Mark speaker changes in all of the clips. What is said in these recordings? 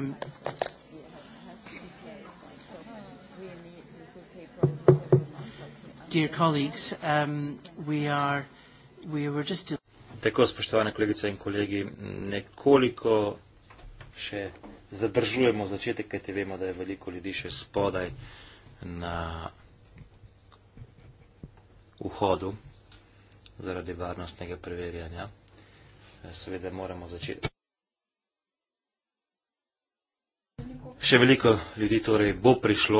Speaker 1: um, dear colleagues, um, we are, we were just. Tako, spoštovane kolegice
Speaker 2: in kolegi, nekoliko še zadržujemo začetek, kajte vemo, da je veliko ljudi še spodaj na vhodu zaradi varnostnega preverjanja. Seveda moramo začeti. Še veliko ljudi torej bo prišlo.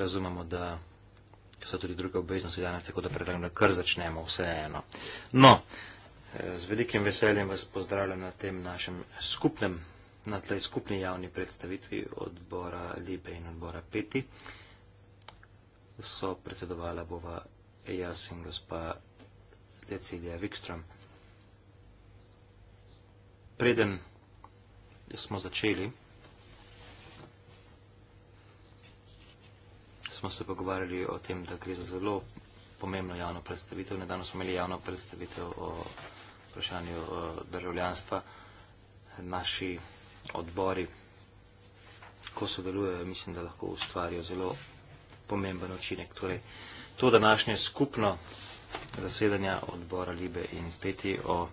Speaker 2: Razumemo, da so tudi druge obveznosti danes, tako da predlagam, da kar začnemo vseeno. No, z velikim veseljem vas pozdravljam na tem našem skupnem, na tlej skupni javni predstavitvi odbora Libe in odbora Peti. So predsedovala bova jaz in gospa Cecilija Wikström. Preden smo začeli, smo se pogovarjali o tem, da gre za zelo pomembno javno predstavitev. Nedavno smo imeli javno predstavitev o vprašanju državljanstva. Naši odbori, ko sodelujejo, mislim, da lahko ustvarijo zelo pomemben učinek. Torej, to današnje skupno zasedanje odbora Libe in Peti o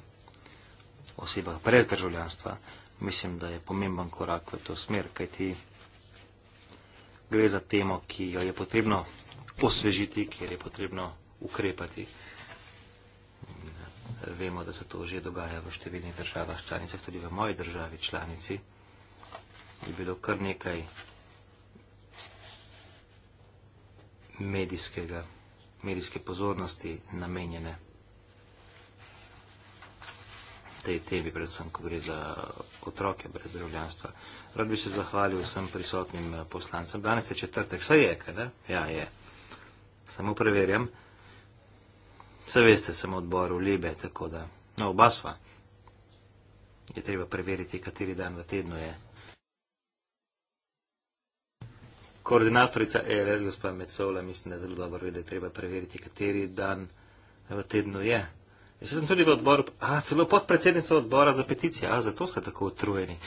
Speaker 2: osebah brez državljanstva, mislim, da je pomemben korak v to smer, kajti ti gre za temo, ki jo je potrebno osvežiti, kjer je potrebno ukrepati. Vemo, da se to že dogaja v številnih državah članicah, tudi v moji državi članici. Je bilo kar nekaj medijskega, medijske pozornosti namenjene tej temi, predvsem, ko gre za otroke brez državljanstva. Rad bi se zahvalil vsem prisotnim eh, poslancem. Danes je četrtek, saj je, kaj ne? Ja, je. Samo preverjam. Saj veste, sem odbor v Libe, tako da. No, oba sva. Je treba preveriti, kateri dan v tednu je. Koordinatorica ELS, gospa Mecola, mislim, da je zelo dobro vedeti, treba preveriti, kateri dan v tednu je. Jaz sem tudi v odboru, a celo podpredsednica odbora za peticije, a zato ste tako utrujeni.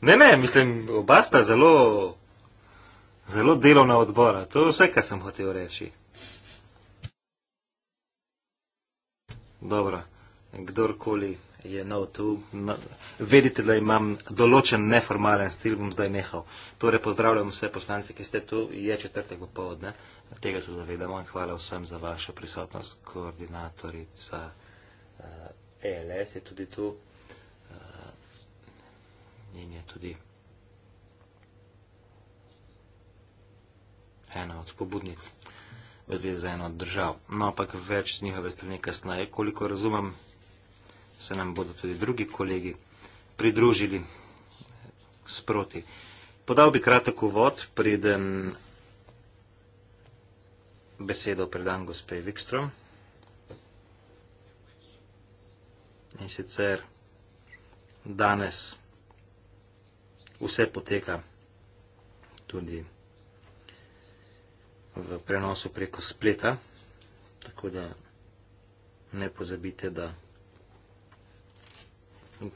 Speaker 2: Ne, ne, mislim, oba sta zelo, zelo delovna odbora. To je vse, kar sem hotel reči. Dobro, kdorkoli je nov tu, no, vedite, da imam določen neformalen stil, bom zdaj nehal. Torej, pozdravljam vse poslance, ki ste tu, je četrtek popovdne, tega se zavedamo in hvala vsem za vašo prisotnost. Koordinatorica uh, eh, ELS je tudi tu in je tudi ena od pobudnic v dve za eno od držav. No, ampak več z njihove strani kasneje, koliko razumem, se nam bodo tudi drugi kolegi pridružili sproti. Podal bi kratek uvod, preden besedo predam gospe Vikstrom. In sicer danes vse poteka tudi v prenosu preko spleta, tako da ne pozabite, da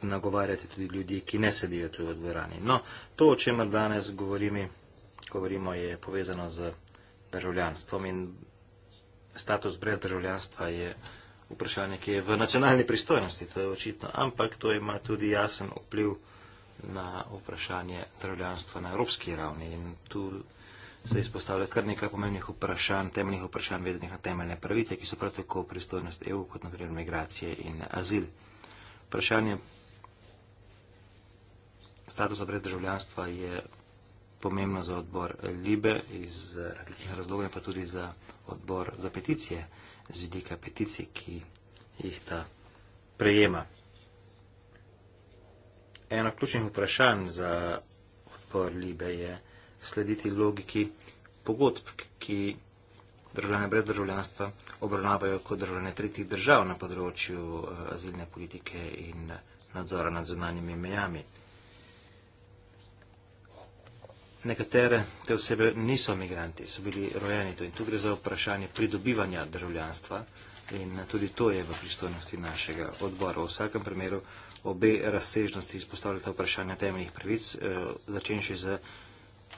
Speaker 2: nagovarjate tudi ljudi, ki ne sedijo tu v dvorani. No, to, o čemer danes govorimi, govorimo, je povezano z državljanstvom in status brez državljanstva je vprašanje, ki je v nacionalni pristojnosti, to je očitno, ampak to ima tudi jasen vpliv na na vprašanje državljanstva na evropski ravni. In tu se izpostavlja kar nekaj pomembnih vprašanj, temeljnih vprašanj, vezanih na temeljne pravice, ki so prav tako pristojnost EU, kot naprimer migracije in azil. Vprašanje statusa brez državljanstva je pomembno za odbor Libe iz različnih razlogov in pa tudi za odbor za peticije, z vidika peticij, ki jih ta prejema. Eno ključnih vprašanj za odpor Libe je slediti logiki pogodb, ki državljane brez državljanstva obravnavajo kot državljane tretjih držav na področju eh, azilne politike in nadzora nad zunanjimi mejami. Nekatere te osebe niso migranti, so bili rojeni tu in tu gre za vprašanje pridobivanja državljanstva in tudi to je v pristojnosti našega odbora. V vsakem primeru obe razsežnosti izpostavljata vprašanja temeljnih pravic, eh, začenši z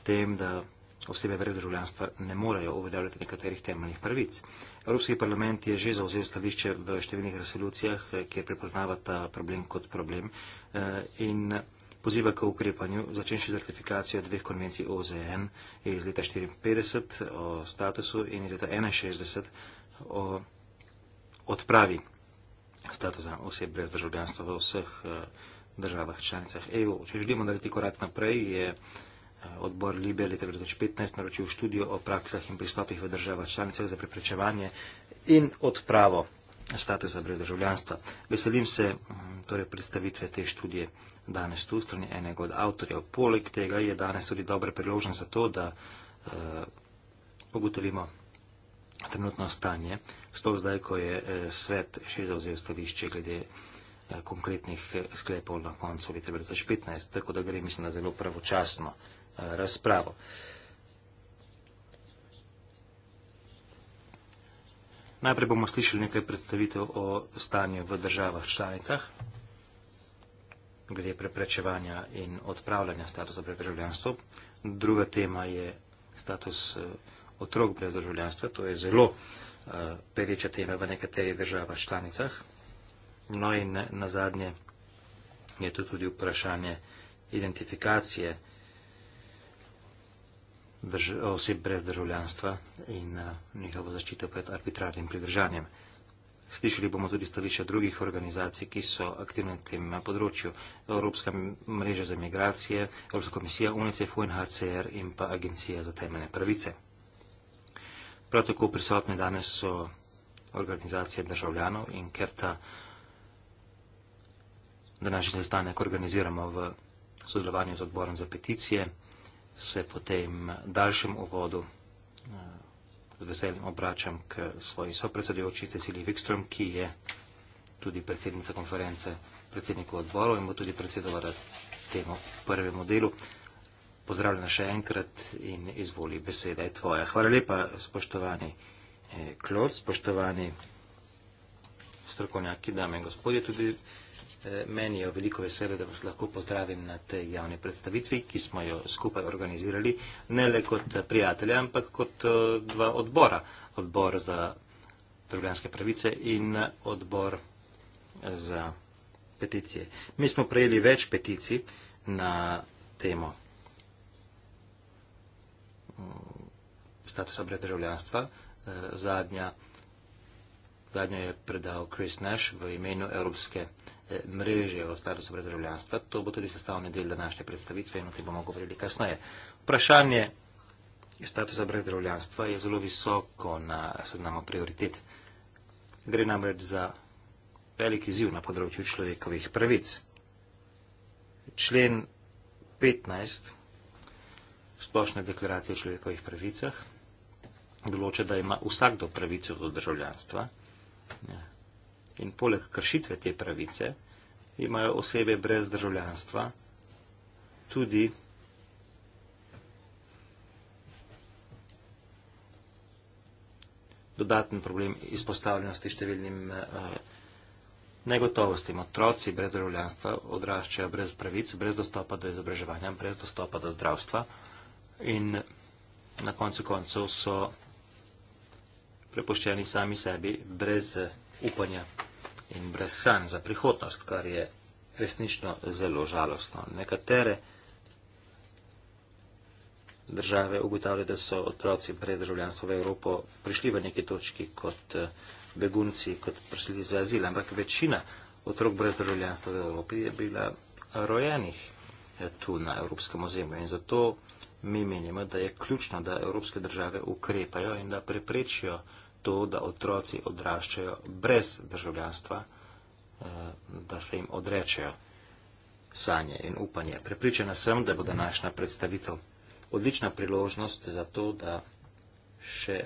Speaker 2: tem, da osebe brez državljanstva ne morejo uveljavljati nekaterih temeljnih pravic. Evropski parlament je že zauzel stališče v številnih resolucijah, eh, kjer prepoznava ta problem kot problem eh, in poziva k ukrepanju, začenši z ratifikacijo dveh konvencij OZN iz leta 1954 o statusu in iz leta 1961 o odpravi statusa oseb brez državljanstva v vseh eh, državah članicah EU. Če želimo narediti korak naprej, je eh, odbor Libija leta 2015 naročil študijo o praksah in pristopih v državah članicah za preprečevanje in odpravo statusa brez državljanstva. Veselim se mm, torej, predstavitve te študije danes tu, strani enega od avtorjev. Poleg tega je danes tudi dobra priložnost za to, da uh, ugotovimo trenutno stanje uh, sploh zdaj, ko je eh, svet še zauzel stališče glede eh, konkretnih eh, sklepov na koncu leta 2015, tako da gre, mislim, na zelo pravočasno razpravo. Najprej bomo slišali nekaj predstavitev o stanju v državah članicah, glede preprečevanja in odpravljanja statusa brez državljanstva. Druga tema je status otrok brez državljanstva, to je zelo uh, pereče teme v nekaterih državah članicah. No in na zadnje je tu tudi vprašanje identifikacije drž oseb brez državljanstva in uh, njihovo zaščito pred arbitrarnim pridržanjem. Slišali bomo tudi stališče drugih organizacij, ki so aktivne na tem eh, področju. Evropska mreža za migracije, Evropska komisija, UNICEF, UNHCR in pa Agencija za temeljne pravice. Prav tako prisotne danes so organizacije državljanov in ker ta današnji sestanek organiziramo v sodelovanju z odborom za peticije, se po tem daljšem uvodu
Speaker 1: eh,
Speaker 2: z veseljem obračam k svoji sopredsedujoči Cecilij Vikström, ki je tudi predsednica konference predsedniku odboru in bo tudi predsedovala temu prvemu delu. Pozdravljena še enkrat in izvoli, beseda je tvoja. Hvala lepa, spoštovani eh, Klod, spoštovani strokovnjaki, dame in gospodje. Tudi eh, meni je veliko veselje, da vas lahko pozdravim na tej javni predstavitvi, ki smo jo skupaj organizirali, ne le kot eh, prijatelje, ampak kot eh, dva odbora. Odbor za državljanske pravice in eh, odbor eh, za peticije. Mi smo prejeli več peticij na temo Eh, statusa brezdržavljanstva. Eh, zadnja, zadnja je predal Chris Nash v imenu Evropske eh, mreže o statusu brezdržavljanstva. To bo tudi sestavni del današnje predstavitve in o tem bomo govorili kasneje. Vprašanje statusa brezdržavljanstva je zelo visoko na seznamu prioritet. Gre namreč za veliki ziv na področju človekovih pravic. Člen 15 splošne deklaracije o človekovih pravicah, določa, da ima vsakdo pravico do državljanstva. Ja. In poleg kršitve te pravice imajo osebe brez državljanstva tudi dodaten problem izpostavljenosti številnim uh, negotovostim. Otroci brez državljanstva odraščajo brez pravic, brez dostopa do izobraževanja, brez dostopa do zdravstva. Uh, in na koncu koncev so prepoščeni sami sebi brez upanja in brez sanj za prihodnost, kar je resnično zelo žalostno. Nekatere države ugotavljajo, da so otroci brez državljanstva v Evropo prišli v neki točki kot eh, begunci, kot prišli za azil, ampak večina otrok brez državljanstva v Evropi je bila rojenih eh, tu na evropskem ozemlju in zato mi menimo, da je ključno, da evropske države ukrepajo in da preprečijo to, da otroci odraščajo brez državljanstva, eh, da se jim odrečejo sanje in upanje. Prepričana sem, da bo današnja predstavitev odlična priložnost za to, da še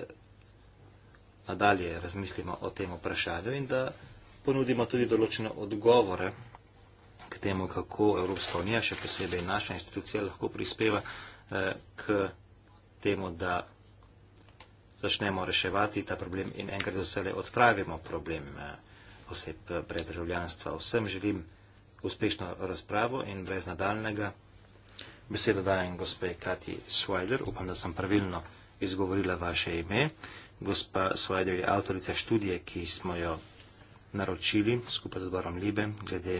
Speaker 2: nadalje razmislimo o tem vprašanju in da ponudimo tudi določene odgovore k temu, kako Evropska unija, še posebej naša institucija, lahko prispeva k temu, da začnemo reševati ta problem in enkrat za vse odpravimo problem eh, oseb eh, brez državljanstva. Vsem želim uspešno razpravo in brez nadaljnega besedo dajem gospe Kati Svajder. Upam, da sem pravilno izgovorila vaše ime. Gospa Svajder je avtorica študije, ki smo jo naročili skupaj z odborom Libe glede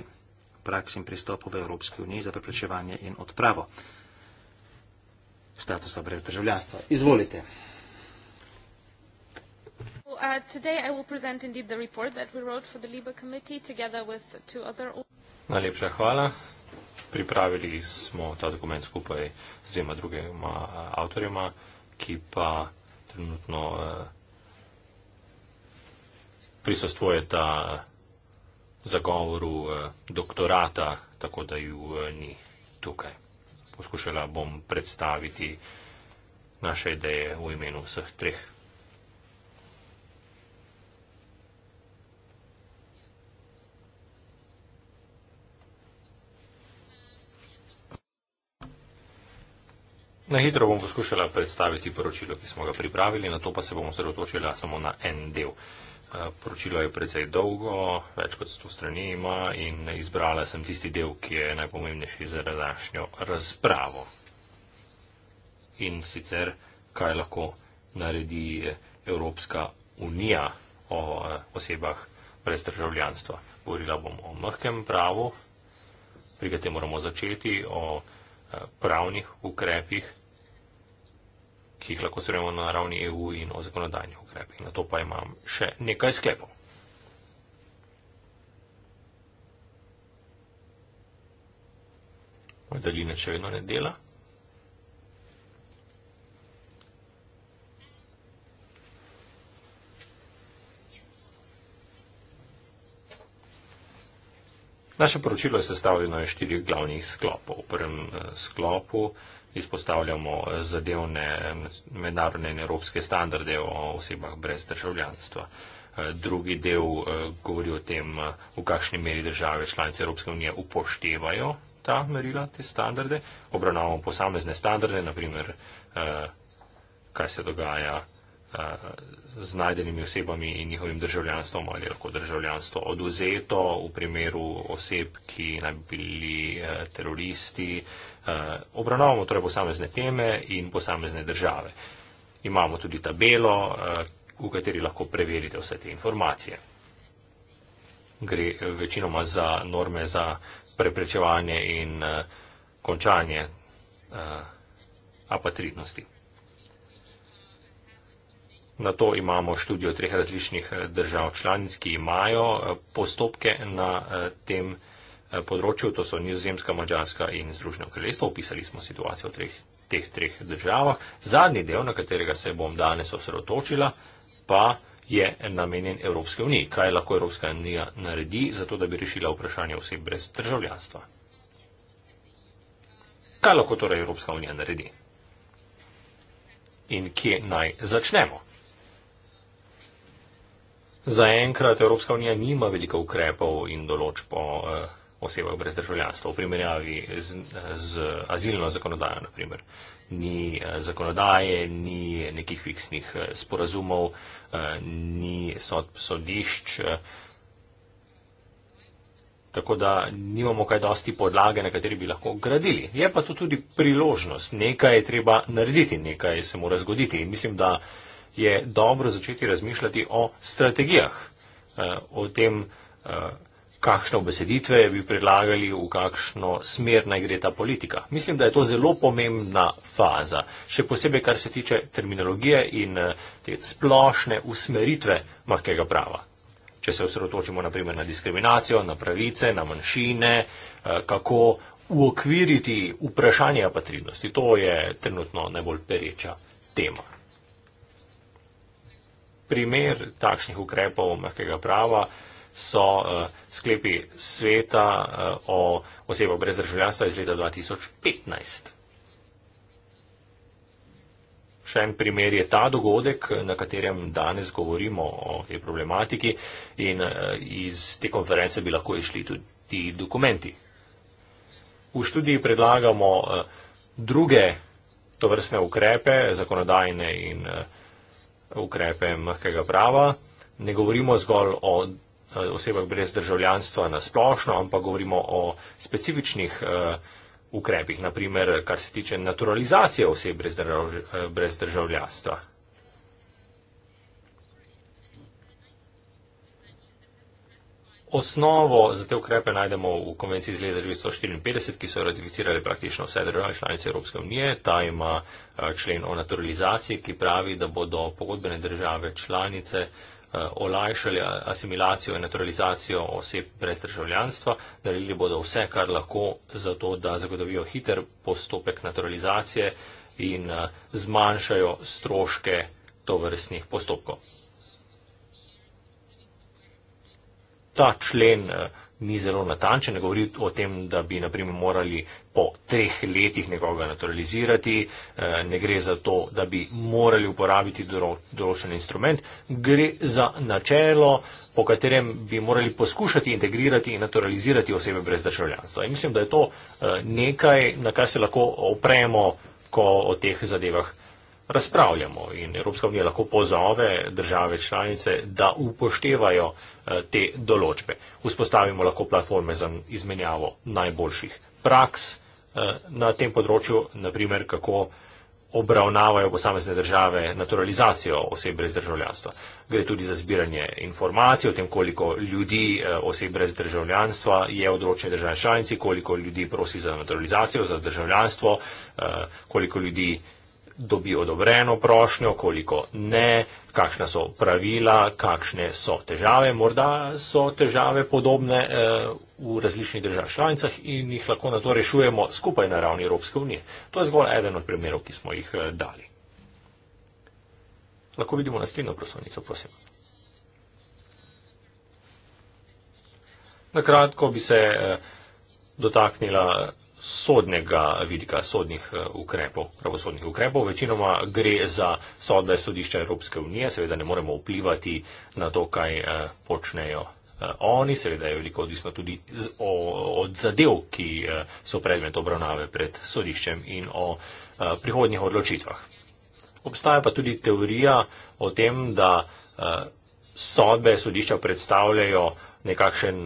Speaker 2: praks in pristopov v Evropski uniji za preprečevanje in odpravo statusa brez državljanstva.
Speaker 3: Izvolite. Uh, Najlepša hvala. Pripravili smo ta dokument skupaj s dvema drugima uh, avtorjema, ki pa trenutno uh, prisostvojeta zagovoru doktorata, tako da ju ni tukaj poskušala bom predstaviti naše ideje v imenu vseh treh. Na hitro bom poskušala predstaviti poročilo, ki smo ga pripravili, na to pa se bom osredotočila samo na en del. Eh, poročilo je precej dolgo, več kot sto strani ima in izbrala sem tisti del, ki je najpomembnejši za današnjo razpravo. In sicer, kaj lahko naredi Evropska unija o eh, osebah brez državljanstva. Govorila bom o mrkem pravu, pri katerem moramo začeti, o eh, pravnih ukrepih ki jih lahko sprejemo na ravni EU in o zakonodajnih ukrepih. Na to pa imam še nekaj sklepov. Moja daljina še vedno ne dela. Naše poročilo je sestavljeno iz štirih glavnih sklopov. V prvem eh, sklopu uh, izpostavljamo zadevne mednarodne in evropske standarde o osebah brez državljanstva. Eh, drugi del eh, govori o tem, eh, v kakšni meri države članice Evropske unije upoštevajo ta merila, te standarde. Obravnavamo posamezne standarde, naprimer, kaj se dogaja z najdenimi osebami in njihovim državljanstvom ali lahko državljanstvo oduzeto v primeru oseb, ki naj bi bili e, teroristi. E, obravnavamo torej posamezne teme in posamezne države. Imamo tudi tabelo, e, v kateri lahko preverite vse te informacije. Gre večinoma za norme za preprečevanje in končanje apatridnosti. Na to imamo študijo treh različnih eh, držav članic, ki imajo eh, postopke na eh, tem področju, to so Nizozemska, Mačarska in Združeno kraljestvo. Opisali smo situacijo v treh, teh treh državah. Zadnji del, na katerega se bom danes osredotočila, pa je namenjen Evropske unije. Kaj lahko Evropska unija naredi, zato da bi rešila vprašanje oseb brez državljanstva? Kaj lahko torej Evropska unija naredi? In kje naj začnemo? Zaenkrat Evropska unija nima veliko ukrepov in določb o eh, osebah brez državljanstva v primerjavi z, eh, z azilno zakonodajo, naprimer. Ni eh, zakonodaje, ni nekih fiksnih sporazumov, ni sod, sodišč. Tako da nimamo kaj dosti podlage, na kateri bi lahko gradili. Je pa to tudi priložnost. Nekaj je treba narediti, nekaj se mora zgoditi. In mislim, da je dobro začeti razmišljati o strategijah, eh, o tem, eh, kakšne obeseditve bi predlagali, v kakšno smer naj gre ta politika. Mislim, da je to zelo pomembna faza, še posebej, kar se tiče terminologije in eh, te splošne usmeritve mahkega prava. Če se osredotočimo naprimer na diskriminacijo, na pravice, na manjšine, kako uokviriti vprašanje apatridnosti, to je trenutno najbolj pereča tema primer takšnih ukrepov mehkega prava so uh, sklepi sveta uh, o osebah brez državljanstva iz leta 2015. Še en primer je ta dogodek, na katerem danes govorimo o tej problematiki in eh, iz te konference bi lahko išli tudi ti dokumenti. V študiji predlagamo druge tovrstne ukrepe, zakonodajne in ukrepe mrkega prava. Ne govorimo zgolj o eh, osebah brez državljanstva na splošno, ampak govorimo o specifičnih eh, ukrepih, naprimer, kar se tiče naturalizacije oseb brez eh, državljanstva. Osnovo za te ukrepe najdemo v konvenciji iz leta 1954, ki so jo ratificirali praktično vse države članice Evropske unije. Ta ima eh, člen o naturalizaciji, ki pravi, da bodo pogodbene države članice eh, olajšali asimilacijo in naturalizacijo oseb brez državljanstva, naredili bodo vse, kar lahko, zato da zagotovijo hiter postopek naturalizacije in eh, zmanjšajo stroške tovrstnih postopkov. ta člen eh, ni zelo natančen, govori o tem, da bi naprimer morali po treh letih nekoga naturalizirati, eh, ne gre za to, da bi morali uporabiti določen instrument, gre za načelo, po katerem bi morali poskušati integrirati in naturalizirati osebe brez državljanstva. In mislim, da je to eh, nekaj, na kar se lahko opremo, ko o teh zadevah razpravljamo in Evropska unija lahko pozove države članice, da upoštevajo eh, te določbe. Vzpostavimo lahko platforme za izmenjavo najboljših praks eh, na tem področju, naprimer kako obravnavajo posamezne države naturalizacijo oseb brez državljanstva. Gre tudi za zbiranje informacij o tem, koliko ljudi eh, oseb brez državljanstva je v določeni državi članici, koliko ljudi prosi za naturalizacijo, za državljanstvo, koliko ljudi dobi odobreno prošnjo, koliko ne, kakšna so pravila, kakšne so težave. Morda so težave podobne eh, v različnih državah članicah in jih lahko na to rešujemo skupaj na ravni Evropske unije. To je zgolj eden od primerov, ki smo jih eh, dali. Lahko vidimo naslednjo prosovnico, prosim. Na kratko bi se eh, dotaknila sodnega vidika, sodnih eh, ukrepov, pravosodnih ukrepov. Večinoma gre za sodbe sodišča Evropske unije, seveda ne moremo vplivati na to, kaj eh, počnejo eh, oni, seveda je veliko odvisno tudi od zadev, ki so predmet obravnave pred sodiščem in o prihodnjih odločitvah. Obstaja pa tudi teorija o tem, da sodbe sodišča predstavljajo nekakšen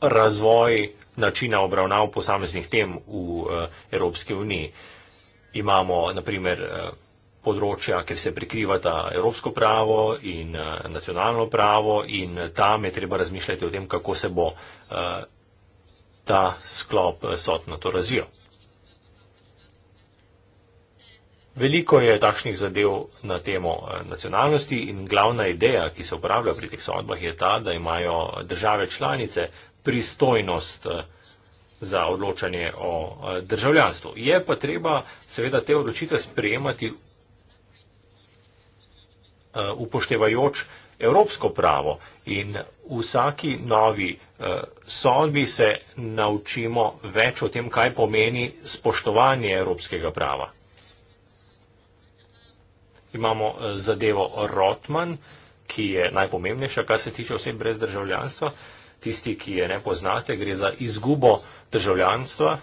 Speaker 3: razvoj načina obravnav posameznih tem v eh, Evropski uniji. Imamo naprimer eh, področja, kjer se prikrivata evropsko pravo in eh, nacionalno pravo in tam je treba razmišljati o tem, kako se bo ta sklop sot na to razvijo. Veliko je takšnih zadev na temo nacionalnosti in glavna ideja, ki se uporablja pri teh sodbah, je ta, da imajo države članice pristojnost eh, za odločanje o eh, državljanstvu. Je pa treba seveda te odločitve sprejemati eh, upoštevajoč evropsko pravo in vsaki novi sodbi se naučimo več o tem, kaj pomeni spoštovanje evropskega prava. Imamo zadevo Rotman, ki je najpomembnejša, kar se tiče oseb brez državljanstva tisti, ki je ne poznate, gre za izgubo državljanstva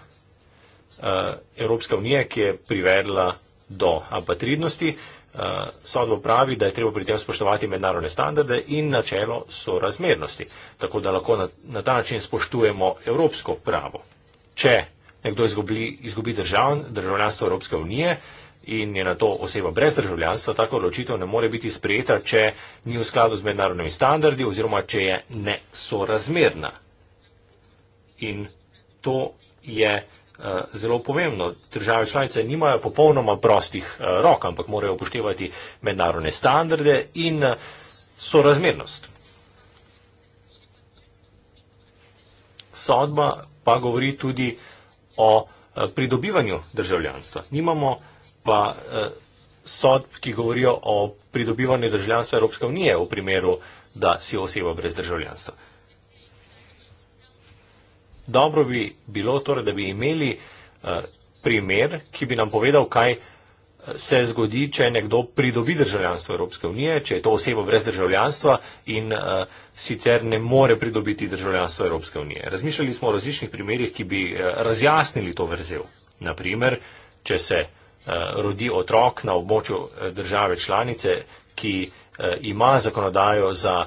Speaker 3: eh, Evropske unije, ki je privedla do apatridnosti. Eh, Sodbo pravi, da je treba pri tem spoštovati mednarodne standarde in načelo sorazmernosti, tako da lahko na ta način spoštujemo evropsko pravo. Če nekdo izgubi državljanstvo Evropske unije, in je na to oseba brez državljanstva, tako odločitev ne more biti sprejeta, če ni v skladu z mednarodnimi standardi oziroma če je nesorazmerna. In to je uh, zelo pomembno. Države članice nimajo popolnoma prostih uh, rok, ampak morajo upoštevati mednarodne standarde in uh, sorazmernost. Sodba pa govori tudi o uh, pridobivanju državljanstva. Nimamo pa uh, sodb, ki govorijo o pridobivanju državljanstva Evropske unije v primeru, da si oseba brez državljanstva. Dobro bi bilo torej, da bi imeli uh, primer, ki bi nam povedal, kaj eh, se zgodi, če nekdo pridobi državljanstvo Evropske unije, če je to oseba brez državljanstva in uh, sicer ne more pridobiti državljanstvo Evropske unije. Razmišljali smo o različnih primerjih, ki bi uh, razjasnili to vrzel. Naprimer, če se Eh, rodi otrok na območju eh, države članice, ki eh, ima zakonodajo za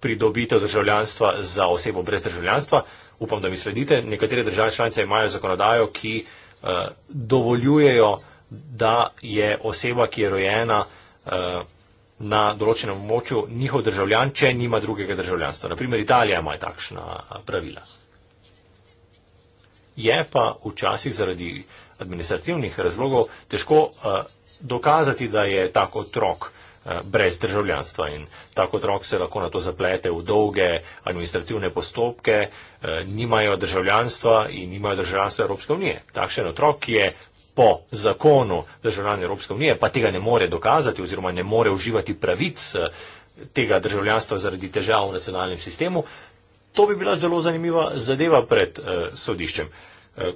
Speaker 3: pridobitev državljanstva za osebo brez državljanstva. Upam, da mi sledite. Nekatere države članice imajo zakonodajo, ki dovoljujejo, da je oseba, ki je rojena na določenem območju, njihov državljan, če nima drugega državljanstva. Naprimer, Italija ima takšna pravila. Je pa včasih zaradi uh, administrativnih razlogov težko eh, dokazati, da je tako otrok eh, brez državljanstva in tako otrok se lahko na to zaplete v dolge administrativne postopke, eh, nimajo državljanstva in nimajo državljanstva Evropske unije. Takšen otrok, ki je po zakonu državljan Evropske unije, pa tega ne more dokazati oziroma ne more uživati pravic tega državljanstva zaradi težav v nacionalnem sistemu, to bi bila zelo zanimiva zadeva pred sodiščem,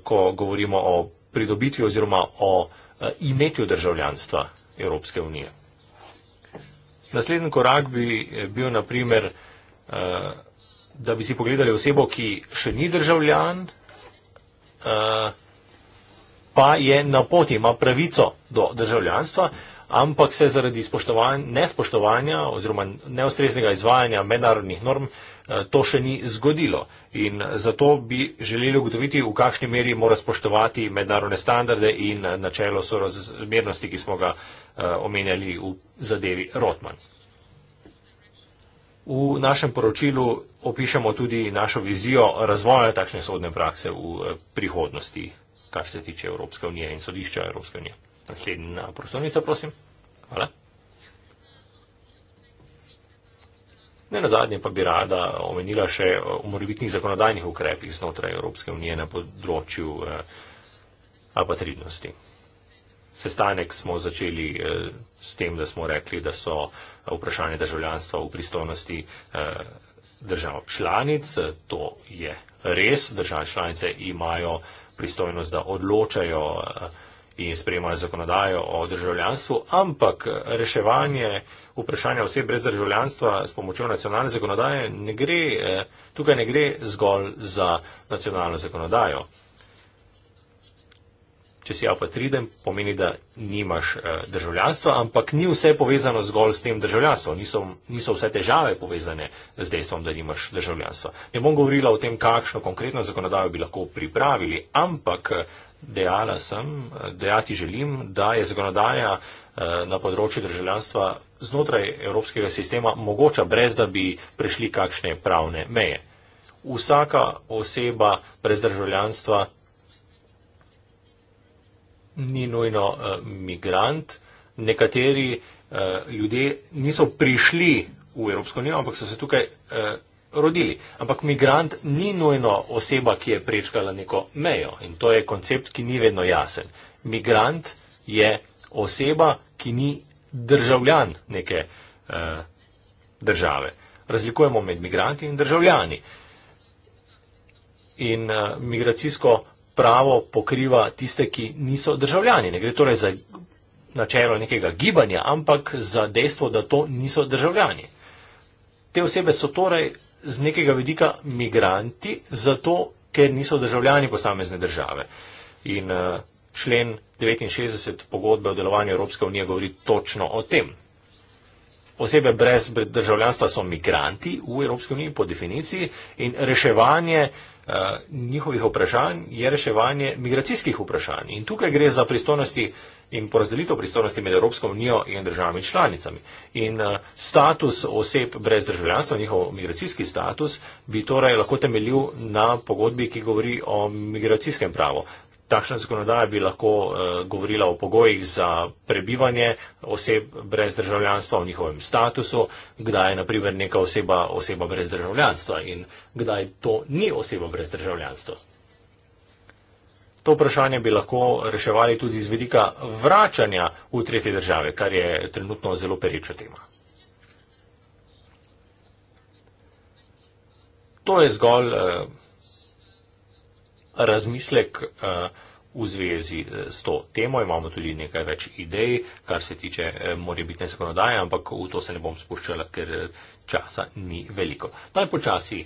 Speaker 3: ko govorimo o pridobitvi oziroma o eh, imetju državljanstva Evropske unije. Naslednji korak bi eh, bil naprimer, eh, da bi si pogledali osebo, ki še ni državljan, pa je na poti, ima pravico do državljanstva, ampak se zaradi nespoštovanja oziroma neustreznega izvajanja mednarodnih norm Eh, to še ni zgodilo. In zato bi želeli ugotoviti, v kakšni meri mora spoštovati mednarodne standarde in eh, načelo sorazmernosti, ki smo ga eh, omenjali v zadevi Rotman. V našem poročilu opišemo tudi našo vizijo razvoja takšne sodne prakse v prihodnosti, kar se tiče Evropske unije in sodišča Evropske unije. Naslednja prostornica, prosim. Hvala. Ne na zadnje pa bi rada omenila še o eh, morebitnih zakonodajnih ukrepih znotraj Evropske unije na področju eh, apatridnosti. Sestanek smo začeli eh, s tem, da smo rekli, da so eh, vprašanje državljanstva v pristojnosti eh, držav članic. Eh, to je res. Države članice imajo pristojnost, da odločajo. Eh, in sprejemajo zakonodajo o državljanstvu, ampak reševanje vprašanja vseh brez državljanstva s pomočjo nacionalne zakonodaje ne gre, eh, tukaj ne gre zgolj za nacionalno zakonodajo. Če si apatriden, pomeni, da nimaš eh, državljanstva, ampak ni vse povezano zgolj s tem državljanstvom, niso, niso vse težave povezane z dejstvom, da nimaš državljanstva. Ne bom govorila o tem, kakšno konkretno zakonodajo bi lahko pripravili, ampak dejala sem, dejati želim, da je zakonodaja eh, na področju državljanstva znotraj evropskega sistema mogoča, brez da bi prišli kakšne pravne meje. Vsaka oseba brez državljanstva ni nujno eh, migrant. Nekateri eh, ljudje niso prišli v Evropsko unijo, ampak so se tukaj rodili. Ampak migrant ni nujno oseba, ki je prečkala neko mejo in to je koncept, ki ni vedno jasen. Migrant je oseba, ki ni državljan neke uh, države. Razlikujemo med migranti in državljani. In uh, migracijsko pravo pokriva tiste, ki niso državljani. Ne gre torej za načelo nekega gibanja, ampak za dejstvo, da to niso državljani. Te osebe so torej z nekega vidika migranti, zato ker niso državljani posamezne države. In eh, člen 69 pogodbe o delovanju Evropske unije govori točno o tem. Osebe brez državljanstva so migranti v Evropski uniji po definiciji in reševanje uh, njihovih vprašanj je reševanje migracijskih vprašanj. In tukaj gre za pristojnosti uh, in porazdelitev pristojnosti med Evropsko unijo in državami članicami. In eh, status oseb brez državljanstva, njihov migracijski status, bi torej lahko temeljil na pogodbi, ki govori o migracijskem pravu. Takšna zakonodaja bi lahko uh, govorila o pogojih za prebivanje oseb brez državljanstva, o njihovem statusu, kdaj je naprimer neka oseba oseba brez državljanstva in kdaj to ni oseba brez državljanstva. To vprašanje bi lahko reševali tudi z vedika vračanja v tretje države, kar je trenutno zelo pereča tema. To je zgolj eh, razmislek eh, v zvezi eh, s to temo. Imamo tudi nekaj več idej, kar se tiče morebitne zakonodaje, ampak v to se ne bom spuščala, ker časa ni veliko. Naj počasi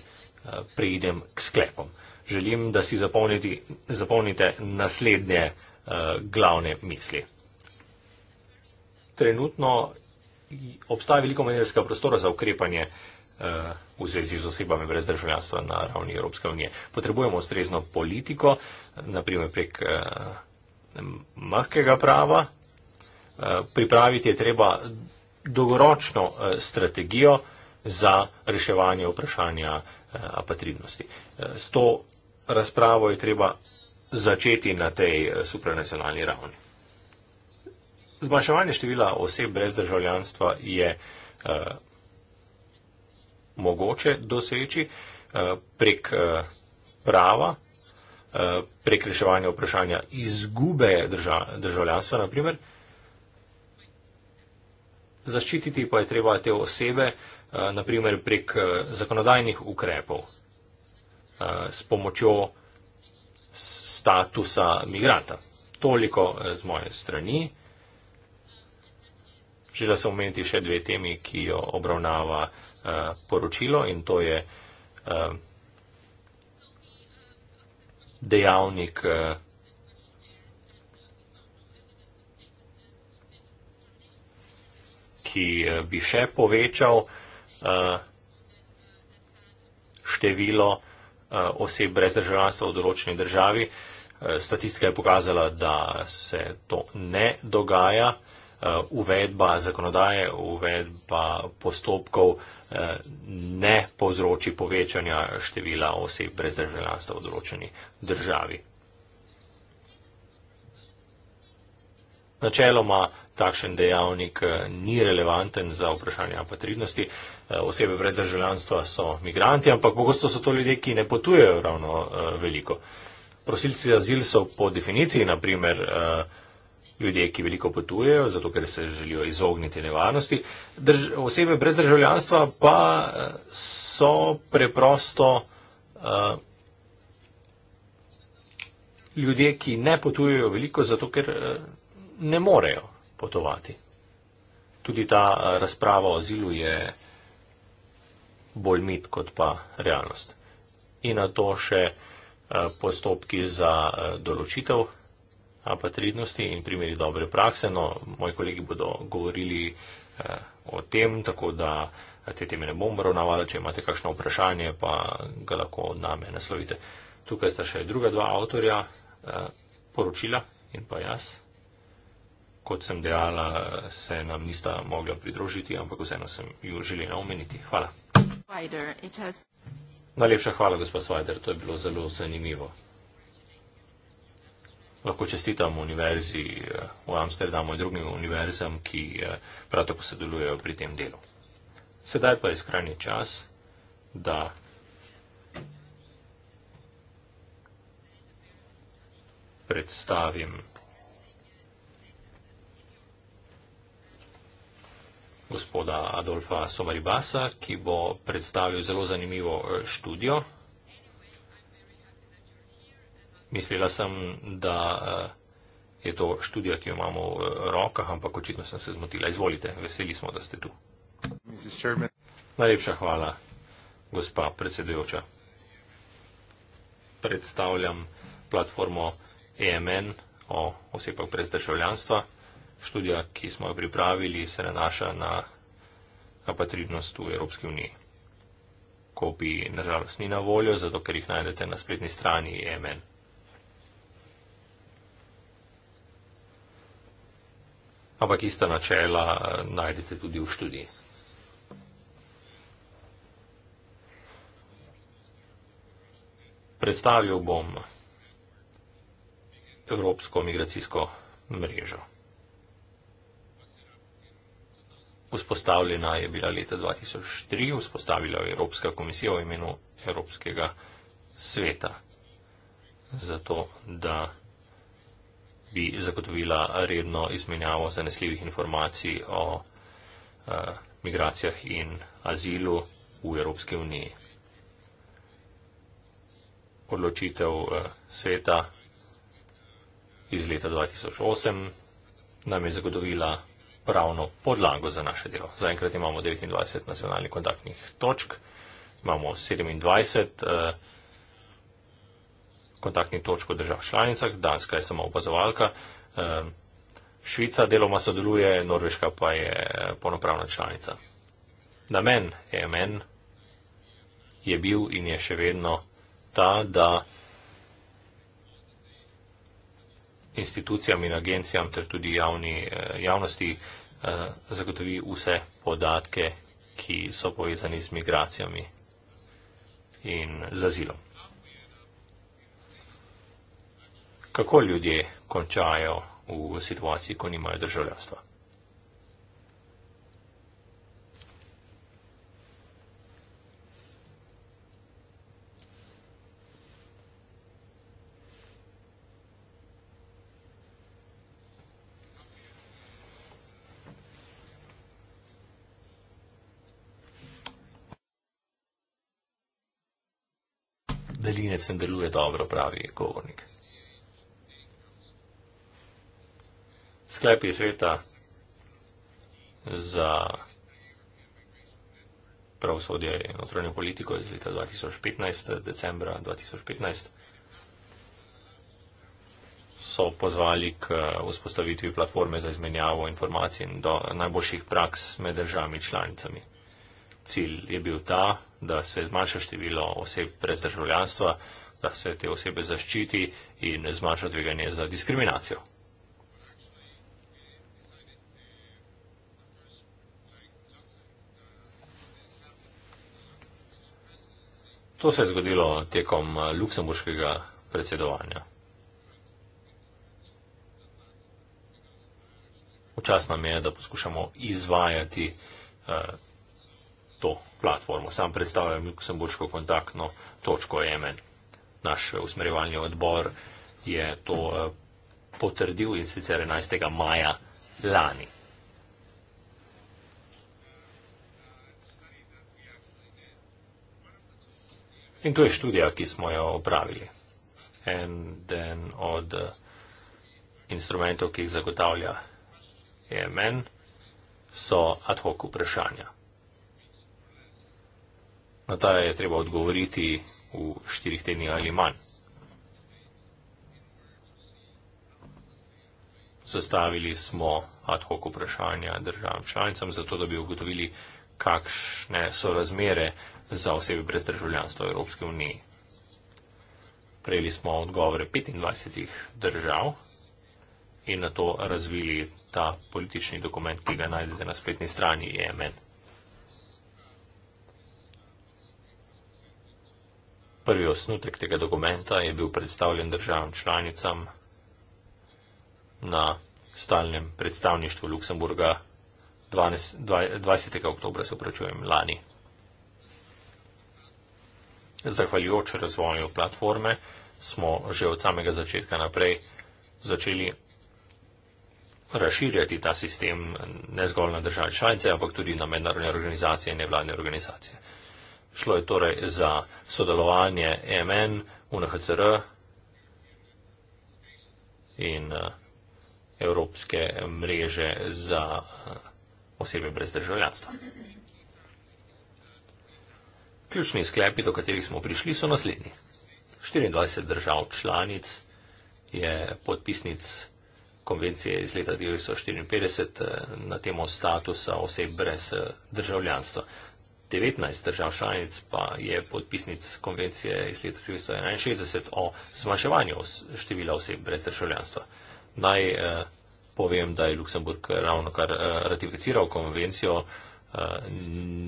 Speaker 3: prejdem k sklepom želim, da si zapolniti, zapolnite naslednje uh, glavne misli. Trenutno obstaja veliko medijskega prostora za ukrepanje eh, v zvezi z osebami brez državljanstva na ravni Evropske unije. Potrebujemo ustrezno politiko, naprimer prek eh, mahkega prava. Eh, pripraviti je treba dolgoročno eh, strategijo za reševanje vprašanja eh, apatridnosti. Eh, s to razpravo je treba začeti na tej eh, supranacionalni ravni. Zmanjševanje števila oseb brez državljanstva je eh, mogoče doseči eh, prek eh, prava, eh, prek reševanja vprašanja izgube drža, državljanstva, naprimer. Zaščititi pa je treba te osebe, eh, naprimer prek eh, zakonodajnih ukrepov. Eh, s pomočjo statusa migranta. Toliko eh, z moje strani. Želela sem omeniti še dve temi, ki jo obravnava eh, poročilo in to je dejavnik ki bi še povečal uh, število uh, Eh, oseb brez državljanstva v določeni državi. Eh, statistika je pokazala, da se to ne dogaja. Eh, uvedba zakonodaje, uvedba postopkov ne povzroči povečanja števila oseb brez državljanstva v določeni državi. Načeloma, takšen dejavnik eh, ni relevanten za vprašanje apatridnosti. Eh, osebe brez državljanstva so migranti, ampak pogosto so to ljudje, ki ne potujejo ravno eh, veliko. Prosilci za azil so po definiciji, naprimer, ljudje, ki veliko potujejo, zato ker se želijo izogniti nevarnosti. Drž osebe brez državljanstva pa so preprosto uh, ljudje, ki ne potujejo veliko, zato ker uh, ne morejo potovati. Tudi ta eh, razprava o azilu je bolj mit kot pa realnost. In na to še eh, postopki za eh, določitev apatridnosti in primeri dobre prakse. No, moji kolegi bodo govorili o tem, tako da te teme ne bom ravnavala. Če imate kakšno vprašanje, pa ga lahko od name naslovite. Tukaj sta še druga dva avtorja poročila in pa jaz kot sem dejala, se nam nista mogla pridružiti, ampak vseeno sem ju želela omeniti. Hvala. Najlepša hvala, gospa Svajder, to je bilo zelo zanimivo. Lahko čestitam univerzi eh, v Amsterdamu in drugim univerzam, ki eh, prav tako sodelujejo pri tem delu. Sedaj pa je skrajni čas, da predstavim gospoda Adolfa Somaribasa, ki bo predstavil zelo zanimivo eh, študijo. Mislila sem, da eh, je to študija, ki jo imamo v eh, rokah, ampak očitno sem se zmotila. Izvolite, veseli smo, da ste tu. Najlepša hvala, gospa predsedujoča. Predstavljam platformo EMN o osebah brez državljanstva študija, ki smo jo pripravili, se nanaša na apatridnost v Evropski uniji. Kopij nažalost ni na voljo, zato ker jih najdete na spletni strani e MN. Ampak ista načela eh, najdete tudi v študiji. Predstavil bom evropsko migracijsko mrežo. Vzpostavljena je bila leta 2003, vzpostavila je Evropska komisija v imenu Evropskega sveta, zato da bi zagotovila redno izmenjavo zanesljivih informacij o a, eh, migracijah in azilu v Evropski uniji. Odločitev eh, sveta iz leta 2008 nam je zagotovila pravno podlago za naše delo. Zaenkrat imamo 29 nacionalnih kontaktnih točk, imamo 27 eh, kontaktnih točk v državah članicah, Danska je samo opazovalka, eh, Švica deloma sodeluje, Norveška pa je eh, polnopravna članica. Namen EMN je bil in je še vedno ta, da institucijam in agencijam ter tudi javni, eh, javnosti eh, zagotovi vse podatke, ki so povezani z migracijami in zazilom. Kako ljudje končajo v situaciji, ko nimajo državljanstva? daljinec ne deluje dobro, pravi govornik. Sklepi sveta za pravosodje in notranjo politiko iz leta 2015, decembra 2015, so pozvali k uh, vzpostavitvi platforme za izmenjavo informacij in do najboljših praks med državami članicami cilj je bil ta, da se zmanjša število oseb brez državljanstva, da se te osebe zaščiti in zmanjša tveganje za diskriminacijo. To se je zgodilo tekom eh, luksemburškega predsedovanja. Včas nam je, da poskušamo izvajati uh, to platformo. Sam predstavljam Luksemburško kontaktno točko Jemen. Naš usmerjevalni odbor je to eh, potrdil in sicer 11. maja lani. In to je študija, ki smo jo opravili. Eden od eh, instrumentov, ki jih zagotavlja je men, so ad hoc vprašanja. Na ta je treba odgovoriti v štirih tednih ali manj. Zastavili smo ad hoc vprašanja državam članicam, zato da bi ugotovili, kakšne so razmere za osebe brez državljanstva v Evropski uniji. Prejeli smo odgovore 25 držav in na to razvili ta politični dokument, ki ga najdete na spletni strani EMN. Prvi osnutek tega dokumenta je bil predstavljen državam članicam na stalnem predstavništvu Luksemburga 12, 20. oktober, se opračujem, lani. Zahvaljujoč razvoju platforme smo že od samega začetka naprej začeli razširjati ta sistem ne zgolj na države članice, ampak tudi na mednarodne organizacije in nevladne organizacije. Šlo je torej za sodelovanje e MN, UNHCR in eh, Evropske mreže za eh, osebe brez državljanstva. Ključni sklepi, do katerih smo prišli, so naslednji. 24 držav članic je podpisnic konvencije iz leta 1954 eh, na temo statusa oseb brez državljanstva. 19 držav članic pa je podpisnic konvencije iz leta 1961 o zmanjševanju števila oseb brez državljanstva. Naj eh, povem, da je Luksemburg ravno kar eh, ratificiral konvencijo, eh,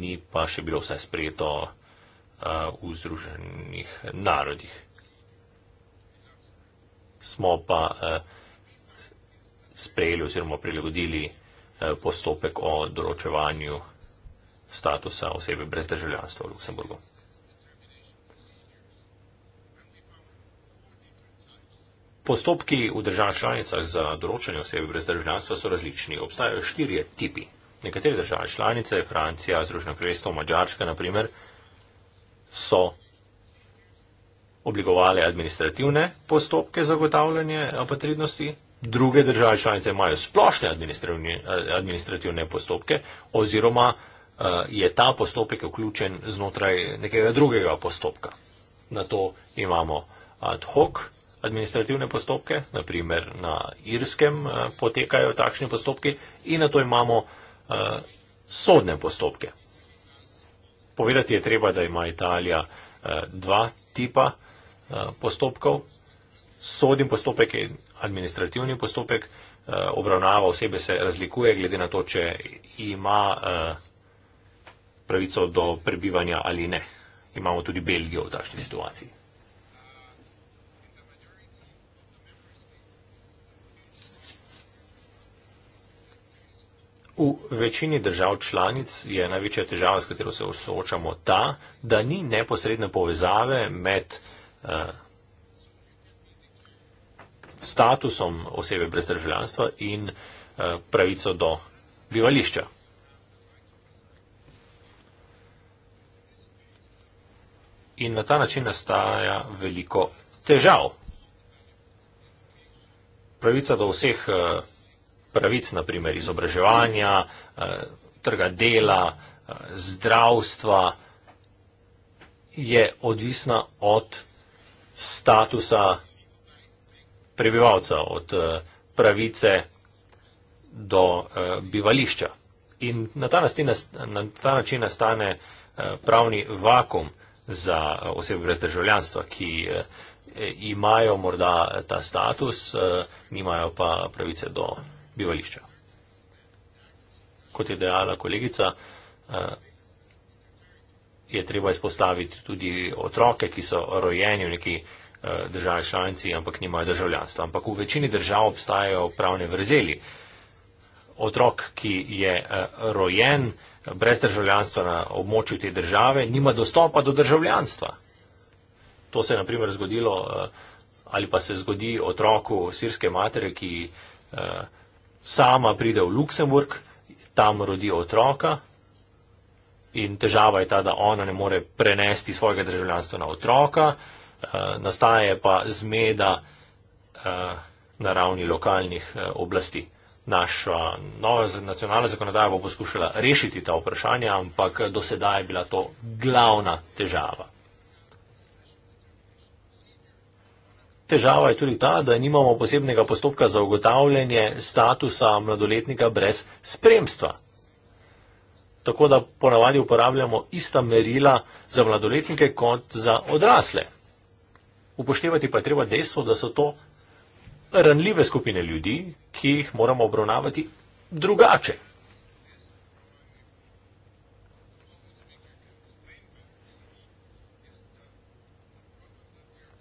Speaker 3: ni pa še bilo vse sprejeto eh, v Združenih narodih. Smo pa eh, sprejeli oziroma prilagodili eh, postopek o določevanju statusa osebe brez državljanstva v Luksemburgu. Postopki v državah članicah za določanje osebe brez državljanstva so različni. Obstajajo štirje tipi. Nekatere države članice, Francija, Združeno kraljestvo, Mačarska naprimer, so oblikovali administrativne postopke za zagotavljanje apatridnosti, druge države članice imajo splošne eh, administrativne postopke oziroma Eh, je ta postopek vključen znotraj nekega drugega postopka. Na to imamo ad hoc administrativne postopke, naprimer na Irskem eh, potekajo takšni postopki in na to imamo eh, sodne postopke. Povedati je treba, da ima Italija dva tipa postopkov. Sodni postopek in administrativni postopek obravnava osebe se razlikuje glede na to, če ima pravico do prebivanja ali ne. Imamo tudi Belgijo v takšni situaciji. V večini držav članic je največja težava, s katero se soočamo, ta, da ni neposredne povezave med uh, statusom osebe brez državljanstva in uh, pravico do bivališča. in na ta način nastaja veliko težav. Pravica do vseh eh, pravic, naprimer izobraževanja, eh, trga dela, eh, zdravstva, je odvisna od statusa prebivalca, od pravice do bivališča. In na ta način nastane pravni vakum za eh, osebe brez državljanstva, ki eh, imajo morda eh, ta status, nimajo pa pravice do bivališča. Kot je dejala kolegica, je treba izpostaviti tudi otroke, ki so rojeni v neki državi članici, ampak nimajo državljanstva. Ampak v večini držav obstajajo pravne vrzeli. Otrok, ki je rojen, brez državljanstva na območju te države, nima dostopa do državljanstva. To se je naprimer zgodilo eh, ali pa se zgodi otroku sirske matere, ki eh, sama pride v Luksemburg, tam rodi otroka in težava je ta, da ona ne more prenesti svojega državljanstva na otroka, eh, nastaje pa zmeda na ravni lokalnih oblasti naša nova nacionalna zakonodaja bo poskušala rešiti ta vprašanja, ampak do sedaj je bila to glavna težava. Težava je tudi ta, da nimamo posebnega postopka za ugotavljanje statusa mladoletnika brez spremstva. Tako da ponavadi uporabljamo ista merila za mladoletnike kot za odrasle. Upoštevati pa je treba dejstvo, da so to ranljive skupine ljudi, ki jih moramo obravnavati drugače.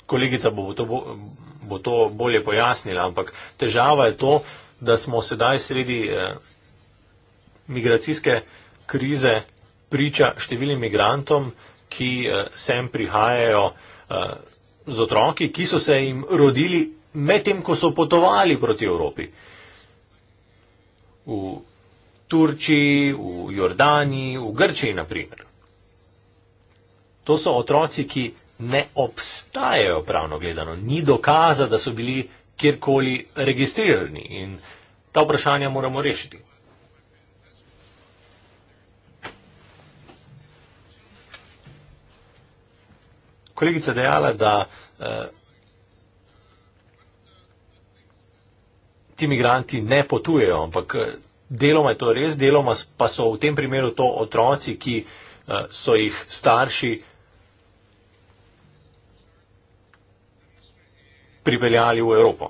Speaker 3: Kolegica bo to, bo to bolje pojasnila, ampak težava je to, da smo sedaj sredi eh, migracijske krize priča številnim migrantom, ki eh, sem prihajajo eh, z otroki, ki so se jim rodili medtem ko so potovali proti Evropi. V Turčiji, v Jordaniji, v Grčiji, naprimer. To so otroci, ki ne obstajajo pravno gledano, ni dokaza, da so bili kjerkoli registrirani in ta vprašanja moramo rešiti. Kolegica dejala, da eh, ti imigranti ne potujejo, ampak eh, deloma je to res, deloma pa so v tem primeru to otroci, ki eh, so jih starši pripeljali v Evropo.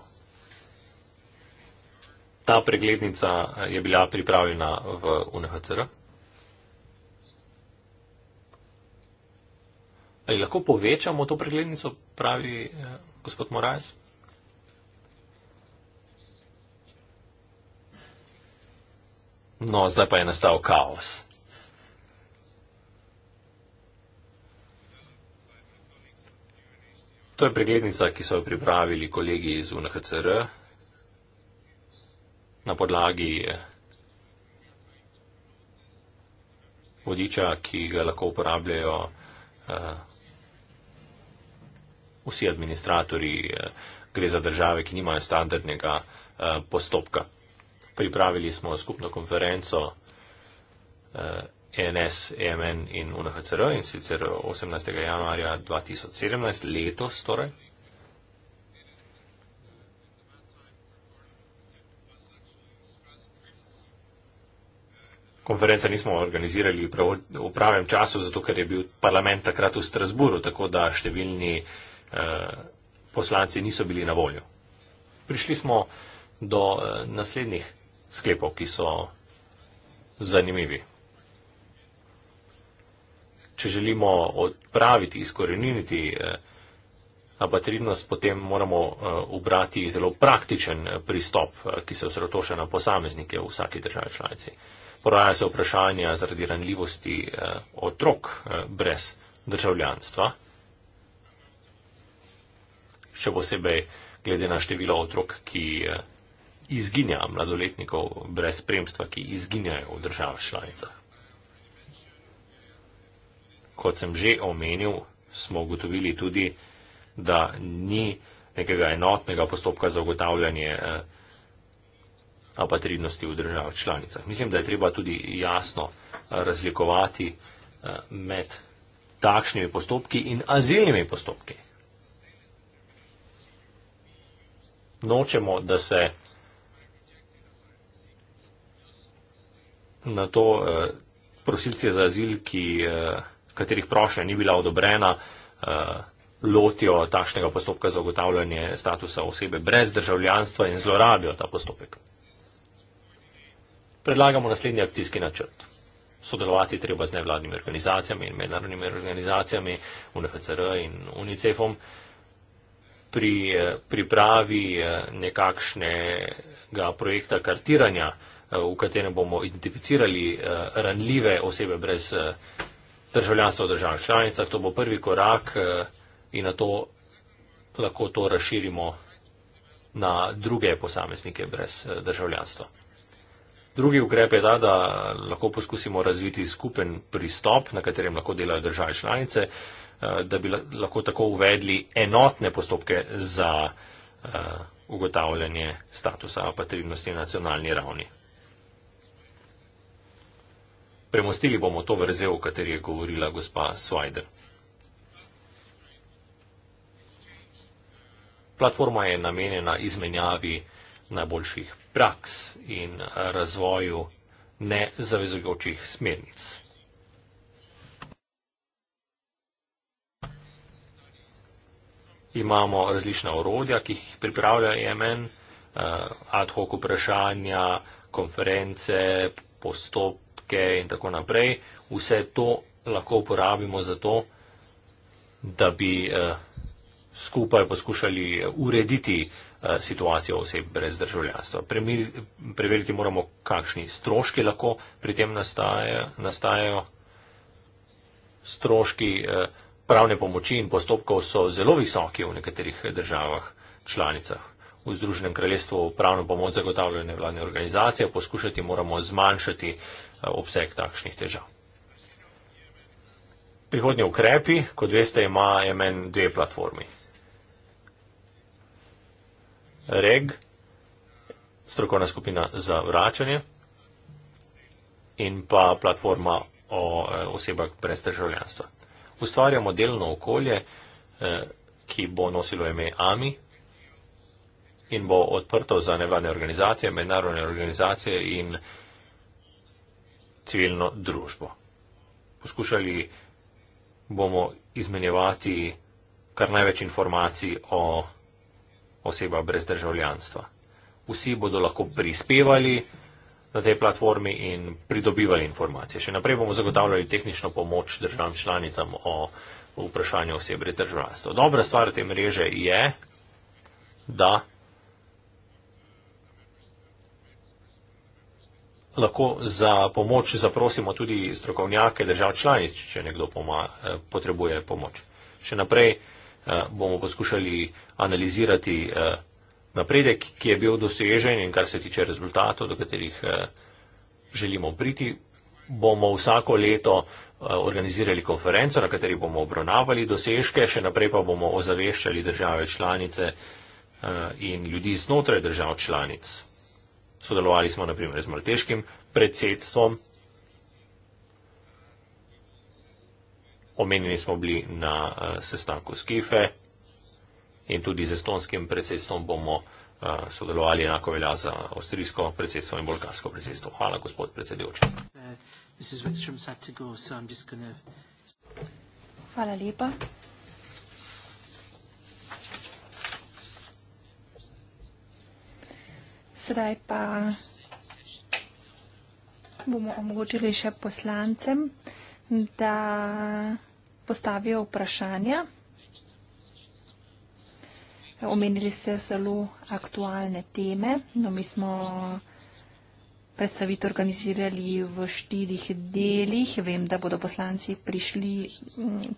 Speaker 3: Ta preglednica eh, je bila pripravljena v UNHCR. Ali lahko povečamo to preglednico, pravi gospod Morajs? No, zdaj pa je nastal kaos. To je preglednica, ki so jo pripravili kolegi iz UNHCR na podlagi eh, vodiča, ki ga lahko uporabljajo eh, vsi administratori. Eh, gre za države, ki nimajo standardnega postopka pripravili smo skupno konferenco eh, e NS, EMN in UNHCR in sicer 18. januarja 2017, letos torej. Konference nismo organizirali v pravem času, zato ker je bil parlament takrat v Strasburu, tako da številni eh, poslanci niso bili na voljo. Prišli smo do eh, naslednjih sklepov, ki so zanimivi. Če želimo odpraviti, izkoreniniti eh, apatridnost, potem moramo eh, ubrati zelo praktičen eh, pristop, ki se osredotoča na posameznike v vsaki državi članici. Poraja se vprašanja zaradi ranljivosti otrok brez državljanstva, še posebej glede na število otrok, ki izginja mladoletnikov brez spremstva, ki izginjajo v državah članicah. Kot sem že omenil, smo ugotovili tudi, da ni nekega enotnega postopka za ugotavljanje eh, apatridnosti v državah članicah. Mislim, da je treba tudi jasno eh, razlikovati eh, med takšnimi postopki in azilnimi postopki. Nočemo, da se na to eh, prosilce za azil, ki, eh, katerih prošnja ni bila odobrena, eh, lotijo takšnega postopka za ugotavljanje statusa osebe brez državljanstva in zlorabijo ta postopek. Predlagamo naslednji akcijski načrt. Sodelovati treba z nevladnimi organizacijami in mednarodnimi organizacijami, UNHCR in UNICEF-om pri eh, pripravi eh, nekakšnega projekta kartiranja eh, Eh, v katerem bomo identificirali eh, ranljive osebe brez eh, državljanstva v državnih članicah. To bo prvi korak in na to lahko to razširimo na druge posameznike brez državljanstva. Drugi ukrep je ta, da lahko poskusimo razviti skupen pristop, na katerem lahko delajo države članice, da bi lahko tako uvedli enotne postopke za ugotavljanje statusa apatridnosti na nacionalni ravni. Premostili bomo to vrzel, o kateri je govorila gospa Svajder. Platforma je namenjena izmenjavi najboljših praks in razvoju nezavezujočih smernic. Imamo različna orodja, ki jih pripravlja EMN, eh, ad hoc vprašanja, konference, postop, podatke in tako naprej. Vse to lahko uporabimo za to, da bi uh, skupaj poskušali eh, urediti uh, situacijo oseb brez državljanstva. Premir, preveriti moramo, kakšni stroški lahko pri tem nastaje, nastajajo. Stroški uh, pravne pomoči in postopkov so zelo visoki v nekaterih državah članicah v Združenem kraljestvu pravno pomoč zagotavljajo nevladne organizacije, poskušati moramo zmanjšati eh, obseg takšnih težav. Prihodnje ukrepi, kot veste, ima MN dve platformi. REG, strokovna skupina za vračanje in pa platforma o eh, osebah brez državljanstva. Ustvarjamo delno okolje, eh, ki bo nosilo ime AMI, in bo odprto za nevladne organizacije, mednarodne organizacije in civilno družbo. Poskušali bomo izmenjevati kar največ informacij o oseba brez državljanstva. Vsi bodo lahko prispevali na tej platformi in pridobivali informacije. Še naprej bomo zagotavljali tehnično pomoč državam članicam o vprašanju oseb brez državljanstva. Dobra stvar te mreže je, da lahko za pomoč zaprosimo tudi strokovnjake držav članic, če nekdo poma, eh, potrebuje pomoč. Še naprej eh, bomo poskušali analizirati eh, napredek, ki je bil dosežen in kar se tiče rezultatov, do katerih želimo priti. Bomo vsako leto organizirali konferenco, na kateri bomo obravnavali dosežke, še naprej pa bomo ozaveščali države članice in ljudi znotraj držav članic. Sodelovali smo naprimer z malteškim predsedstvom. Omenjeni smo bili na uh, sestanku Skife in tudi z estonskim predsedstvom bomo uh, sodelovali enako velja za avstrijsko predsedstvo in bolgarsko predsedstvo. Hvala, gospod predsedujoči.
Speaker 1: Uh,
Speaker 4: Hvala lepa. Sedaj pa bomo omogočili še poslancem, da postavijo vprašanja. Omenili ste zelo aktualne teme. No, mi smo predstavitev organizirali v štirih delih. Vem, da bodo poslanci prišli,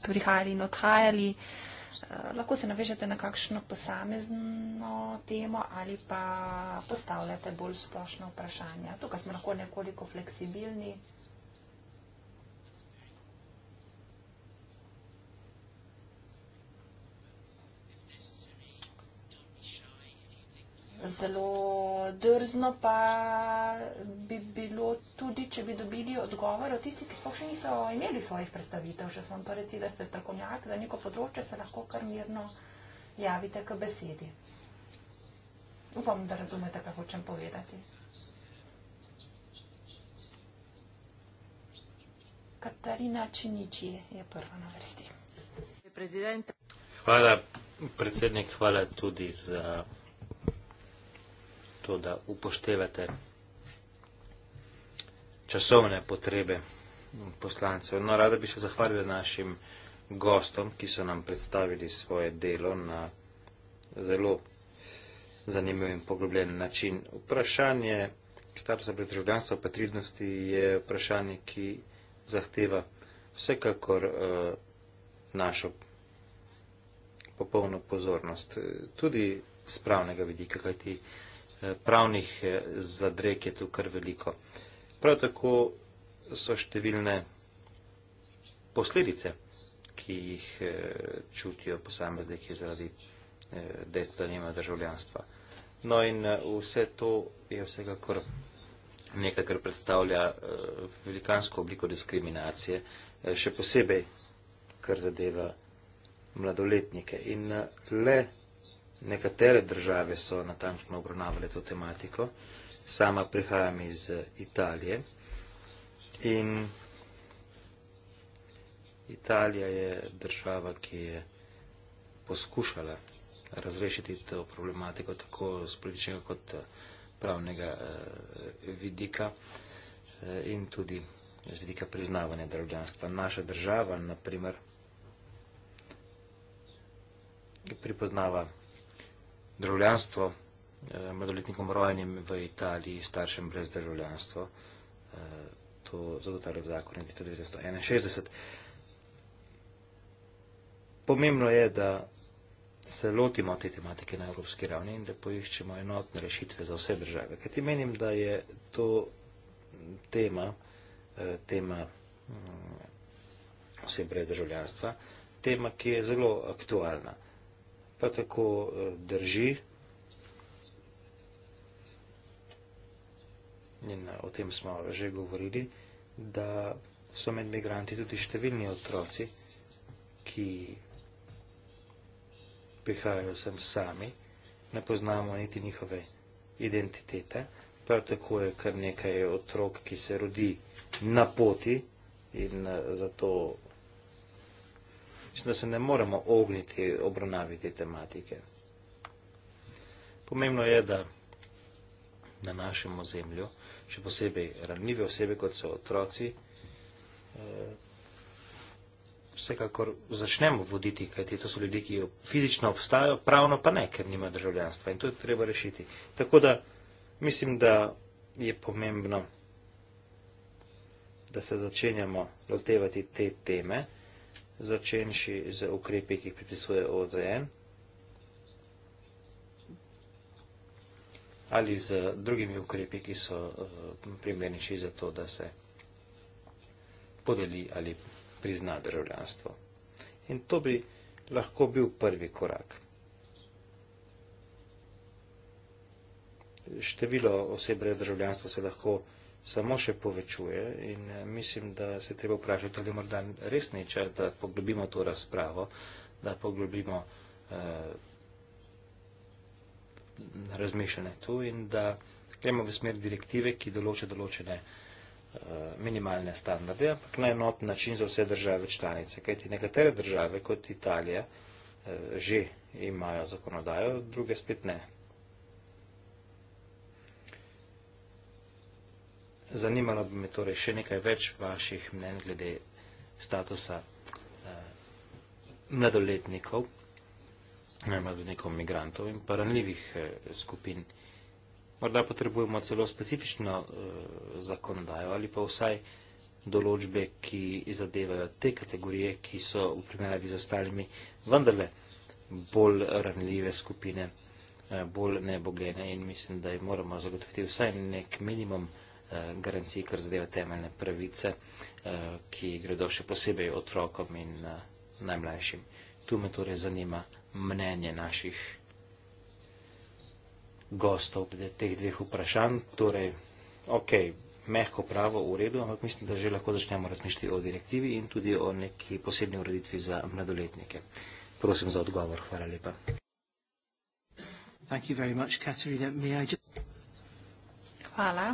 Speaker 4: prihajali in odhajali. Uh, Eh, lahko se navežete na kakšno posamezno temo ali pa postavljate bolj splošno vprašanje. Tukaj smo lahko nekoliko fleksibilni. zelo drzno pa bi bilo tudi, če bi dobili odgovor od tistih, ki sploh še niso imeli svojih predstavitev. Če sem to reči, da ste strokovnjak, da neko področje se lahko kar mirno javite k besedi. Upam, da razumete, kaj hočem povedati. Katarina Činiči je prva na vrsti.
Speaker 2: Hvala, predsednik, hvala tudi za to, da upoštevate časovne potrebe poslancev. No, rada bi se zahvalila našim gostom, ki so nam predstavili svoje delo na zelo zanimiv in poglobljen način. Vprašanje statusa predržavljanstva patridnosti je vprašanje, ki zahteva vsekakor uh, našo popolno pozornost, eh, tudi z pravnega vidika, kajti uh, Eh, pravnih eh, zadrek je tu kar veliko. Prav tako so številne posledice, ki jih eh, čutijo posamezniki zaradi dejstva, da nima državljanstva. No in vse to je vsekakor nekaj, kar predstavlja velikansko obliko diskriminacije, še posebej, kar zadeva mladoletnike. In le Nekatere države so natančno obravnavale to tematiko, sama prihajam iz eh, Italije in Italija je država, ki je poskušala razrešiti to problematiko tako z političnega kot eh, pravnega eh, vidika in tudi z vidika priznavanja državljanstva. Naša država, naprimer, pripoznava državljanstva državljanstvo eh, mladoletnikom rojenim v Italiji, staršem brez državljanstva. Eh, to zagotavlja zakon tudi 1961. Pomembno je, da se lotimo te tematike na evropski ravni in da poiščemo enotne rešitve za vse države. Kajti menim, da je to tema, eh, tema vse mm, brez državljanstva, tema, ki je zelo aktualna pa tako eh, drži. In eh, o tem smo že govorili, da so med migranti tudi številni otroci, ki prihajajo sem sami, ne poznamo niti njihove identitete, prav tako je kar nekaj otrok, ki se rodi na poti in eh, zato mislim, da se ne moremo ogniti obravnavi te tematike. Pomembno je, da na našem ozemlju, še posebej ranljive osebe, kot so otroci, eh, vsekakor začnemo voditi, kajti to so ljudi, ki fizično obstajajo, pravno pa ne, ker nima državljanstva in to je treba rešiti. Tako da mislim, da je pomembno, da se začenjamo lotevati te teme začenši z ukrepi, ki jih pripisuje OZN ali z drugimi ukrepi, ki so eh, primernejši za to, da se podeli ali prizna državljanstvo. In to bi lahko bil prvi korak. Število osebe državljanstva se lahko vsega, samo še povečuje in eh, mislim, da se treba vprašati, ali morda res ni čas, da poglobimo to razpravo, da poglobimo eh, razmišljanje tu in da gremo v smer direktive, ki določa določene eh, minimalne standarde, ampak na enot način za vse države članice. Kajti nekatere države, kot Italija, eh, že imajo zakonodajo, druge spet ne. Zanimalo bi me torej še nekaj več vaših mnen glede statusa eh, mladoletnikov, eh, mladoletnikov migrantov in paranljivih eh, skupin. Morda potrebujemo celo specifično eh, zakonodajo ali pa vsaj določbe, ki zadevajo te kategorije, ki so v primerjavi z ostalimi vendarle bolj ranljive skupine, eh, bolj nebogene in mislim, da jim moramo zagotoviti vsaj nek minimum eh, Eh, garancij, kar zadeva temeljne pravice, eh, ki gredo še posebej otrokom in eh, najmlajšim. Tu me torej zanima mnenje naših gostov glede teh dveh vprašanj. Torej, ok, mehko pravo v redu, ampak mislim, da že lahko začnemo razmišljati o direktivi in tudi o neki posebni ureditvi za mladoletnike. Prosim za odgovor. Hvala lepa.
Speaker 1: Thank you very much, Katerina. May I just...
Speaker 4: Hvala.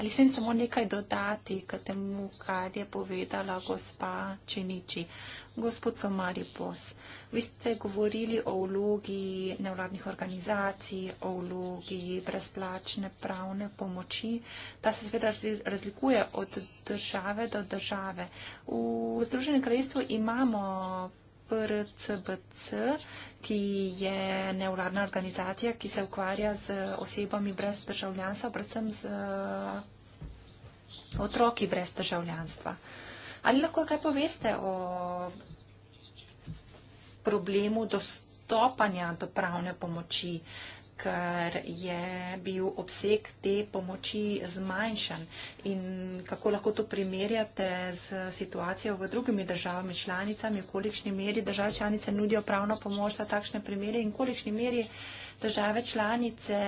Speaker 4: Ali smem samo nekaj dodati k temu, kar je povedala gospa Činiči? Gospod Somaripos, vi ste govorili o vlogi nevladnih organizacij, o vlogi brezplačne pravne pomoči. Ta se seveda razlikuje od države do države. V Združenem kraljestvu imamo PRCBC, ki je neuradna organizacija, ki se ukvarja z osebami brez državljanstva, predvsem z eh, otroki brez državljanstva. Ali lahko kaj poveste o problemu dostopanja do pravne pomoči? Uh, ker je bil obseg te pomoči zmanjšan. In kako lahko to primerjate z situacijo v drugimi državami članicami, v kolikšni meri države članice nudijo pravno pomoč za takšne primere in kolikšni meri države članice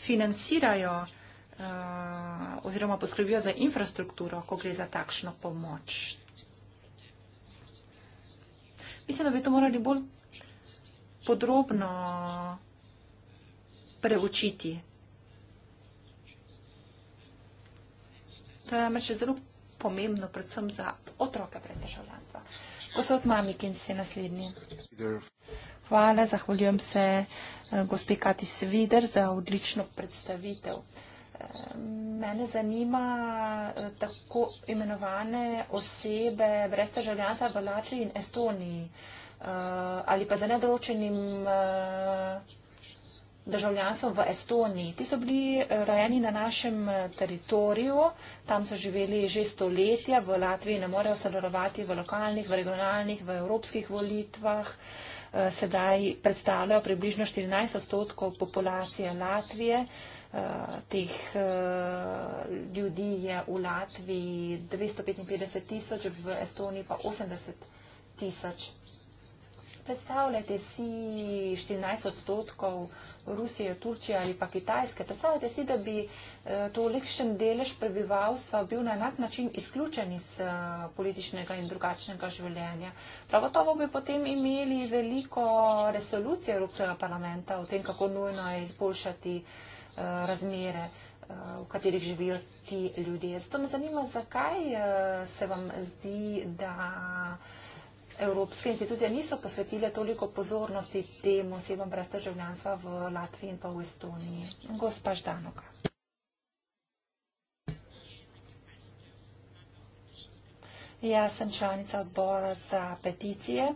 Speaker 4: financirajo uh, oziroma poskrbijo za infrastrukturo, ko gre za takšno pomoč. Mislim, da bi to morali bolj podrobno preučiti. To je namreč zelo pomembno, predvsem za otroke brez državljanstva. Gospod Mamikinc je naslednji. Hvala, zahvaljujem se eh, gospe Kati Svider za odlično predstavitev. Eh, mene zanima eh, tako imenovane osebe brez državljanstva v Latviji in Estoniji ali pa za nedoločenim državljanstvom v Estoniji. Ti so bili eh, rojeni na našem eh, teritoriju, tam so živeli že stoletja, v Latviji ne morejo sodelovati v lokalnih, v regionalnih, v evropskih volitvah. Eh, sedaj predstavljajo približno 14 odstotkov populacije Latvije. Teh ljudi je v Latviji 255 tisoč, v Estoniji pa 80 tisoč predstavljajte si 14 odstotkov Rusije, Turčije ali pa Kitajske, predstavljajte si, da bi eh, to lekšen delež prebivalstva bil na enak način izključen iz eh, političnega in drugačnega življenja. Pravotovo bi potem imeli veliko resolucije Evropskega parlamenta o tem, kako nujno je izboljšati eh, razmere v katerih živijo ti ljudje. Zato me zanima, zakaj se vam zdi, da evropske institucije niso posvetile toliko pozornosti tem osebam brez državljanstva v Latviji in pa v Estoniji. Gospa Ždanoka. Ja, sem članica odbora za peticije,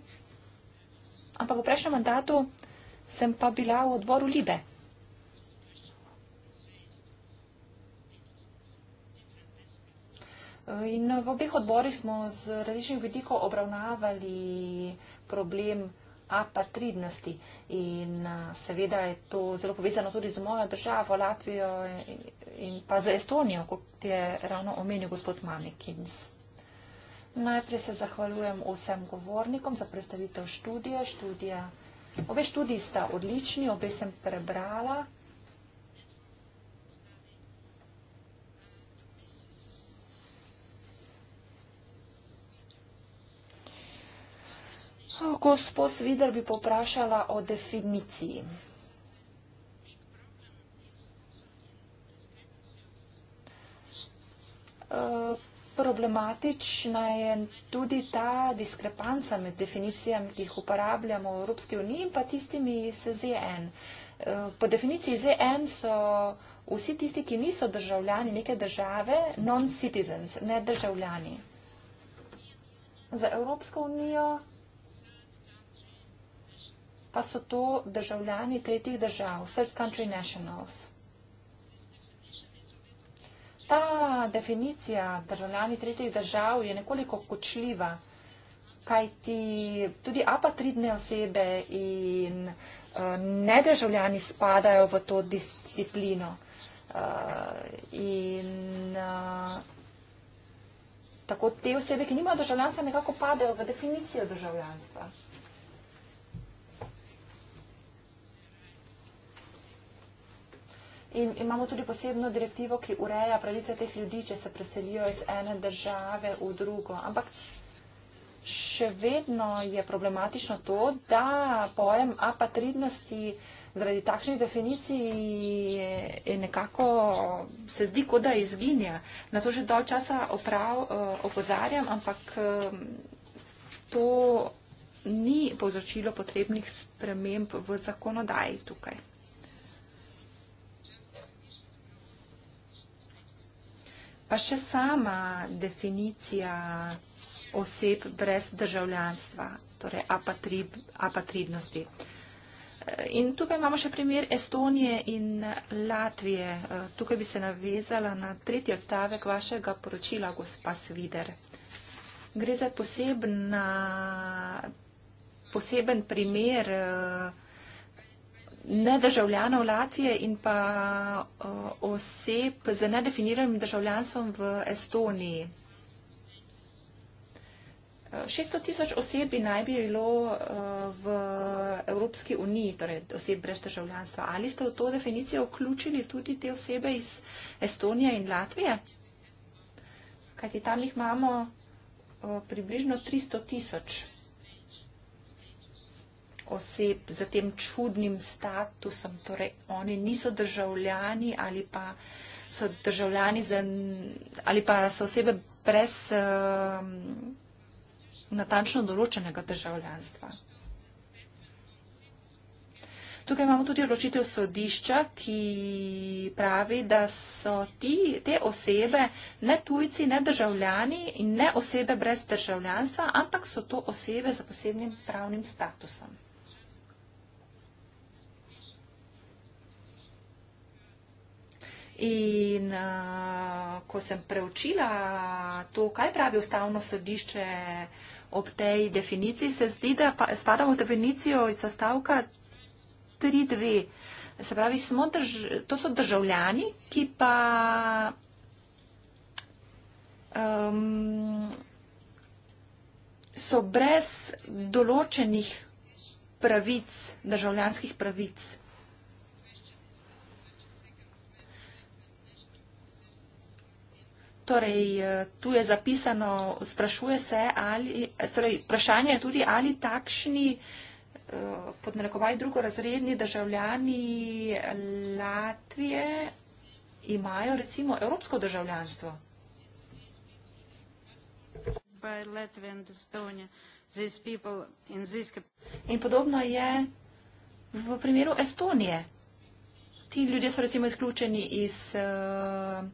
Speaker 4: ampak v prejšnjem mandatu sem pa bila v odboru Libe. In v obeh odborih smo z različnih vidikov obravnavali problem apatridnosti in seveda je to zelo povezano tudi z mojo državo, Latvijo in pa z Estonijo, kot je ravno omenil gospod Mamikins. Najprej se zahvaljujem vsem govornikom za predstavitev študije. Študija, obe študiji sta odlični, obe sem prebrala. Gospod Svider bi poprašala o definiciji. E, problematična je tudi ta diskrepanca med definicijami, ki jih uporabljamo v Evropski uniji in pa tistimi iz ZN. E, po definiciji ZN so vsi tisti, ki niso državljani neke države, non-citizens, ne državljani. Za Evropsko unijo pa so to državljani tretjih držav, third country nationals. Ta definicija državljani tretjih držav je nekoliko kočljiva, kaj ti tudi apatridne osebe in eh, nedržavljani spadajo v to disciplino. Eh, in eh, tako te osebe, ki nimajo državljanstva, nekako padajo v definicijo državljanstva. In imamo tudi posebno direktivo, ki ureja pravice teh ljudi, če se preselijo iz ene države v drugo. Ampak še vedno je problematično to, da pojem apatridnosti zaradi takšnih definicij je nekako se zdi, kot da izginja. Na to že dol časa oprav, eh, opozarjam, ampak eh, to ni povzročilo potrebnih sprememb v zakonodaji tukaj. Pa še sama definicija oseb brez državljanstva, torej apatrib, apatribnosti. In tukaj imamo še primer Estonije in Latvije. Tukaj bi se navezala na tretji odstavek vašega poročila, gospa Svider. Gre za posebna, poseben primer nedržavljanov Latvije in pa uh, oseb z nedefiniranim državljanstvom v Estoniji. Šesto tisoč oseb bi naj bilo uh, v Evropski uniji, torej oseb brez državljanstva. Ali ste v to definicijo vključili tudi te osebe iz Estonije in Latvije? Kajti tam jih imamo uh, približno 300 tisoč oseb z tem čudnim statusom, torej oni niso državljani ali pa so državljani za, ali pa so osebe brez uh, natančno določenega državljanstva. Tukaj imamo tudi odločitev sodišča, ki pravi, da so ti, te osebe ne tujci, ne državljani in ne osebe brez državljanstva, ampak so to osebe za posebnim pravnim statusom. In uh, ko sem preučila to, kaj pravi ustavno sodišče ob tej definiciji, se zdi, da spadamo v definicijo iz stavka 3.2. Se pravi, smo drž to so državljani, ki pa. Um, so brez določenih pravic, državljanskih pravic. Torej, eh, tu je zapisano, sprašuje se, ali, eh, torej, vprašanje je tudi, ali takšni eh, podnarekovaj drugorazredni državljani Latvije imajo recimo evropsko državljanstvo.
Speaker 1: In podobno je
Speaker 4: v primeru Estonije. Ti ljudje so recimo izključeni iz uh,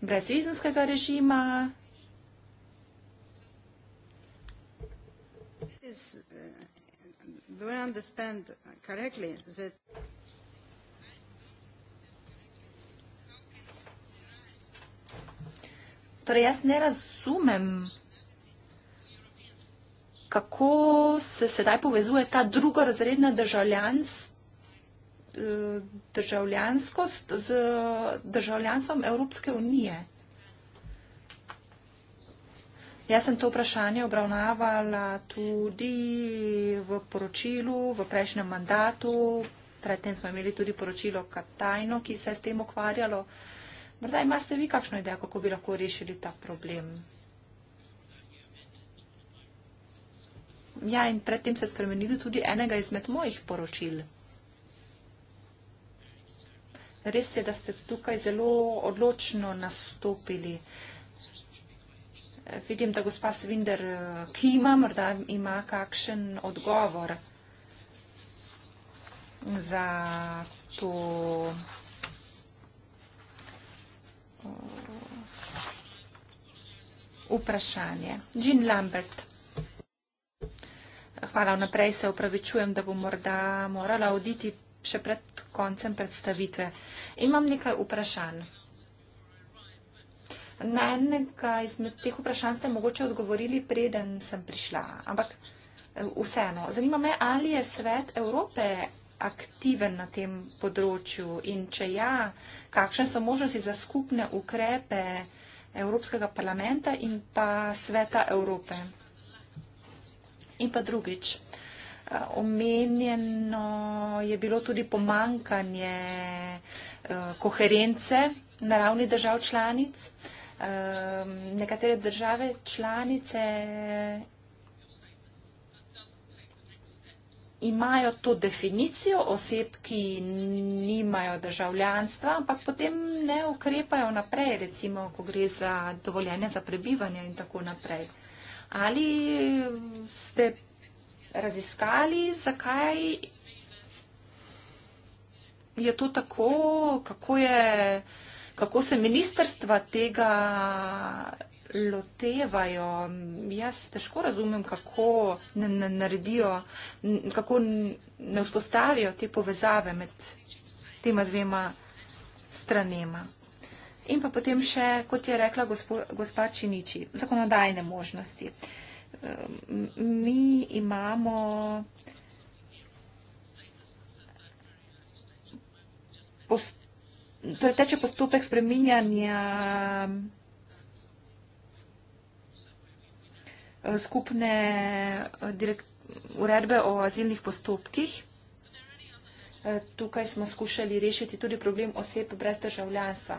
Speaker 4: brezvizumskega režima. Torej, jaz ne razumem, kako se sedaj povezuje ta drugorazredna državljanstva državljanskost z državljanstvom Evropske unije. Jaz sem to vprašanje obravnavala tudi v poročilu v prejšnjem mandatu. Predtem smo imeli tudi poročilo Katajno, ki se je s tem ukvarjalo. Morda imate vi kakšno idejo, kako bi lahko rešili ta problem? Ja, in predtem se je spremenilo tudi enega izmed mojih poročil res je, da ste tukaj zelo odločno nastopili. Vidim, da gospa Svinder eh, Kima morda ima kakšen odgovor za to. Eh, vprašanje. Jean Lambert. Hvala, vnaprej se upravičujem, da bom morda morala oditi še pred koncem predstavitve. Imam nekaj vprašanj. Na enega izmed teh vprašanj ste mogoče odgovorili, preden sem prišla. Ampak eh, vseeno, zanima me, ali je svet Evrope aktiven na tem področju in če ja, kakšne so možnosti za skupne ukrepe Evropskega parlamenta in pa sveta Evrope. In pa drugič, Eh, omenjeno je bilo tudi pomankanje eh, koherence na ravni držav članic. Eh, nekatere države članice imajo to definicijo oseb, ki nimajo državljanstva, ampak potem ne ukrepajo naprej, recimo, ko gre za dovoljenje za prebivanje in tako naprej. Ali ste raziskali, zakaj je to tako, kako, je, kako se ministrstva tega lotevajo. Jaz težko razumem, kako ne, ne, naredijo, kako ne vzpostavijo te povezave med tema dvema stranema. In pa potem še, kot je rekla gospa Činiči, zakonodajne možnosti. Uh, mi imamo post, torej teče postopek spreminjanja eh, skupne eh, direkt, uredbe o azilnih postopkih tukaj smo skušali rešiti tudi problem oseb brez državljanstva.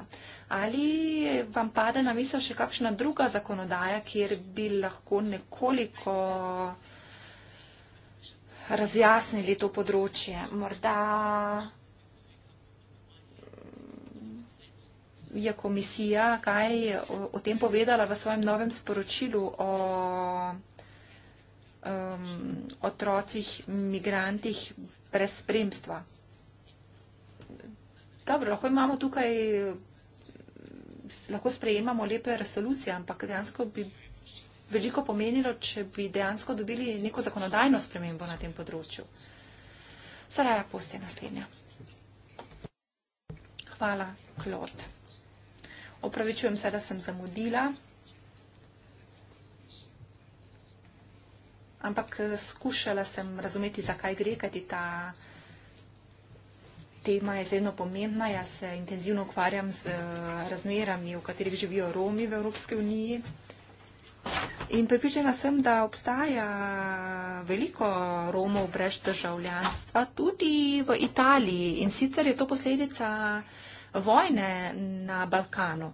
Speaker 4: Ali vam pade na misel še kakšna druga zakonodaja, kjer bi lahko nekoliko razjasnili to področje? Morda je komisija kaj o tem povedala v svojem novem sporočilu o um, otrocih, migrantih brez spremstva. Dobro, lahko imamo tukaj, lahko sprejemamo lepe resolucije, ampak dejansko bi veliko pomenilo, če bi dejansko dobili neko zakonodajno spremembo na tem področju. Saraja Post je naslednja. Hvala, Klot. Opravičujem se, da sem zamudila. Ampak skušala sem razumeti, zakaj gre, kajti ta tema je izredno pomembna. Jaz se intenzivno ukvarjam z eh, razmerami, v katerih živijo Romi v Evropski uniji. In pripričana sem, da obstaja veliko Romov brez državljanstva, tudi v Italiji. In sicer je to posledica vojne na Balkanu.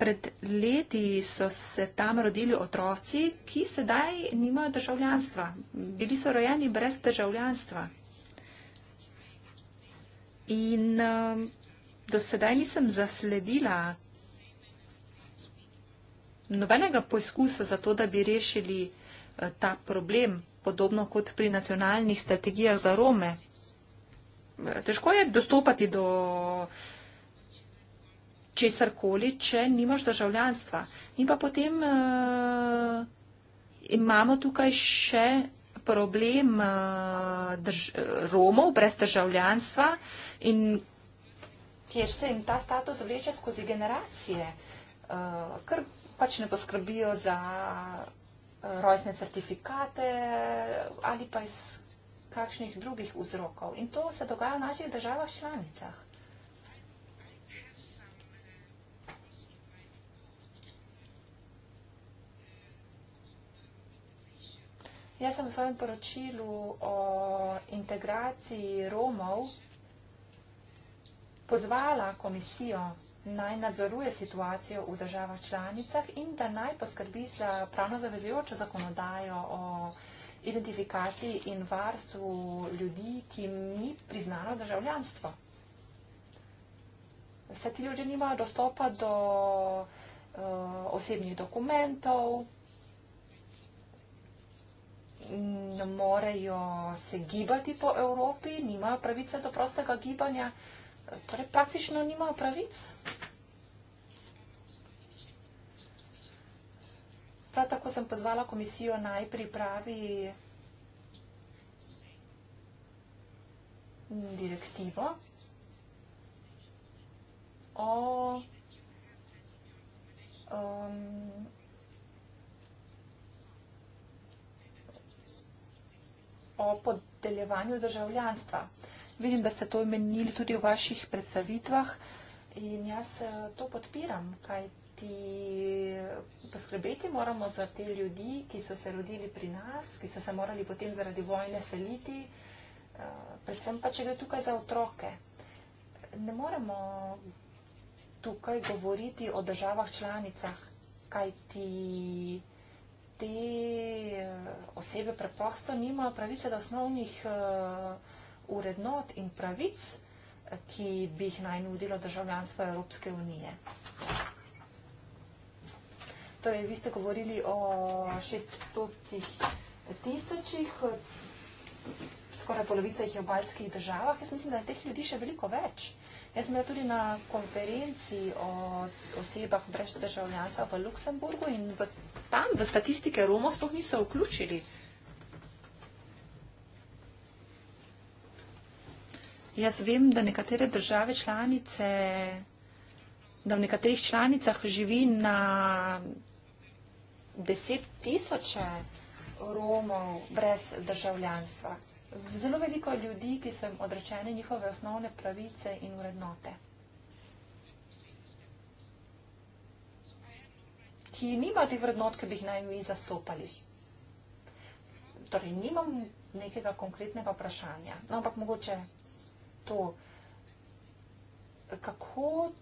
Speaker 4: Pred leti so se tam rodili otroci, ki sedaj nimajo državljanstva. Bili so rojeni brez državljanstva. In um, do sedaj nisem zasledila nobenega poizkusa za to, da bi rešili uh, ta problem, podobno kot pri nacionalnih strategijah za Rome. Eh, težko je dostopati do česarkoli, če nimaš državljanstva. In pa potem uh, imamo tukaj še problem eh, drž, Romov brez državljanstva in kjer se jim ta status vleče skozi generacije, eh, ker pač ne poskrbijo za eh, rojstne certifikate ali pa iz kakšnih drugih vzrokov. In to se dogaja v naših državah članicah. Jaz sem v svojem poročilu o integraciji Romov pozvala komisijo naj nadzoruje situacijo v državah članicah in da naj poskrbi za pravno zavezujočo zakonodajo o identifikaciji in varstvu ljudi, ki jim ni priznano državljanstvo. Vse ti ljudje nimajo dostopa do uh, osebnih dokumentov, ne morejo se gibati po Evropi, nimajo pravice do prostega gibanja, torej praktično nimajo pravic. Prav tako sem pozvala komisijo naj pripravi direktivo o um, o podeljevanju državljanstva. Vidim, da ste to imenili tudi v vaših predstavitvah in jaz eh, to podpiram, kaj ti poskrbeti moramo za te ljudi, ki so se rodili pri nas, ki so se morali potem zaradi vojne seliti, eh, predvsem pa, če gre tukaj za otroke. Ne moremo tukaj govoriti o državah članicah, kaj ti poskrbeti te eh, osebe preprosto nimajo pravice do osnovnih eh, urednot in pravic, eh, ki bi jih naj nudilo državljanstvo Evropske unije. Torej, vi ste govorili o 600 tisočih, skoraj polovica jih je v baljskih državah. Jaz mislim, da je teh ljudi še veliko več. Jaz sem bila tudi na konferenci o osebah brez državljanstva v Luksemburgu in v, tam v statistike Romov sploh niso vključili. Jaz vem, da nekatere države članice, da v nekaterih članicah živi na deset tisoče Romov brez državljanstva zelo veliko ljudi, ki so jim odrečene njihove osnovne pravice in vrednote. Ki nima tih vrednot, ki bi jih naj mi zastopali. Torej, nimam nekega konkretnega vprašanja. No, ampak mogoče to, kako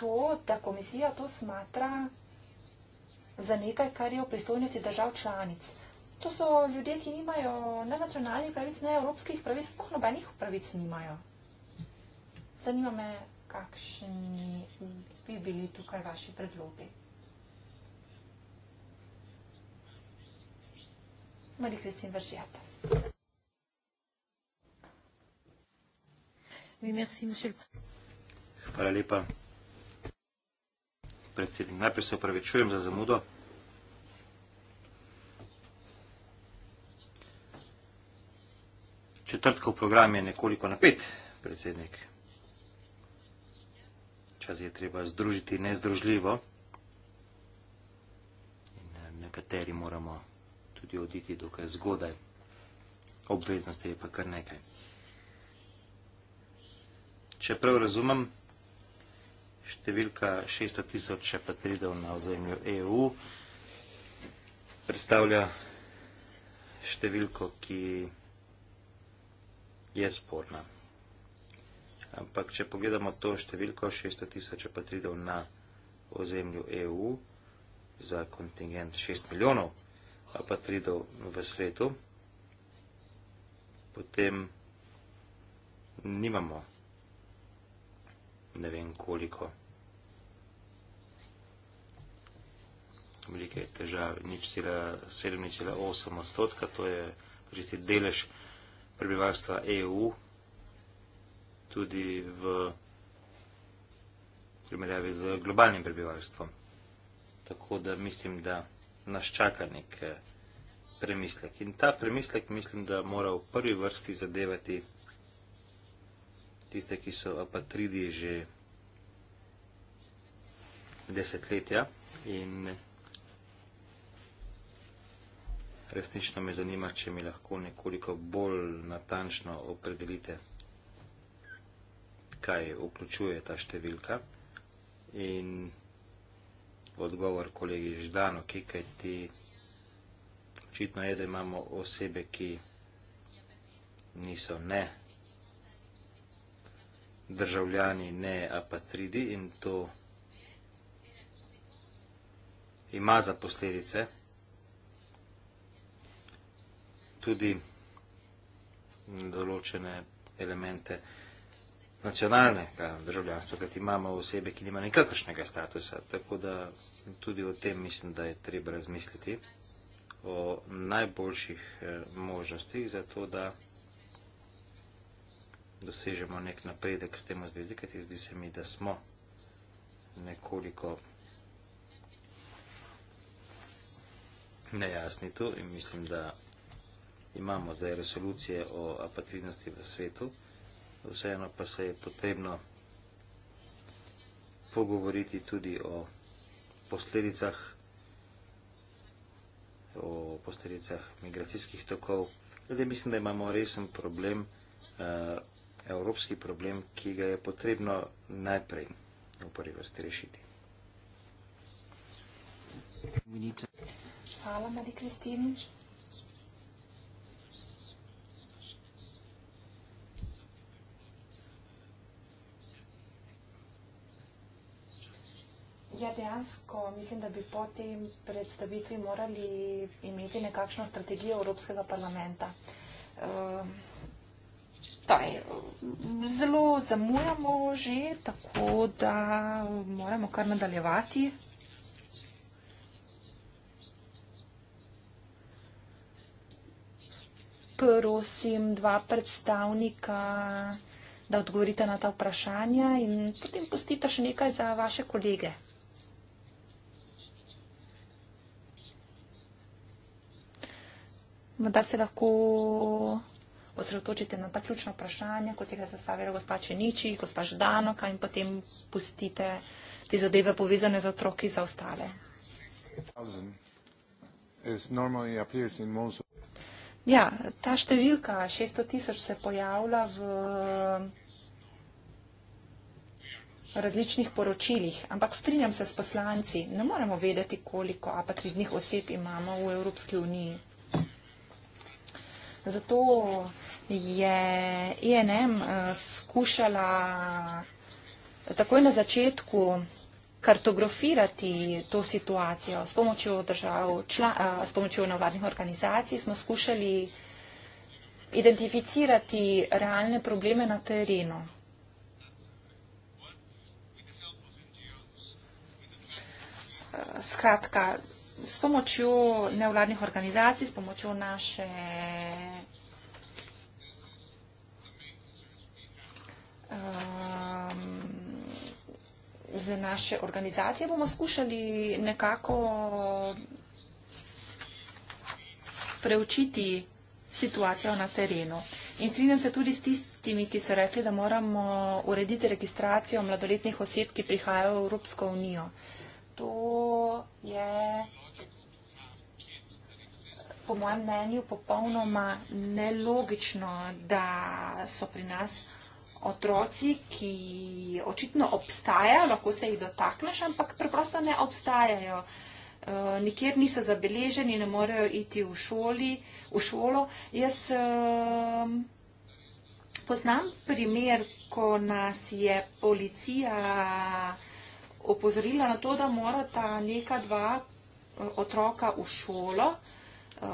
Speaker 4: to, da komisija to smatra za nekaj, kar je v pristojnosti držav članic. To so ljudje, ki nimajo ne nacionalnih pravic, ne evropskih pravic, sploh nobenih pravic nimajo. Zanima me, kakšni bi bili tukaj vaši predlogi. Mari Kristin Vržijata.
Speaker 2: Hvala lepa. Predsednik, najprej se opravičujem za zamudo. Četrtkov program je nekoliko napet, predsednik. Čas je treba združiti nezdružljivo. In eh, nekateri moramo tudi oditi dokaj zgodaj. Obveznosti je pa kar nekaj. Če prav razumem, številka 600 tisoč še pa tridel na ozemlju EU predstavlja številko, ki je je sporna. Ampak, če pogledamo to številko, 600 tisoč apatridov na ozemlju EU za kontingent 6 milijonov apatridov v svetu, potem nimamo ne vem koliko velike težave, nič cela 7,8 odstotka, to je tisti delež prebivalstva EU, tudi v primerjavi z globalnim prebivalstvom. Tako da mislim, da nas čaka nek premislek. In ta premislek mislim, da mora v prvi vrsti zadevati tiste, ki so apatridi že desetletja in resnično me zanima, če mi lahko nekoliko bolj natančno opredelite, kaj vključuje ta številka. In odgovor kolegi Ždano, ki kaj ti očitno je, da imamo osebe, ki niso ne državljani, ne apatridi in to ima za posledice tudi določene elemente nacionalnega državljanstva, kajti imamo osebe, ki nima nikakršnega statusa. Tako da tudi o tem mislim, da je treba razmisliti o najboljših eh, možnostih za to, da dosežemo nek napredek s tem v zvezdi, kajti zdi se mi, da smo nekoliko nejasni tu in mislim, da imamo zdaj resolucije o apatridnosti v svetu, vseeno pa se je potrebno pogovoriti tudi o posledicah, o posledicah migracijskih tokov. Zdaj mislim, da imamo resen problem, eh, evropski problem, ki ga je potrebno najprej v prvi vrsti rešiti.
Speaker 4: Hvala, Mari Kristini. Ja, dejansko mislim, da bi po tem predstavitvi morali imeti nekakšno strategijo Evropskega parlamenta. Ehm, torej, zelo zamujamo že, tako da moramo kar nadaljevati. Prosim dva predstavnika, da odgovorite na ta vprašanja in potem postite še nekaj za vaše kolege. morda se lahko osredotočite na ta ključna vprašanja, kot jih je zastavila gospa Čeniči, gospa Ždanoka in potem pustite te zadeve povezane z otroki za ostale. Ja, ta številka 600 tisoč se pojavlja v različnih poročilih, ampak strinjam se s poslanci, ne moremo vedeti, koliko apatridnih oseb imamo v Evropski uniji. Zato je INM e eh, skušala takoj na začetku kartografirati to situacijo s pomočjo držav, čla, eh, s pomočjo navladnih organizacij. Smo skušali identificirati realne probleme na terenu. Eh, skratka, s pomočjo nevladnih organizacij, s pomočjo naše um, z naše organizacije bomo skušali nekako preučiti situacijo na terenu. In strinjam se tudi s tistimi, ki so rekli, da moramo urediti registracijo mladoletnih oseb, ki prihajajo v Evropsko unijo. To je po mojem mnenju popolnoma nelogično, da so pri nas otroci, ki očitno obstajajo, lahko se jih dotakneš, ampak preprosto ne obstajajo. E, nikjer niso zabeleženi, ne morejo iti v, šoli, v šolo. Jaz e, poznam primer, ko nas je policija opozorila na to, da morata neka dva e, otroka v šolo, uh, Eh,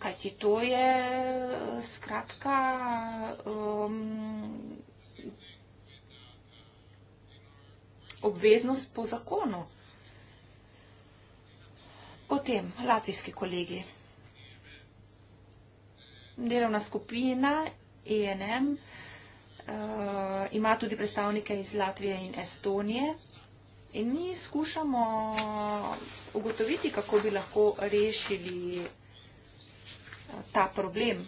Speaker 4: kajti to je eh, skratka. Um, Obveznost po zakonu. Potem, latvijski kolegi. Delovna skupina INM e uh, eh, ima tudi predstavnike iz Latvije in Estonije in mi skušamo ugotoviti, kako bi lahko rešili ta problem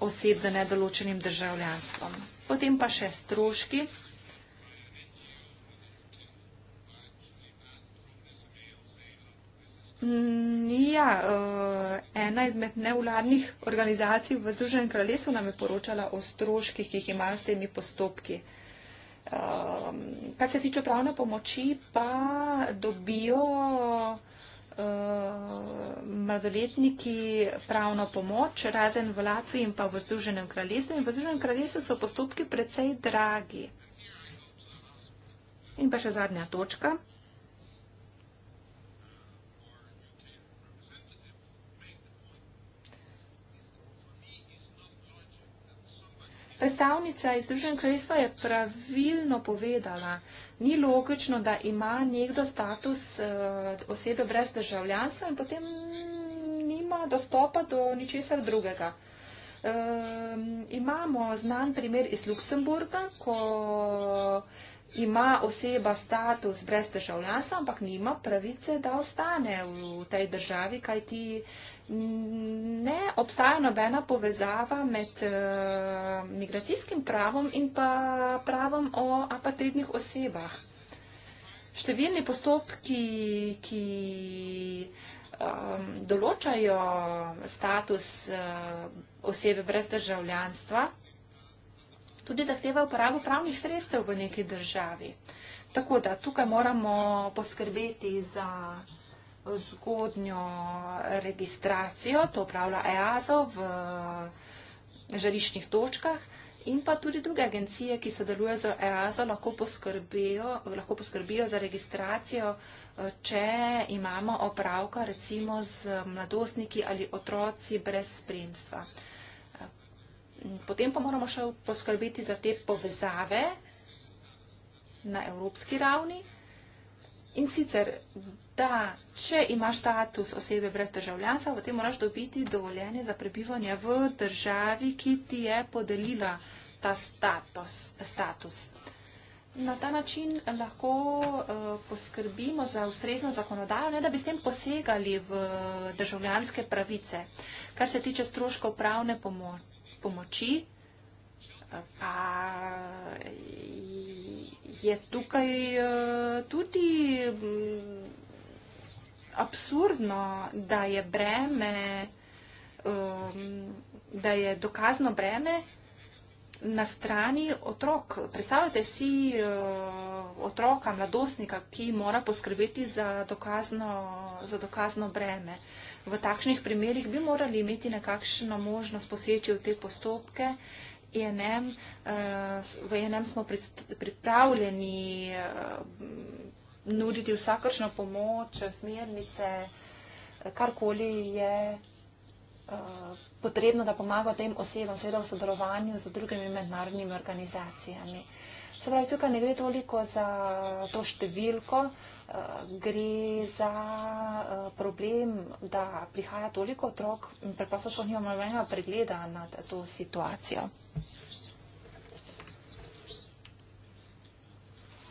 Speaker 4: oseb za nedoločenim državljanstvom. Potem pa še stroški. Ja, eh, ena izmed nevladnih organizacij v Združenem kraljestvu nam je poročala o stroških, ki jih imajo s temi postopki. Eh, kar se tiče pravne pomoči, pa dobijo Eh, mladoletniki pravno pomoč, razen v Latviji in pa v Združenem kraljestvu. In v Združenem kraljestvu so postopki precej dragi. In pa še zadnja točka. predstavnica iz Združenega kraljestva je pravilno povedala, ni logično, da ima nekdo status uh, osebe brez državljanstva in potem mm, nima dostopa do ničesar drugega. Um, imamo znan primer iz Luksemburga, ko ima oseba status brez državljanstva, ampak nima pravice, da ostane v tej državi, kaj ti ne obstaja nobena povezava med uh, migracijskim pravom in pa pravom o apatridnih osebah. Številni postopki, ki um, določajo status uh, osebe brez državljanstva, tudi zahteva uporabo pravnih sredstev v neki državi. Tako da tukaj moramo poskrbeti za zgodnjo registracijo, to upravlja EASO v eh, žariščnih točkah in pa tudi druge agencije, ki sodelujejo z EASO, lahko poskrbijo, lahko poskrbijo za registracijo, eh, če imamo opravka recimo z mladostniki ali otroci brez spremstva potem pa moramo še poskrbeti za te povezave na evropski ravni. In sicer, da če imaš status osebe brez državljanstva, potem moraš dobiti dovoljenje za prebivanje v državi, ki ti je podelila ta status. status. Na ta način lahko uh, poskrbimo za ustrezno zakonodajo, ne da bi s tem posegali v državljanske pravice. Kar se tiče stroškov pravne pomoči pomoči, pa je tukaj eh, tudi mm, absurdno, da je breme, eh, da je dokazno breme na strani otrok. Predstavljate si eh, otroka, mladostnika, ki mora poskrbeti za dokazno, za dokazno breme v takšnih primerjih bi morali imeti nekakšno možnost poseči v te postopke. INM, e eh, v enem smo pripravljeni eh, nuditi vsakršno pomoč, smernice, eh, karkoli je potrebno, da pomaga tem osebam, seveda v sodelovanju z drugimi mednarodnimi organizacijami. Se pravi, tukaj ne gre toliko za to številko, Eh, gre za eh, problem, da prihaja toliko otrok in preprosto sploh nimamo nobenega pregleda nad to situacijo.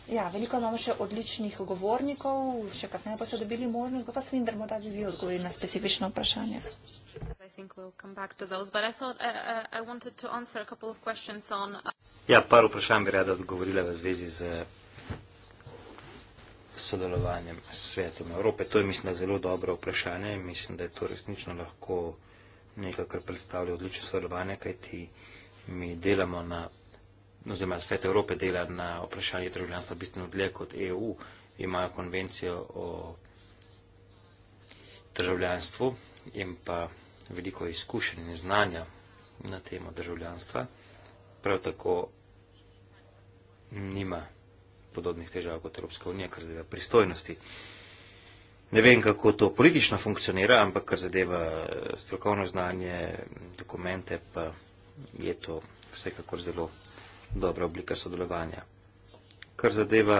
Speaker 4: Ja, veliko imamo še odličnih govornikov, še kasneje pa so dobili možnost, pa se vendar morda bi vi odgovorili na specifično vprašanje. Uh, uh, uh,
Speaker 2: ja, par vprašanj bi rada odgovorila v zvezi z sodelovanjem s svetom Evrope? To je, mislim, da zelo dobro vprašanje in mislim, da je to resnično lahko nekaj, kar predstavlja odlično sodelovanje, kajti mi delamo na, oziroma svet Evrope dela na vprašanje državljanstva bistveno dlje kot EU, imajo konvencijo o državljanstvu in pa veliko izkušenj in znanja na temo državljanstva. Prav tako nima podobnih težav kot Evropska unija, kar zadeva pristojnosti. Ne vem, kako to politično funkcionira, ampak kar zadeva eh, strokovno znanje, dokumente, pa je to vsekakor zelo dobra oblika sodelovanja. Kar zadeva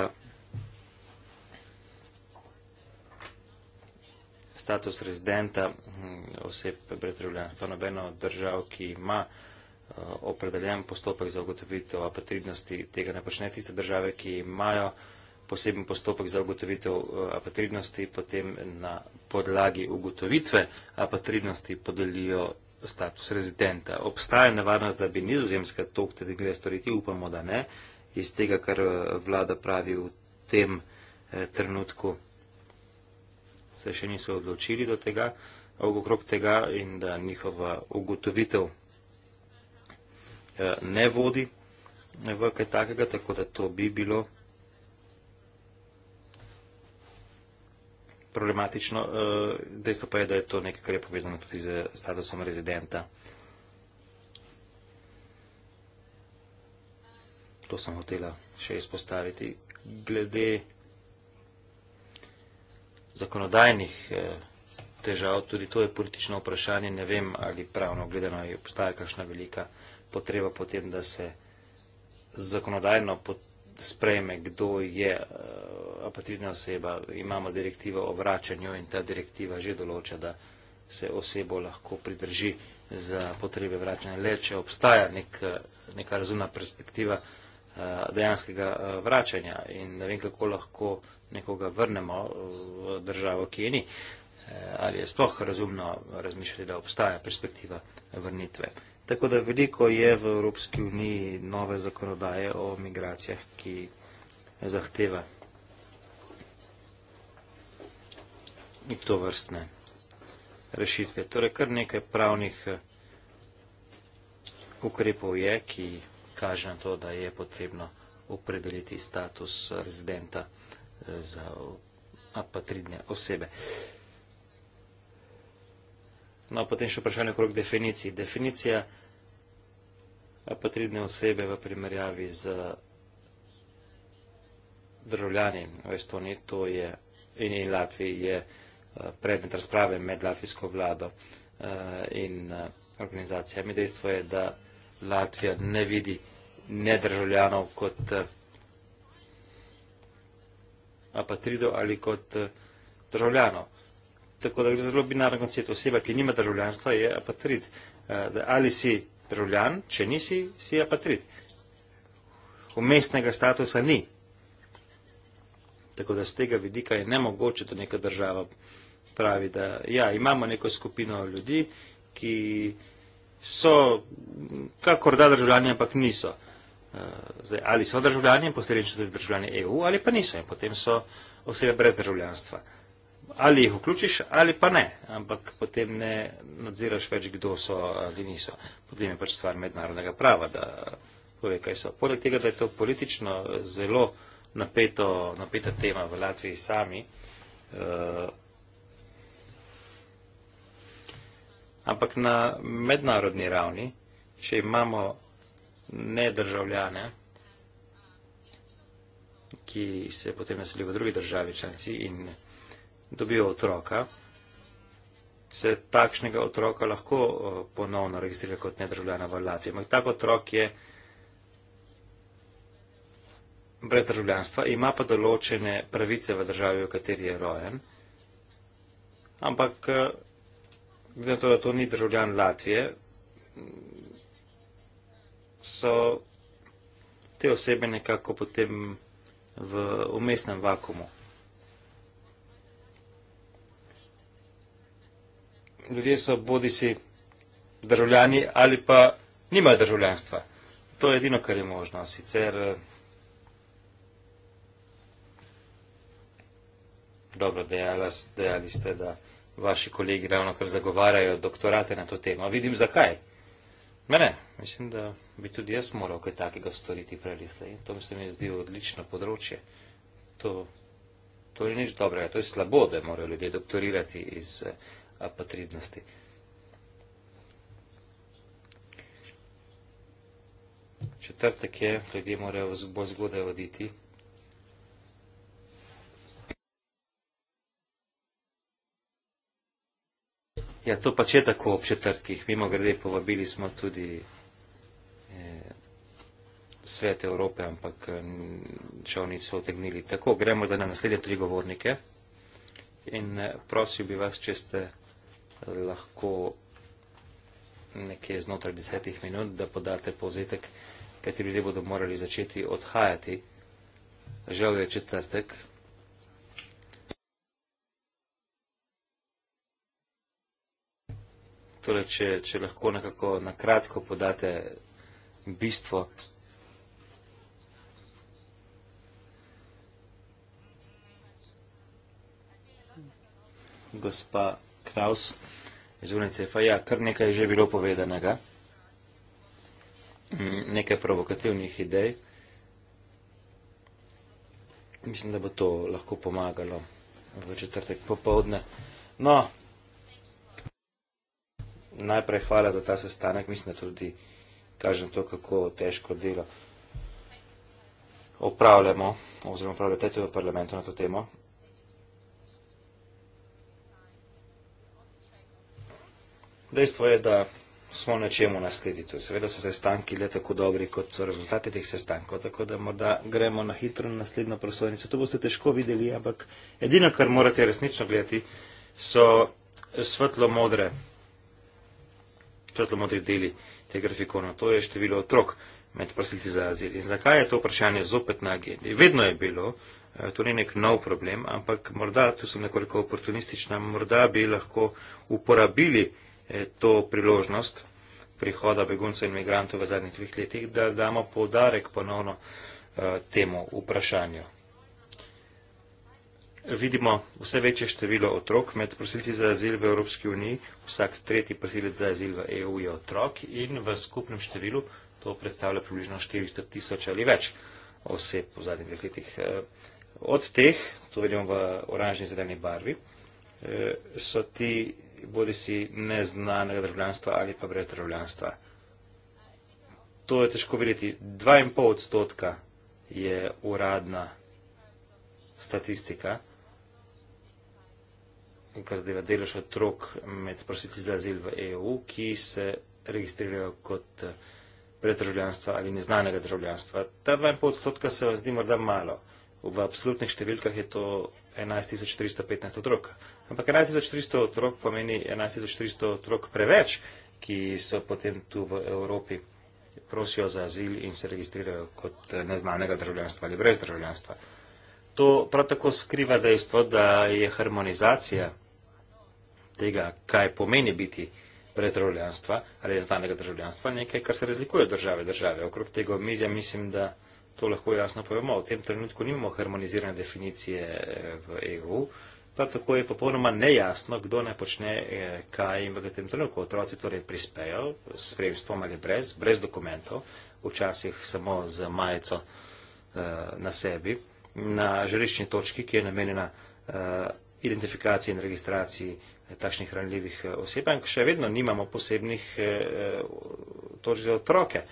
Speaker 2: status rezidenta hm, oseb brez državljanstva, nobeno državo, ki ima Eh, opredeljen postopek za ugotovitev apatridnosti tega ne počne. Tiste države, ki imajo poseben postopek za ugotovitev eh, apatridnosti, potem na podlagi ugotovitve apatridnosti podelijo status rezidenta. Obstaja nevarnost, da bi nizozemska to htedigle storiti, upamo, da ne, iz tega, kar eh, vlada pravi v tem eh, trenutku. Se še niso odločili do tega, okrog tega in da njihova ugotovitev Eh, ne vodi v kaj takega, tako da to bi bilo problematično. Eh, dejstvo pa je, da je to nekaj, kar je povezano tudi z statusom rezidenta. To sem hotela še izpostaviti. Glede zakonodajnih eh, težav, tudi to je politično vprašanje, ne vem, ali pravno gledano je postaja kakšna velika potreba potem, da se zakonodajno sprejme, kdo je eh, apatridna oseba. Imamo direktivo o vračanju in ta direktiva že določa, da se osebo lahko pridrži za potrebe vračanja. Le, če obstaja nek, eh, neka razumna perspektiva eh, dejanskega vračanja in ne vem, kako lahko nekoga vrnemo v državo, ki je ni. Ali je sploh razumno razmišljati, da obstaja perspektiva vrnitve? Tako da veliko je v Evropski uniji nove zakonodaje o migracijah, ki zahteva in to vrstne rešitve. Torej, kar nekaj pravnih eh, ukrepov je, ki kaže na to, da je potrebno opredeliti status rezidenta eh, za apatridne osebe. No, potem še vprašanje okrog definicij. Definicija potrebne osebe v primerjavi z državljani v Estoniji to je, in, in Latviji je eh, predmet razprave med latvijsko vlado eh, in eh, organizacijami. Dejstvo je, da Latvija ne vidi ne državljanov kot apatrido ali kot državljanov. Tako da gre za zelo binarno koncept. Oseba, ki nima državljanstva, je apatrid. Ali si državljan, če nisi, si apatrit. Umestnega statusa ni. Tako da z tega vidika je nemogoče, da neka država pravi, da ja, imamo neko skupino ljudi, ki so kakor da državljani, ampak niso. Eh, zdaj, ali so državljani in posledično tudi državljani EU, ali pa niso in potem so osebe brez državljanstva ali jih vključiš ali pa ne, ampak potem ne nadziraš več, kdo so ali niso. Potem je pač stvar mednarodnega prava, da pove, kaj so. Poleg tega, da je to politično zelo napeto, napeta tema v Latviji sami. Eh, ampak na mednarodni ravni, če imamo ne državljane, ki se potem naselijo v drugi državi članci in dobijo otroka, se takšnega otroka lahko eh, ponovno registrira kot nedržavljana v Latviji. Ampak tak otrok je brez državljanstva, ima pa določene pravice v državi, v kateri je rojen. Ampak, eh, glede na to, da to ni državljan Latvije, so te osebe nekako potem v umestnem vakumu. ljudje so bodisi državljani ali pa nimajo državljanstva. To je edino, kar je možno. Sicer. Eh, dobro, dejalas, dejali ste, da vaši kolegi ravno kar zagovarjajo doktorate na to temo. Vidim, zakaj. Mene, mislim, da bi tudi jaz moral kaj takega storiti preliste. In to mi se mi zdi odlično področje. To, to je nič dobrega. To je slabo, da morajo ljudje doktorirati iz eh, потребности. Четвъртък е, къде мора в Бозго да водите. Ja, to pač je tako ob četrtkih. Mimo grede, povabili smo tudi eh, svet Evrope, ampak eh, žal niso otegnili. Tako, gremo zdaj na naslednje tri govornike in eh, prosil bi vas, če ste lahko nekje znotraj desetih minut, da podate povzetek, kajti ljudje bodo morali začeti odhajati. Žal je četrtek. Torej, če, če lahko nekako nakratko podate bistvo. Gospa Klaus iz UNICEF-a. Ja, kar nekaj je že bilo povedanega, mm, nekaj provokativnih idej. Mislim, da bo to lahko pomagalo v četrtek popovdne. No, najprej hvala za ta sestanek, mislim, da tudi kažem to, kako težko delo opravljamo oziroma upravljate tudi v parlamentu na to temo. Dejstvo je, da smo nečemu naslediti. Seveda so sestanki le tako dobri, kot so rezultati teh sestankov, tako da morda gremo na hitro na naslednjo prosojnico. To boste težko videli, ampak edino, kar morate resnično gledati, so svetlo-modre svetlo-modri deli te grafikona. To je število otrok med prosilci za azil. In zakaj je to vprašanje zopet na agendi? Vedno je bilo, eh, to ni nek nov problem, ampak morda, tu sem nekoliko oportunistična, morda bi lahko uporabili Eh, to priložnost prihoda beguncev in imigrantov v zadnjih dveh letih, da damo povdarek ponovno eh, temu vprašanju. Vidimo vse večje število otrok med prosilci za azil v Evropski uniji, vsak tretji prosilec za azil v EU je otrok in v skupnem številu to predstavlja približno 400 tisoč ali več oseb v zadnjih dveh letih. Eh, od teh, to vidimo v oranžni zeleni barvi, so ti bodi si neznanega državljanstva ali pa brez državljanstva. To je težko verjeti. 2,5 odstotka je uradna statistika, kar zadeva delež otrok med prositi za azil v EU, ki se registrirajo kot eh, brez državljanstva ali neznanega državljanstva. Ta 2,5 odstotka se vam zdi morda malo. V absolutnih številkah je to 11.315 otrok, Ampak 11.400 otrok pomeni 11.400 otrok preveč, ki so potem tu v Evropi prosijo za azil in se registrirajo kot eh, neznanega državljanstva ali brez državljanstva. To prav tako skriva dejstvo, da je harmonizacija tega, kaj pomeni biti brez državljanstva ali neznanega državljanstva, nekaj, kar se razlikuje države države. Okrog tega omizja mislim, da to lahko jasno povemo. V tem trenutku nimamo harmonizirane definicije eh, v EU. Prav tako je popolnoma nejasno, kdo ne počne eh, kaj in v tem trenutku. Otroci torej prispejo s spremstvom ali brez, brez dokumentov, včasih samo z majico eh, na sebi, na želiščni točki, ki je namenjena eh, identifikaciji in registraciji takšnih ranljivih oseb, ampak še vedno nimamo posebnih točk za otroke.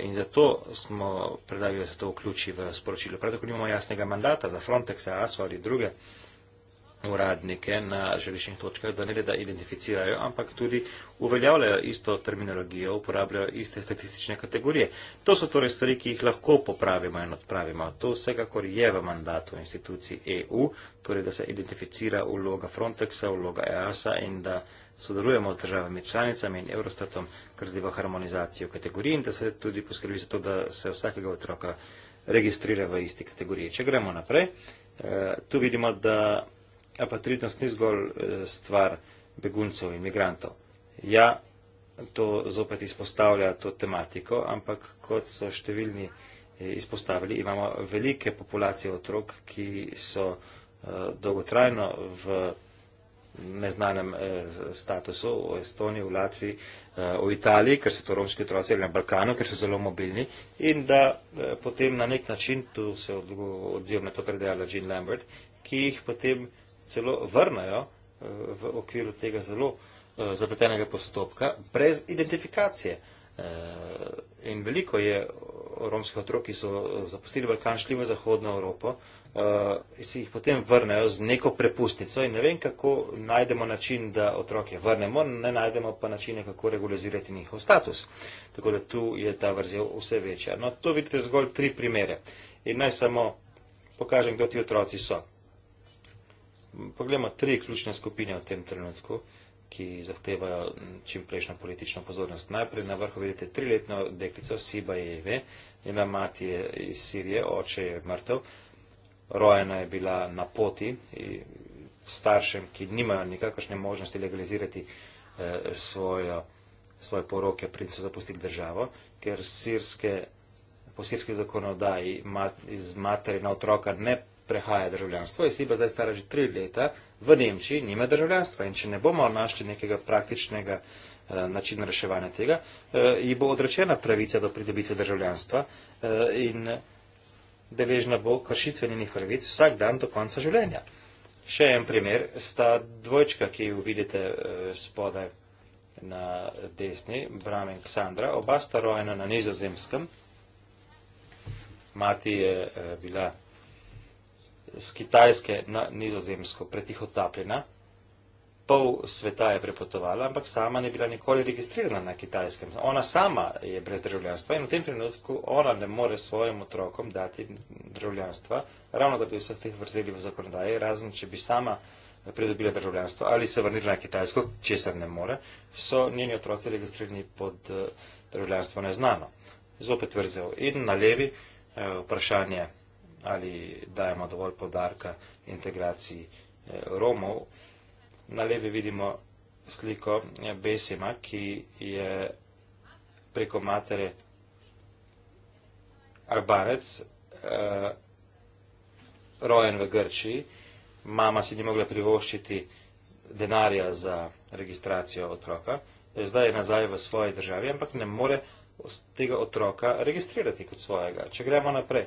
Speaker 2: In zato smo predlagali, da se to vključi v sporočilo. Prav tako nimamo jasnega mandata za Frontex, ASO ali druge uradnike na želišnjih točkah, da ne le da identificirajo, ampak tudi uveljavljajo isto terminologijo, uporabljajo iste statistične kategorije. To so torej stvari, ki jih lahko popravimo in odpravimo. To vsekakor je v mandatu institucij EU, torej da se identificira vloga Frontexa, vloga EASA in da sodelujemo z državami članicami in Eurostatom, kar zdi v harmonizacijo kategorij in da se tudi poskrbi za to, da se vsakega otroka registrira v isti kategoriji. Če gremo naprej, eh, tu vidimo, da apatridnost ni zgolj eh, stvar beguncev in imigrantov. Ja, to zopet izpostavlja to tematiko, ampak kot so številni eh, izpostavili, imamo velike populacije otrok, ki so eh, dolgotrajno v neznanem statusu v Estoniji, v Latviji, v Italiji, ker so to romski otroci ali na Balkanu, ker so zelo mobilni in da potem na nek način, tu se odzivam na to, kar je dejala Jean Lambert, ki jih potem celo vrnajo eh, v okviru tega zelo eh, zapletenega postopka, brez identifikacije. Eh, in veliko je romskih otrok, ki so zapustili Balkan, šli v Zahodno Evropo in se jih potem vrnejo z neko prepustnico in ne vem, kako najdemo način, da otroke vrnemo, ne najdemo pa načine, kako regularizirati njihov status. Tako da tu je ta vrzel vse večja. No, to vidite zgolj tri primere. In naj samo pokažem, kdo ti otroci so. Poglejmo tri ključne skupine v tem trenutku, ki zahtevajo čim prejšnjo politično pozornost. Najprej na vrhu vidite triletno deklico Siba Jeve, njena mati je iz Sirije, oče je mrtev, rojena je bila na poti staršem, ki nimajo nikakršne možnosti legalizirati eh, svojo, svoje poroke, princu zapustiti državo, ker sirske, po sirski zakonodaji mat, iz materi na otroka ne prehaja državljanstvo. Jaz si pa zdaj stara že tri leta v Nemčiji, nima državljanstva in če ne bomo našli nekega praktičnega eh, način reševanja tega, eh, ji bo odrečena pravica do pridobitve državljanstva eh, in deležna bo kršitve njenih pravic vsak dan do konca življenja. Še en primer sta dvojčka, ki ju vidite spodaj na desni, Bram in Ksandra, oba sta rojena na nizozemskem. Mati je bila z Kitajske na Nizozemsko pretihotapljena. Pol sveta je prepotovala, ampak sama ni bila nikoli registrirana na Kitajskem. Ona sama je brez državljanstva in v tem trenutku ona ne more svojim otrokom dati državljanstva, ravno da bi vseh teh vrzeli v zakonodaji, razen če bi sama pridobila državljanstvo ali se vrnila na Kitajsko, česar ne more, so njeni otroci registrirani pod eh, državljanstvo neznano. Zopet vrzel in na levi eh, vprašanje ali dajemo dovolj podarka integraciji eh, Romov. Na levi vidimo sliko eh, Besima, ki je preko matere Albanec, eh, rojen v Grčiji. Mama si ni mogla privoščiti denarja za registracijo otroka. Zdaj je nazaj v svoji državi, ampak ne more tega otroka registrirati kot svojega. Če gremo naprej,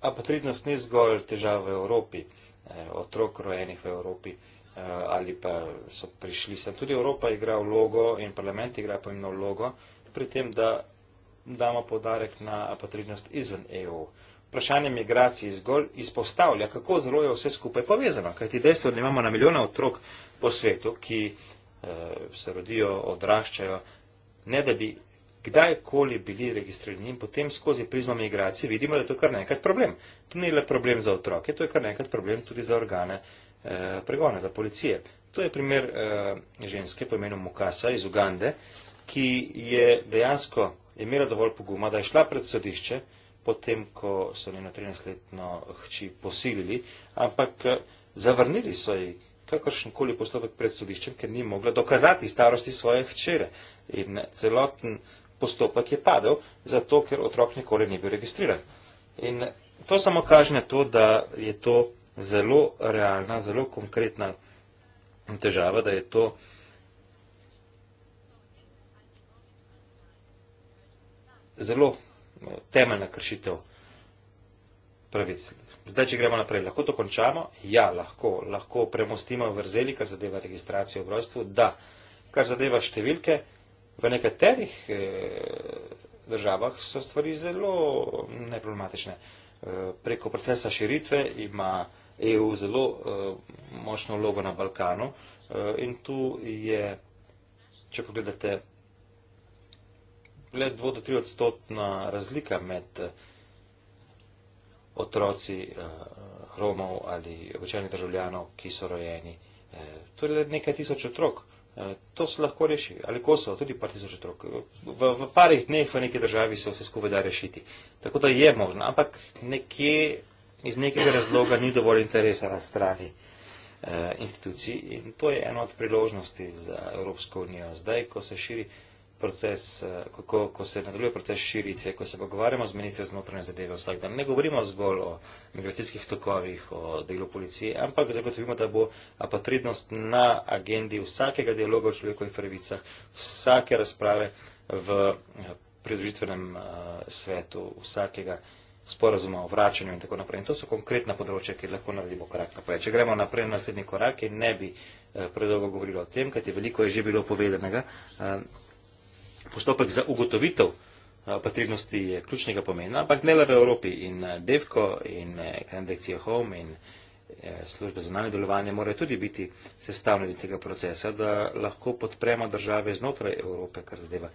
Speaker 2: A potrebnost ni zgolj težava v Evropi, eh, otrok rojenih v Evropi eh, ali pa so prišli sem. Tudi Evropa igra vlogo in parlament igra pomembno vlogo pri tem, da damo podarek na potrebnost izven EU. Vprašanje migracij zgolj izpostavlja, kako zelo je vse skupaj povezano, kajti dejstvo, da imamo na milijona otrok po svetu, ki eh, se rodijo, odraščajo, ne da bi kdajkoli bili registrirani in potem skozi prizmo migracije vidimo, da je to kar nekaj problem. To ni le problem za otroke, to je kar nekaj problem tudi za organe eh, pregona, za policije. To je primer eh, ženske po imenu Mukasa iz Ugande, ki je dejansko imela dovolj poguma, da je šla pred sodišče, potem, ko so njeno 13-letno hči posilili, ampak eh, zavrnili so ji kakršenkoli postopek pred sodiščem, ker ni mogla dokazati starosti svoje hčere. In celoten eh, postopek je padel, zato ker otrok nikoli ni bil registriran. In to samo kaže na to, da je to zelo realna, zelo konkretna težava, da je to. Zelo eh, temeljna kršitev pravic. Zdaj, če gremo naprej, lahko to končamo? Ja, lahko. Lahko premostimo vrzeli, kar zadeva registracijo v rojstvu. Da, kar zadeva številke, V nekaterih eh, državah so stvari zelo neproblematične. Eh, preko procesa širitve ima EU zelo eh, močno vlogo na Balkanu in tu je, če pogledate, le 2-3 odstotna razlika med otroci Romov ali običajnih državljanov, ki so rojeni. To je le nekaj tisoč otrok. Eh, to se lahko reši, ali Kosovo, tudi par tisoč otrok. V, v parih dneh v neki državi se vse skupaj da rešiti. Tako da je možno, ampak nekje iz nekega razloga ni dovolj interesa na strani eh, institucij in to je ena od priložnosti za Evropsko unijo. Zdaj, ko se širi eh, proces, eh, kako, ko se nadaljuje proces širitve, ko se pogovarjamo z ministrom znotraj zadeve vsak dan. Ne govorimo zgolj o migracijskih tokovih, o delu policije, ampak zagotovimo, da bo apatridnost na agendi vsakega dialoga o človekovih pravicah, vsake razprave v eh, pridružitvenem eh, svetu, vsakega sporazuma o vračanju in tako naprej. In to so konkretna področja, ki lahko naredimo korak naprej. Če gremo naprej na naslednji korak, ne bi predolgo govorilo o tem, kajti veliko je že bilo povedanega postopek za ugotovitev eh, potrebnosti ključnega pomena, ampak ne le v Evropi in eh, DEFCO in Kandekcija eh, Home in službe za nane delovanje morajo tudi biti sestavljeni tega procesa, da lahko podpremo države znotraj Evrope, kar zadeva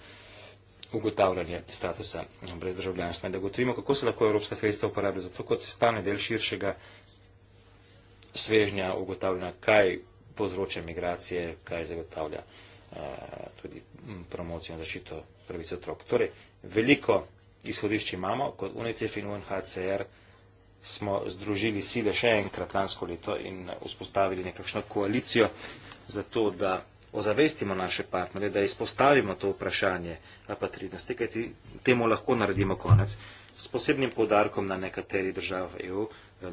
Speaker 2: ugotavljanje statusa brez državljanstva in da ugotovimo, kako se lahko evropska sredstva uporabljajo za to, kot se stane del širšega svežnja ugotavljanja, kaj povzroča migracije, kaj zagotavlja tudi Mm, promocijo in zaščito pravice otrok. Torej, veliko izhodišč imamo, kot UNICEF in UNHCR smo združili sile še enkrat lansko leto in vzpostavili nekakšno koalicijo za to, da ozavestimo naše partnere, da izpostavimo to vprašanje apatridnosti, kajti temu lahko naredimo konec s posebnim poudarkom na nekateri držav EU,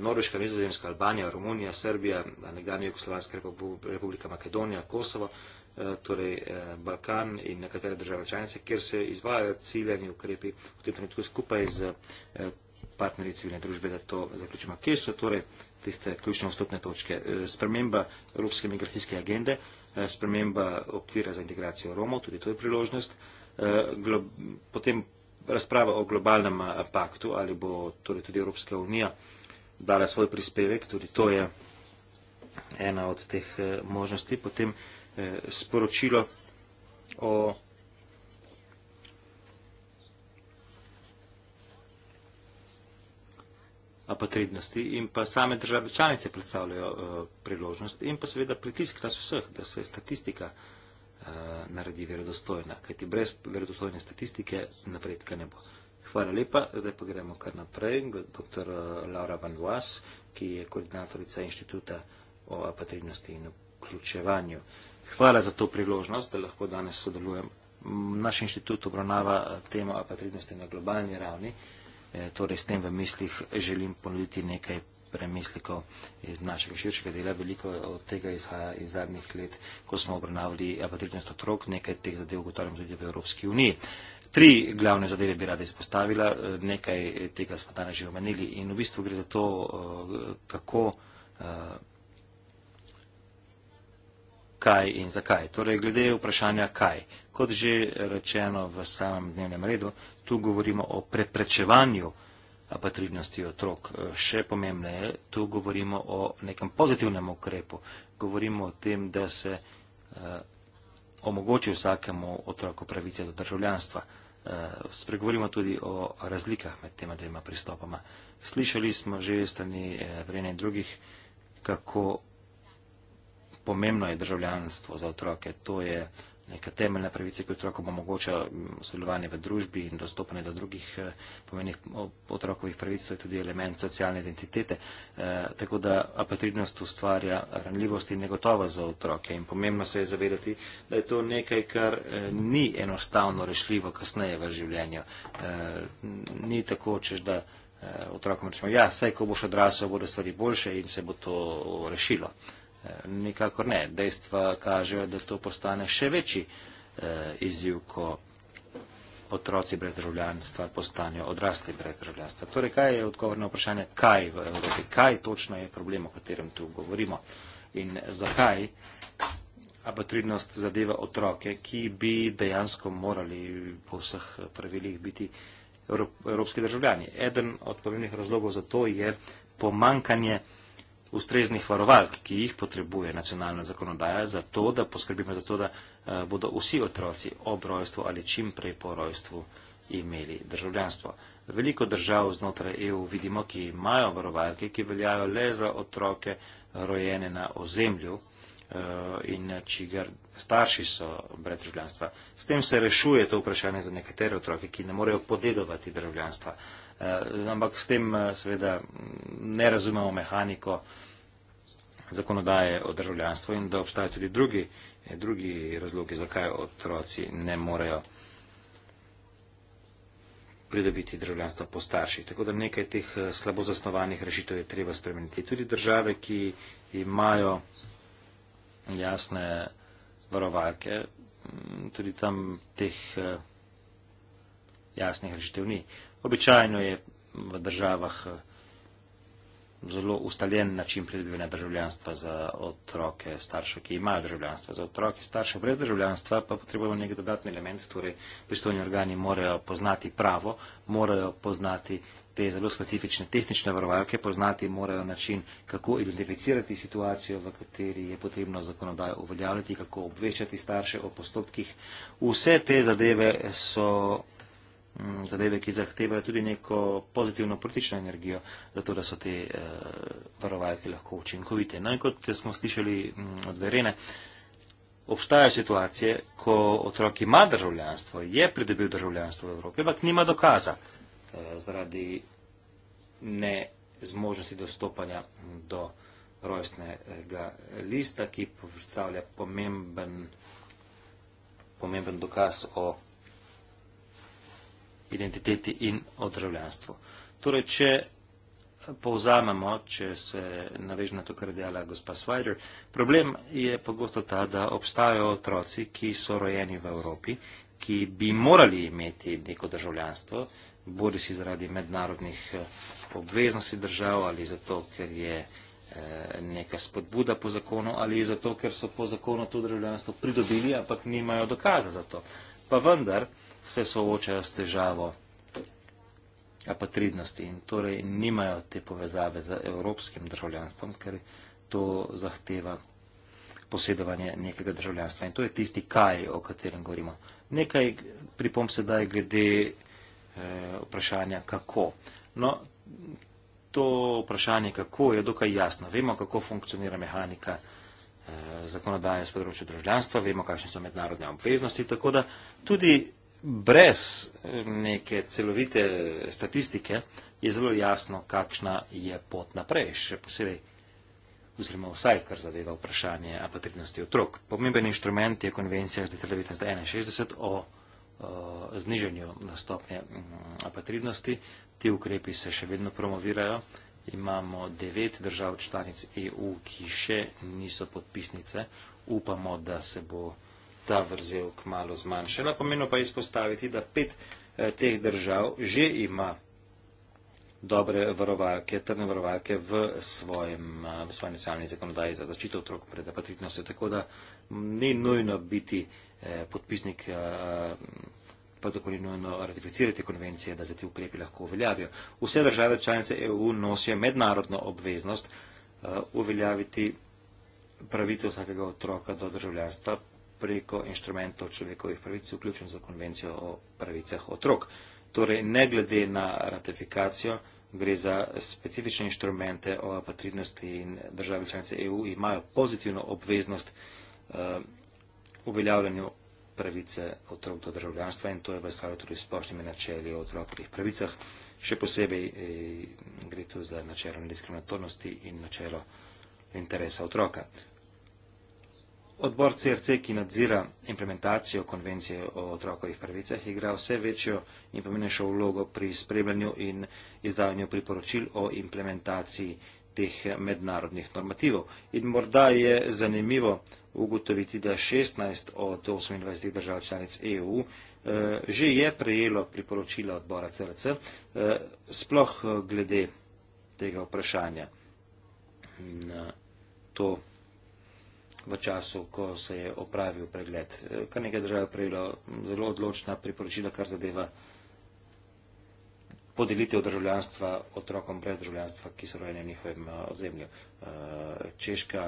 Speaker 2: Norveška, Nizozemska, Albanija, Romunija, Srbija, nekdanja Jugoslovanska republika, republika Makedonija, Kosovo, Eh, torej eh, Balkan in nekatere države članice, kjer se izvajajo ciljeni ukrepi v tem trenutku skupaj z eh, partnerji civilne družbe, da to zaključimo. Kje so torej tiste ključne vstopne točke? Sprememba Evropske migracijske agende, sprememba okvira za integracijo Romov, tudi to je priložnost, potem razprava o globalnem paktu, ali bo torej tudi Evropska unija dala svoj prispevek, tudi to je ena od teh možnosti, potem Eh, sporočilo o apatridnosti in pa same države članice predstavljajo eh, priložnost in pa seveda pritisk nas vseh, da se statistika eh, naredi verodostojna, kajti brez verodostojne statistike napredka ne bo. Hvala lepa, zdaj pa gremo kar naprej. Dr. Laura Van Vas, ki je koordinatorica inštituta o apatridnosti in vključevanju. Hvala za to priložnost, da lahko danes sodelujem. Naš inštitut obravnava eh, temo apatridnosti na globalni ravni, eh, torej s tem v mislih želim ponuditi nekaj premislikov iz našega širšega dela. Veliko od tega izhaja iz zadnjih let, ko smo obravnavali apatridnost otrok, nekaj teh zadev ugotavljam tudi v Evropski uniji. Tri glavne zadeve bi rada izpostavila, eh, nekaj tega smo danes že omenili in v bistvu gre za to, kako kaj in zakaj. Torej, glede vprašanja kaj. Kot že rečeno v samem dnevnem redu, tu govorimo o preprečevanju apatridnosti otrok. E, še pomembneje, tu govorimo o nekem pozitivnem ukrepu. Govorimo o tem, da se eh, omogoči vsakemu otroku pravice do državljanstva. Eh, spregovorimo tudi o razlikah med tema dvema pristopoma. Slišali smo že strani eh, vrenja in drugih, kako pomembno je državljanstvo za otroke. To je neka temeljna pravica, ki otrokom omogoča mm, sodelovanje v družbi in dostopanje do drugih eh, pomenih otrokovih pravic, to je tudi element socialne identitete. E, tako da apatridnost ustvarja ranljivost in negotovo za otroke in pomembno se je zavedati, da je to nekaj, kar eh, ni enostavno rešljivo kasneje v življenju. E, ni tako, češ da otrokom rečemo, ja, saj ko boš odrasel, bodo stvari boljše in se bo to rešilo. Nikakor ne. Dejstva kažejo, da to postane še večji eh, izjiv, ko otroci brez državljanstva postanejo odrasti brez državljanstva. Torej, kaj je odgovor na vprašanje, kaj v Evropi, kaj točno je problem, o katerem tu govorimo in zakaj apatridnost zadeva otroke, ki bi dejansko morali po vseh pravilih biti evropski državljani. Eden od pomembnih razlogov za to je pomankanje ustreznih varovalk, ki jih potrebuje nacionalna zakonodaja, zato da poskrbimo za to, da eh, bodo vsi otroci ob rojstvu ali čim prej po rojstvu imeli državljanstvo. Veliko držav znotraj EU vidimo, ki imajo varovalke, ki veljajo le za otroke rojene na ozemlju eh, in čigar starši so brez državljanstva. S tem se rešuje to vprašanje za nekatere otroke, ki ne morejo podedovati državljanstva. Eh, ampak s tem eh, seveda ne razumemo mehaniko zakonodaje o državljanstvu in da obstajajo tudi drugi, eh, drugi razlogi, zakaj otroci ne morejo pridobiti državljanstvo po starših. Tako da nekaj teh slabo zasnovanih rešitev je treba spremeniti. Tudi države, ki imajo jasne varovalke, mm, tudi tam teh jasnih rešitev ni. Običajno je v državah eh, zelo ustaljen način pridobivanja državljanstva za otroke staršev, ki imajo državljanstvo. Za otroke staršev brez državljanstva pa potrebujemo nek dodatni element, torej pristojni organi morajo poznati pravo, morajo poznati te zelo specifične tehnične varovalke, poznati morajo način, kako identificirati situacijo, v kateri je potrebno zakonodajo uveljavljati, kako obveščati starše o postopkih. Vse te zadeve so Mm, zadeve, ki zahtevajo tudi neko pozitivno politično energijo, zato da so te uh, varovalke lahko učinkovite. No in kot smo slišali um, od Verene, obstajajo situacije, ko otrok ima državljanstvo, je pridobil državljanstvo v Evropi, ampak nima dokaza uh, zaradi nezmožnosti dostopanja do rojstnega lista, ki predstavlja pomemben, pomemben dokaz o identiteti in o državljanstvu. Torej, če povzamemo, če se navežem na to, kar je dejala gospa Svajder, problem je pogosto ta, da obstajajo otroci, ki so rojeni v Evropi, ki bi morali imeti neko državljanstvo, bodi si zaradi mednarodnih eh, obveznosti držav ali zato, ker je eh, neka spodbuda po zakonu ali zato, ker so po zakonu to državljanstvo pridobili, ampak nimajo dokaza za to. Pa vendar, se soočajo s težavo apatridnosti in torej nimajo te povezave z evropskim državljanstvom, ker to zahteva posedovanje nekega državljanstva. In to je tisti kaj, o katerem govorimo. Nekaj pripom se daj glede e, vprašanja kako. No, to vprašanje kako je dokaj jasno. Vemo, kako funkcionira mehanika e, zakonodaje z področja državljanstva, vemo, kakšne so mednarodne obveznosti, tako da tudi brez eh, neke celovite statistike je zelo jasno, kakšna je pot naprej, še posebej, oziroma vsaj, kar zadeva vprašanje apatridnosti otrok. Pomemben inštrument je konvencija iz 1961 o, o znižanju nastopnje mm, apatridnosti. Ti ukrepi se še vedno promovirajo. Imamo devet držav članic EU, ki še niso podpisnice. Upamo, da se bo ta vrzel k malo zmanjšena. Pomembno pa je izpostaviti, da pet eh, teh držav že ima dobre varovalke, trdne varovalke v svojem, eh, v svojem nacionalni zakonodaji za zaščito otrok pred apatritnostjo, tako da ni nujno biti eh, podpisnik, eh, pa tako ni nujno ratificirati konvencije, da se ti ukrepi lahko uveljavijo. Vse države članice EU nosijo mednarodno obveznost eh, uveljaviti pravice vsakega otroka do državljanstva preko inštrumentov človekovih pravic, vključno za konvencijo o pravicah otrok. Torej, ne glede na ratifikacijo, gre za specifične inštrumente o patridnosti in države članice EU imajo pozitivno obveznost uh, uveljavljanju pravice otrok do državljanstva in to je v skladu tudi s splošnimi načeli o otrokovih pravicah. Še posebej eh, gre tu za načelo nediskriminatornosti in načelo interesa otroka. Odbor CRC, ki nadzira implementacijo konvencije o otrokovih pravicah, igra vse večjo in pomenejšo vlogo pri spremljanju in izdajanju priporočil o implementaciji teh mednarodnih normativov. In morda je zanimivo ugotoviti, da 16 od 28 držav članic EU eh, že je prejelo priporočila odbora CRC, eh, sploh eh, glede tega vprašanja. In, eh, v času, ko se je opravil pregled. Eh, kar nekaj držav je prejelo zelo odločna priporočila, kar zadeva podelitev državljanstva otrokom brez državljanstva, ki so rojeni v njihovem eh, ozemlju. Eh, Češka,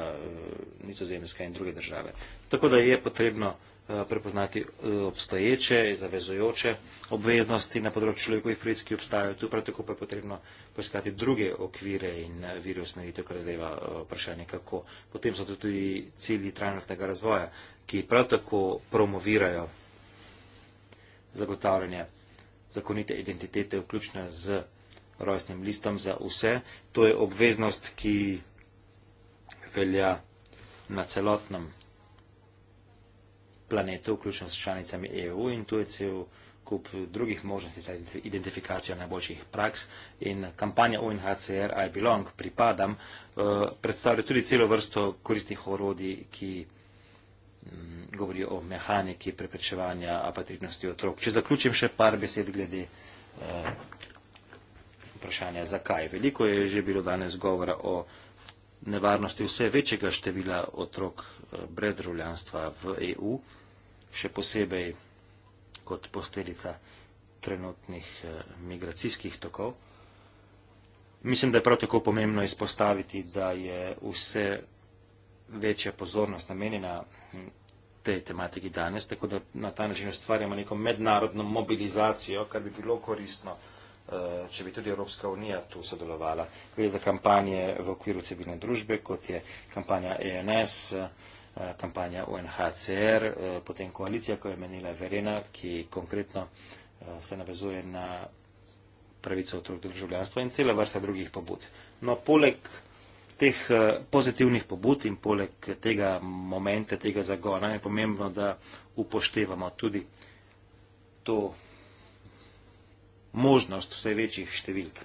Speaker 2: nizozemljska in druge države. Tako da je potrebno Eh, prepoznati eh, obstoječe, zavezujoče obveznosti na področju človekovih pravic, ki obstajajo tu, prav tako pa je potrebno poiskati druge okvire in eh, vire usmeritev, kar zdajva vprašanje kako. Potem so tu tudi cilji trajnostnega razvoja, ki prav tako promovirajo zagotavljanje zakonite identitete, vključno z rojstnim listom za vse. To je obveznost, ki velja na celotnem planetu, vključno s članicami EU in tujcev, kup drugih možnosti za identifikacijo najboljših praks in kampanja UNHCR I Belong, pripadam, eh, predstavlja tudi celo vrsto koristnih orodij, ki mm, govori o mehaniki preprečevanja apatritnosti otrok. Če zaključim še par besed glede eh, vprašanja zakaj. Veliko je že bilo danes govora o nevarnosti vse večjega števila otrok eh, brez državljanstva v EU-u še posebej kot posledica trenutnih eh, migracijskih tokov. Mislim, da je prav tako pomembno izpostaviti, da je vse večja pozornost namenjena hm, tej tematiki danes, tako da na ta način ustvarjamo neko mednarodno mobilizacijo, kar bi bilo koristno, eh, če bi tudi Evropska unija tu sodelovala. Gre za kampanje v okviru civilne družbe, kot je kampanja ENS, eh, Eh, kampanja UNHCR, eh, potem koalicija, ko je menila Verena, ki konkretno eh, se navezuje na pravico otrok do državljanstva in cela vrsta drugih pobud. No, poleg teh pozitivnih pobud in poleg tega momente, tega zagona je pomembno, da upoštevamo tudi to možnost vse večjih številk.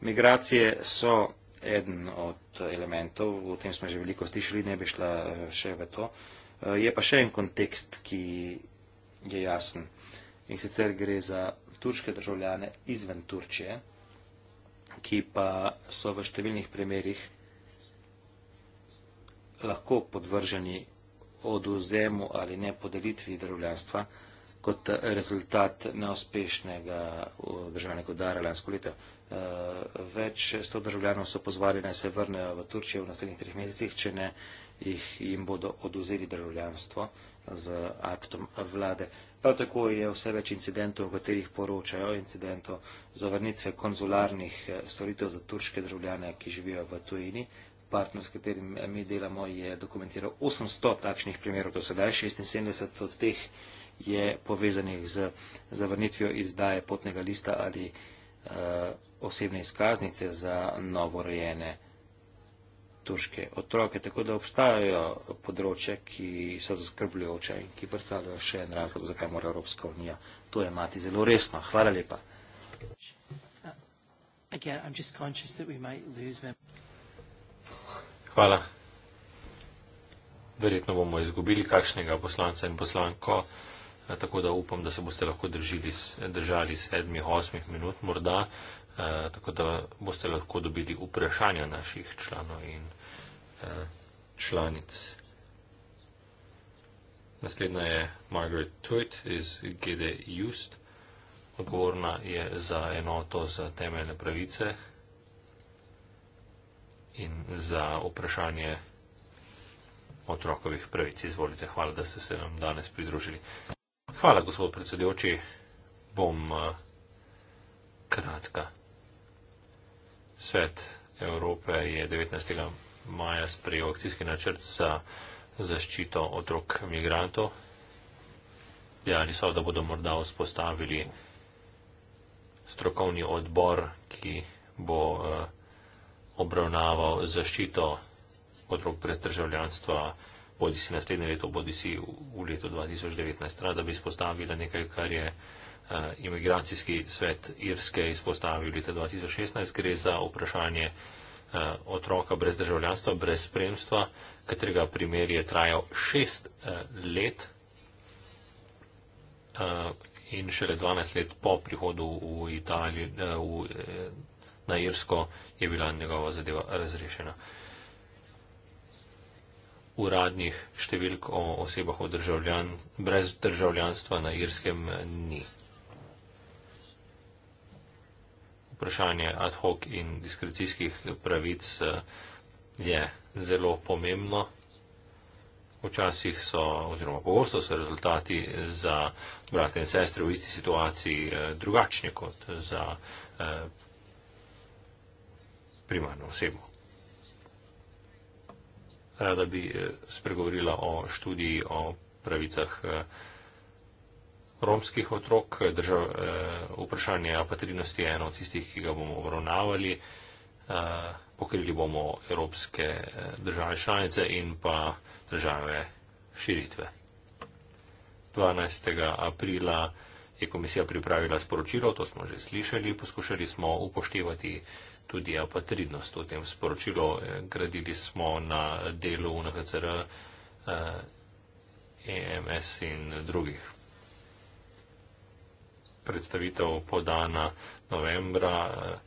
Speaker 2: Migracije so eden od elementov, o tem smo že veliko slišali, ne bi šla eh, še v to. Eh, je pa še en kontekst, ki je jasen. In sicer gre za turške državljane izven Turčije, ki pa so v številnih primerjih lahko podvrženi oduzemu ali ne podelitvi državljanstva kot rezultat neuspešnega eh, državnega udara lansko leto. Eh, več sto državljanov so pozvali, naj se vrnejo v Turčijo v naslednjih treh mesecih, če ne jih jim bodo oduzeli državljanstvo z aktom vlade. Prav tako je vse več incidentov, o katerih poročajo, incidentov zavrnitve konzularnih eh, storitev za turške državljane, ki živijo v tujini. Partner, s katerim eh, mi delamo, je dokumentiral 800 takšnih primerov do sedaj, 76 od teh je povezanih z zavrnitvijo izdaje potnega lista ali uh, osebne izkaznice za novorojene turške otroke. Tako da obstajajo področje, ki so zaskrbljujoče in ki predstavljajo še en razlog, zakaj mora Evropska unija to imati zelo resno. Hvala lepa.
Speaker 3: Hvala. Verjetno bomo izgubili kakšnega poslanca in poslanko, eh, tako da upam, da se boste lahko držali, držali sedmih, osmih minut, morda. Eh, tako da boste lahko dobili vprašanja naših članov in uh, članic. Naslednja je Margaret Tweet iz GD Just. Odgovorna je za enoto za temeljne pravice in za vprašanje otrokovih pravic. Izvolite, hvala, da ste se nam danes pridružili. Hvala, gospod predsedujoči. Bom uh, kratka. Svet Evrope je 19. maja sprejel akcijski načrt za zaščito otrok migrantov. Dejali so, da bodo morda vzpostavili strokovni odbor, ki bo eh, obravnaval zaščito otrok brez državljanstva, bodi si naslednje leto, bodi si v letu 2019, da bi spostavila nekaj, kar je uh, Eh, imigracijski svet Irske izpostavil leta 2016. Gre za vprašanje eh, otroka brez državljanstva, brez spremstva, katerega primer je trajal šest eh, let in šele 12 let po prihodu v Italijo, v, na Irsko je bila njegova zadeva razrešena. Uradnih številk o osebah o državljan, brez državljanstva na Irskem ni. vprašanje ad hoc in diskrecijskih pravic eh, je zelo pomembno. Včasih so, oziroma pogosto so rezultati za brate in sestre v isti situaciji eh, drugačni kot za eh, primarno osebo. Rada bi spregovorila o študiji, o pravicah romskih otrok. Držav, eh, vprašanje apatridnosti je eno od tistih, ki ga bomo obravnavali. Eh, pokrili bomo evropske eh, države članice in pa države širitve. 12. aprila je komisija pripravila sporočilo, to smo že slišali, poskušali smo upoštevati tudi apatridnost v tem sporočilu. Gradili smo na delu UNHCR, EMS e in drugih predstavitev podana novembra eh,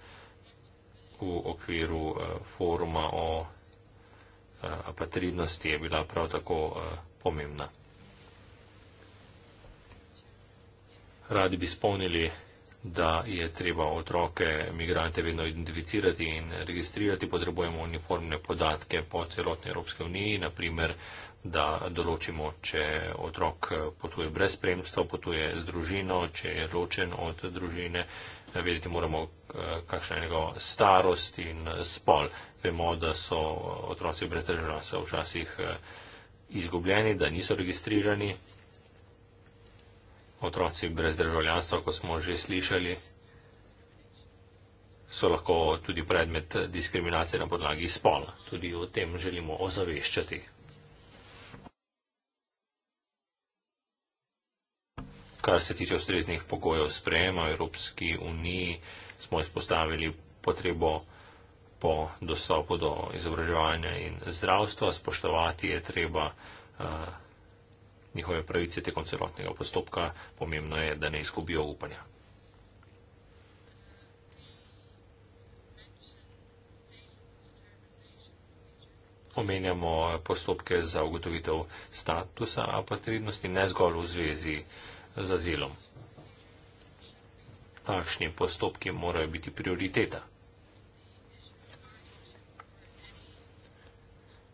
Speaker 3: v okviru eh, foruma o eh, apatridnosti je bila prav tako pomembna. Radi bi spomnili da je treba otroke, migrante vedno identificirati in registrirati, potrebujemo uniformne podatke po celotni Evropske uniji, naprimer, da določimo, če otrok potuje brez spremstva, potuje z družino, če je ločen od družine, vedeti moramo, eh, kakšna je njegova starost in spol. Vemo, da so otroci brez državljanstva včasih eh, izgubljeni, da niso registrirani, otroci brez državljanstva, kot smo že slišali, so lahko tudi predmet diskriminacije na podlagi spola. Tudi o tem želimo ozaveščati. Kar se tiče ustreznih pogojev sprejema v Evropski uniji, smo izpostavili potrebo po dostopu do izobraževanja in zdravstva, spoštovati je treba. Uh, njihove pravice tekom celotnega postopka, pomembno je, da ne izgubijo upanja. Omenjamo postopke za ugotovitev statusa apatridnosti ne zgolj v zvezi z azilom. Takšni postopki morajo biti prioriteta.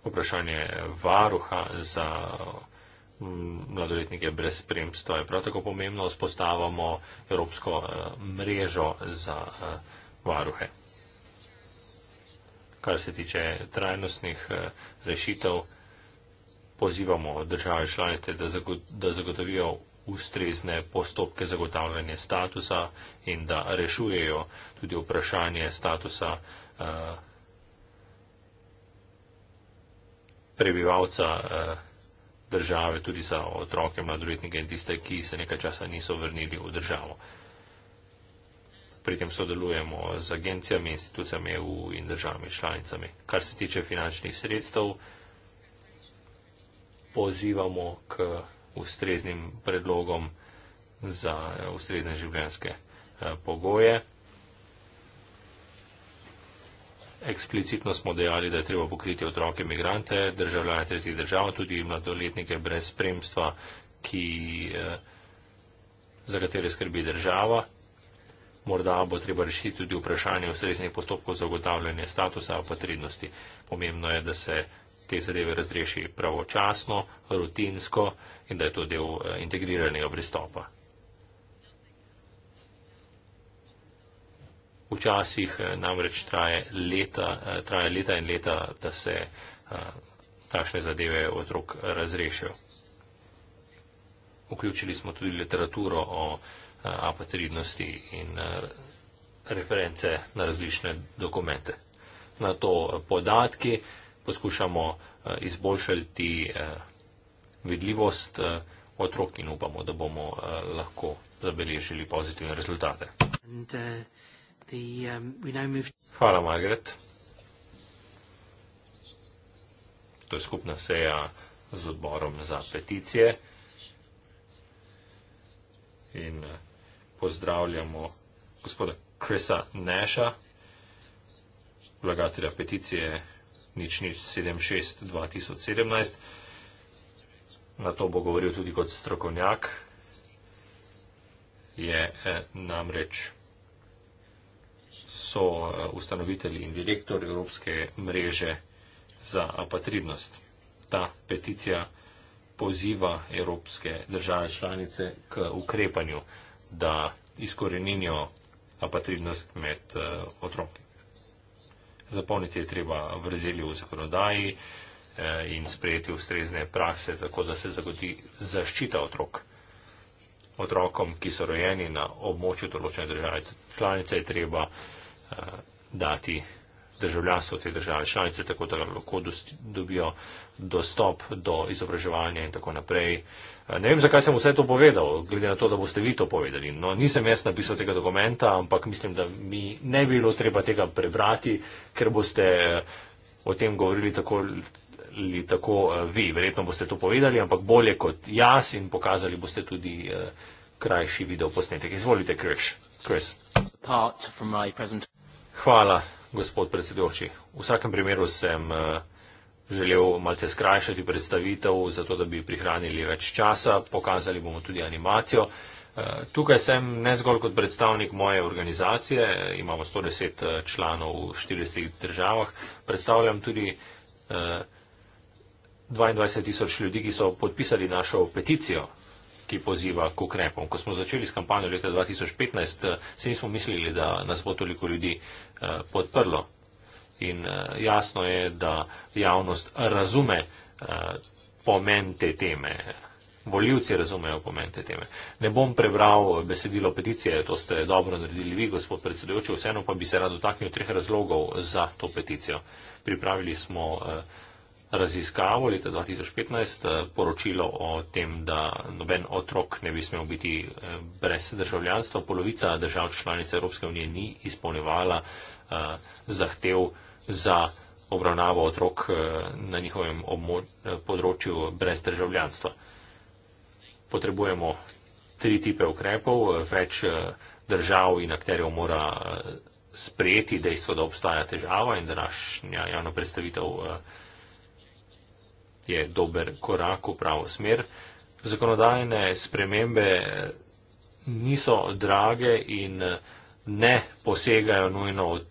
Speaker 3: Vprašanje varuha za mladoletnike brez spremstva. Je prav tako pomembno, da spostavamo evropsko eh, mrežo za eh, varuhe. Kar se tiče trajnostnih eh, rešitev, pozivamo države članice, da zagotovijo ustrezne postopke zagotavljanja statusa in da rešujejo tudi vprašanje statusa prebivalca države, tudi za otroke, mladoletnike in tiste, ki se nekaj časa niso vrnili v državo. Pri tem sodelujemo z agencijami, institucijami EU in državami članicami. Kar se tiče finančnih sredstev, pozivamo k ustreznim predlogom za ustrezne življenjske eh, pogoje. Eksplicitno smo dejali, da je treba pokriti otroke, imigrante, državljane tretjih držav, tudi mladoletnike brez spremstva, ki, eh, za katere skrbi država. Morda bo treba rešiti tudi vprašanje ustreznih postopkov za ugotavljanje statusa opatridnosti. Pomembno je, da se te zadeve razreši pravočasno, rutinsko in da je to del eh, integriranega pristopa. Včasih eh, namreč traje leta, eh, traje leta in leta, da se eh, takšne zadeve otrok razrešijo. Vključili smo tudi literaturo o apatridnosti in reference na različne dokumente. Na to podatki poskušamo izboljšati vidljivost otrok in upamo, da bomo lahko zabeležili pozitivne rezultate.
Speaker 1: And, uh... Um,
Speaker 3: Hvala, Margaret. To je skupna seja z odborom za peticije. In eh, pozdravljamo gospoda Krisa Neša, vlagatelja peticije nič nič 76-2017. Na to bo govoril tudi kot strokovnjak. Je eh, namreč so eh, ustanovitelji in direktor Evropske mreže za apatridnost. Eh, Ta peticija poziva evropske države članice k ukrepanju, da izkoreninijo apatridnost eh, med otroki. Zapolniti je treba vrzeli v zakonodaji in sprejeti ustrezne prakse, tako da se zagodi zaščita otrok. Otrokom, ki so rojeni na območju določene države članice, je treba uh, dati državljanstvo te države članice, tako da lahko dobijo dostop do izobraževanja in tako naprej. Ne vem, zakaj sem vse to povedal, glede na to, da boste vi to povedali. No, nisem jaz napisal tega dokumenta, ampak mislim, da mi ne bi bilo treba tega prebrati, ker boste eh, o tem govorili tako ali tako eh, vi. Verjetno boste to povedali, ampak bolje kot jaz in pokazali boste tudi eh, krajši video posnetek. Izvolite, Chris. Chris. Part from my presentation. Hvala, gospod predsedujoči. V vsakem primeru sem eh, želel malce skrajšati predstavitev, zato da bi prihranili več časa. Pokazali bomo tudi animacijo. Eh, tukaj sem ne zgolj kot predstavnik moje organizacije, imamo 110 eh, članov v 40 državah, predstavljam tudi 22 tisoč ljudi, ki so podpisali našo peticijo ki poziva k ukrepom. Ko smo začeli s kampanjo leta 2015, eh, se nismo mislili, da nas bo toliko ljudi eh, podprlo. In eh, jasno je, da javnost razume pomen te teme. Voljivci razumejo pomen te teme. Ne bom prebral besedilo peticije, to ste dobro naredili vi, gospod predsedujoči, vseeno pa bi se rad dotaknil treh razlogov za to peticijo. Pripravili smo eh, raziskavo leta 2015 eh, poročilo o tem, da noben otrok ne bi smel biti eh, brez državljanstva. Polovica držav članic Evropske unije ni izpolnevala eh, zahtev za obravnavo otrok na njihovem področju brez državljanstva. Potrebujemo tri tipe ukrepov, več držav in akterjev mora sprejeti dejstvo, da obstaja težava in današnja javna predstavitev je dober korak v pravo smer. Zakonodajne spremembe niso drage in ne posegajo nujno v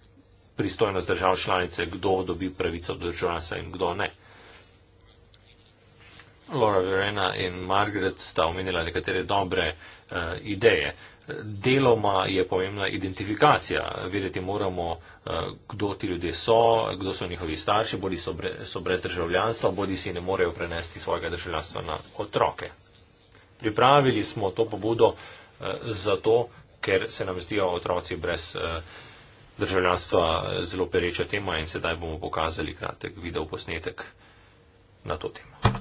Speaker 3: pristojnost držav članice, kdo dobi pravico do državljanstva in kdo ne. Laura Verena in Margaret sta omenila nekatere dobre uh, ideje. Uh, Deloma je pomembna identifikacija. Vedeti moramo, eh, kdo ti ljudje so, kdo so njihovi starši, bodi so, bre, so brez državljanstva, bodi si ne morejo prenesti svojega državljanstva na otroke. Pripravili smo to pobudo eh, zato, ker se nam zdijo otroci brez eh, državljanstva zelo pereča tema in sedaj bomo pokazali kratek video posnetek na to temo.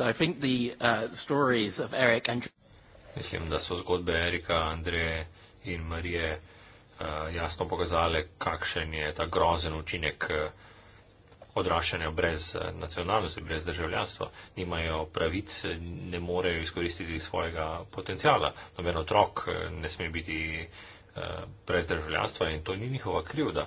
Speaker 3: I think the uh, stories of Eric and Mislim, da so zgodbe Erika, Andreje in Marije uh, jasno pokazale, kakšen je ta grozen učinek uh, odraščanja brez uh, nacionalnosti, brez državljanstva. Nimajo pravic, ne morejo izkoristiti svojega potencijala. Noben otrok uh, ne sme biti uh, brez državljanstva in to ni njihova krivda.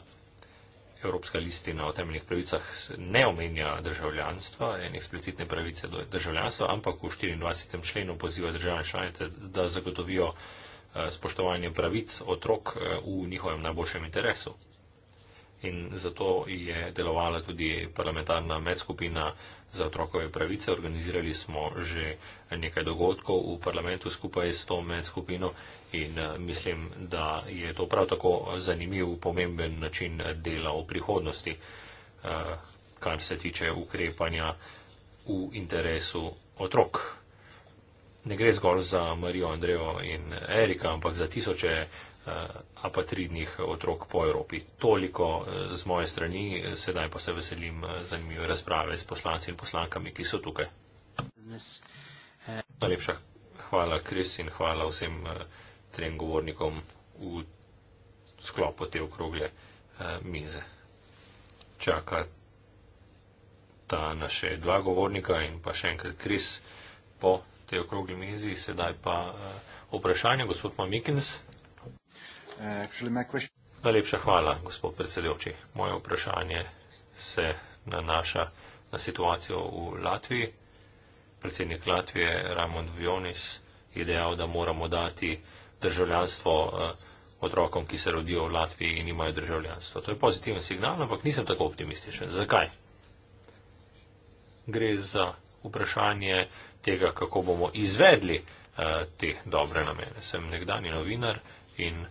Speaker 3: Evropska listina o temeljnih pravicah ne omenja državljanstva in eksplicitne pravice do državljanstva, ampak v 24. členu poziva države članice, da zagotovijo eh, spoštovanje pravic otrok eh, v njihovem najboljšem interesu. In zato je delovala tudi parlamentarna medskupina za otrokove pravice. Organizirali smo že nekaj dogodkov v parlamentu skupaj s to medskupino in eh, mislim, da je to prav tako zanimiv, pomemben način dela v prihodnosti, eh, kar se tiče ukrepanja v interesu otrok. Ne gre zgolj za Marijo, Andrejo in Erika, ampak za tisoče eh, apatridnih otrok po Evropi. Toliko z moje strani, sedaj pa se veselim zanimive razprave s poslanci in poslankami, ki so tukaj. Najlepša hvala, Kris, in hvala vsem. Uh, trem govornikom v sklopu te okrogle eh, mize. Čaka ta na še dva govornika in pa še enkrat kris po tej okrogli mizi. Sedaj pa eh, vprašanje, gospod Mamikins.
Speaker 4: Eh,
Speaker 3: Najlepša hvala, gospod predsedujoči. Moje vprašanje se nanaša na situacijo v Latviji. Predsednik Latvije Ramon Vionis je dejal, da moramo dati državljanstvo eh, otrokom, ki se rodijo v Latviji in imajo državljanstvo. To je pozitiven signal, ampak nisem tako optimističen. Zakaj? Gre za vprašanje tega, kako bomo izvedli eh, te dobre namene. Sem nekdani novinar in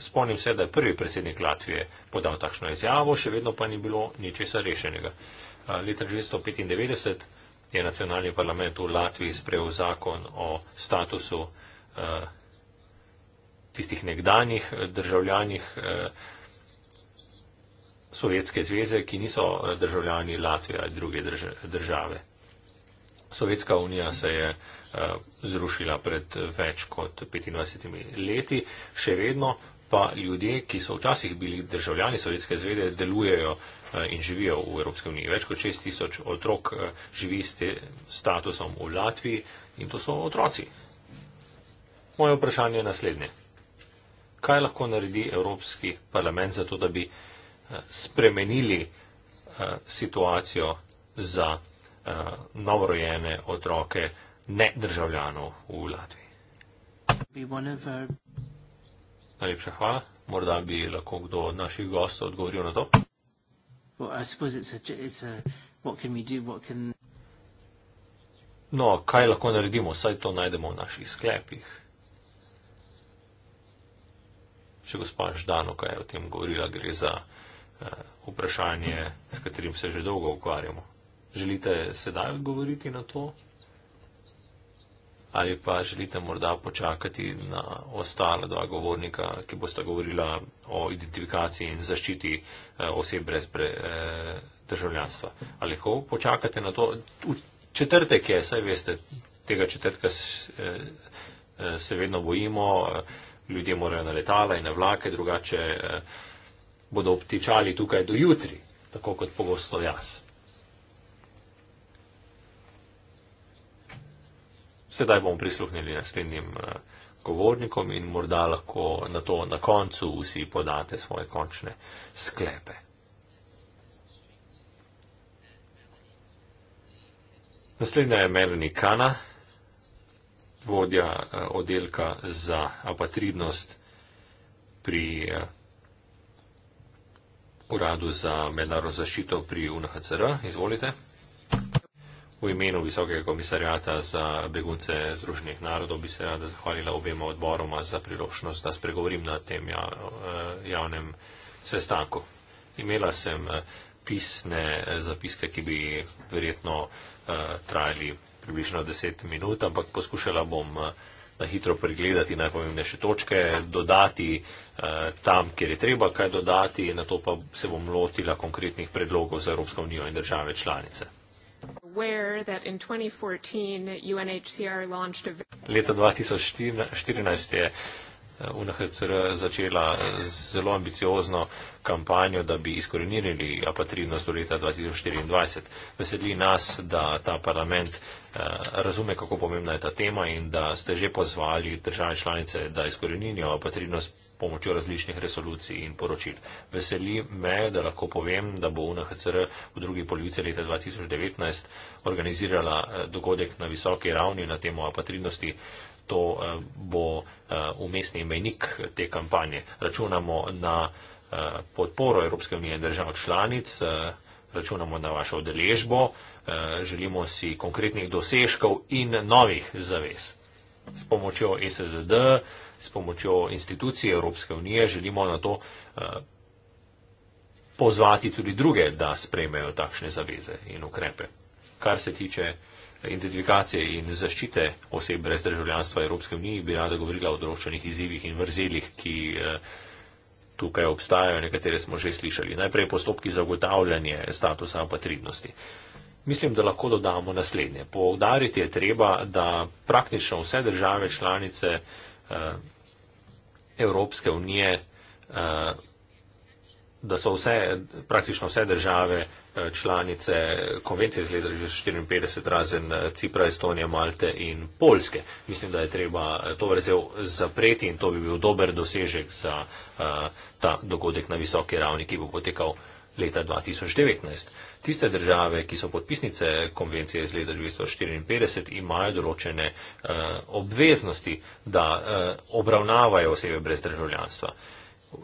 Speaker 3: spomnim se, da je prvi predsednik Latvije podal takšno izjavo, še vedno pa ni bilo ničesar rešenega. Eh, leta 1995 je nacionalni parlament v Latviji sprejel zakon o statusu tistih nekdanjih eh, državljanjih eh, Sovjetske zveze, ki niso eh, državljani Latvije ali druge države. Sovjetska unija se je zrušila pred več kot 25 leti, še vedno pa ljudje, ki so včasih bili državljani Sovjetske zveze, delujejo in živijo v Evropske unije. Več kot 6 tisoč otrok živi s statusom v Latviji in to so otroci. Moje vprašanje je naslednje kaj lahko naredi Evropski parlament za to, da bi eh, spremenili eh, situacijo za eh, novorojene otroke nedržavljanov v Latviji. Najlepša hvala. Morda bi lahko kdo od naših gostov odgovoril na to. No, kaj lahko naredimo? Saj to najdemo v naših sklepih. še gospa Ždanoka je o tem govorila, gre za uh, vprašanje, s katerim se že dolgo ukvarjamo. Želite sedaj odgovoriti na to? Ali pa želite morda počakati na ostala dva govornika, ki bosta govorila o identifikaciji in zaščiti eh, oseb brez pre, eh, državljanstva? Ali lahko počakate na to? V četrtek je, saj veste, tega četrtka se, eh, eh, se vedno bojimo. Eh, ljudje morajo na letala in na vlake, drugače eh, bodo obtičali tukaj do jutri, tako kot pogosto jaz. Sedaj bomo prisluhnili naslednjim eh, govornikom in morda lahko na to na koncu vsi podate svoje končne sklepe. Naslednja je Melanie Kana vodja eh, oddelka za apatridnost pri eh, uradu za mednarodno zaščito pri UNHCR. Izvolite. V imenu Visokega komisarjata za begunce Združenih narodov bi se rada zahvalila obema odboroma za priložnost, da spregovorim na tem ja, eh, javnem sestanku. Imela sem pisne zapiske, ki bi verjetno trajali približno 10 minut, ampak poskušala bom eh, na hitro pregledati najpomembnejše točke, dodati eh, tam, kjer je treba kaj dodati, na to pa se bom lotila konkretnih predlogov za Evropsko unijo in države članice.
Speaker 4: Aware that in 2014 UNHCR launched a. Leta
Speaker 3: 2014 je. UNHCR začela zelo ambiciozno kampanjo, da bi izkorenili apatridnost do leta 2024. Veseli nas, da ta parlament eh, razume, kako pomembna je ta tema in da ste že pozvali države članice, da izkorenijo apatridnost pomočjo različnih resolucij in poročil. Veseli me, da lahko povem, da bo UNHCR v drugi polovici leta 2019 organizirala eh, dogodek na visoki ravni na temo apatridnosti to eh, bo eh, umestni imenik te kampanje. Računamo na eh, podporo Evropske unije in držav članic, računamo na vašo odeležbo, želimo si konkretnih dosežkov in novih zavez. S pomočjo SSD, s pomočjo institucij Evropske unije želimo na to pozvati tudi druge, da sprejmejo takšne zaveze in ukrepe. Kar se tiče identifikacije in zaščite oseb brez državljanstva Evropske unije, bi rada govorila o določenih izzivih in vrzelih, ki eh, tukaj obstajajo, nekatere smo že slišali. Najprej postopki za ugotavljanje statusa apatridnosti. Mislim, da lahko dodamo naslednje. Poudariti je treba, da praktično vse države članice eh, Evropske unije, eh, da so vse, praktično vse države Eh, članice konvencije iz leta 1954, razen eh, Cipra, Estonije, Malte in Polske. Mislim, da je treba eh, to vrzel zapreti in to bi bil dober dosežek za uh, ta dogodek na visoki ravni, ki bo potekal leta 2019. Tiste države, ki so podpisnice konvencije iz leta 1954, imajo določene uh, obveznosti, da uh, obravnavajo osebe brez državljanstva. Uh,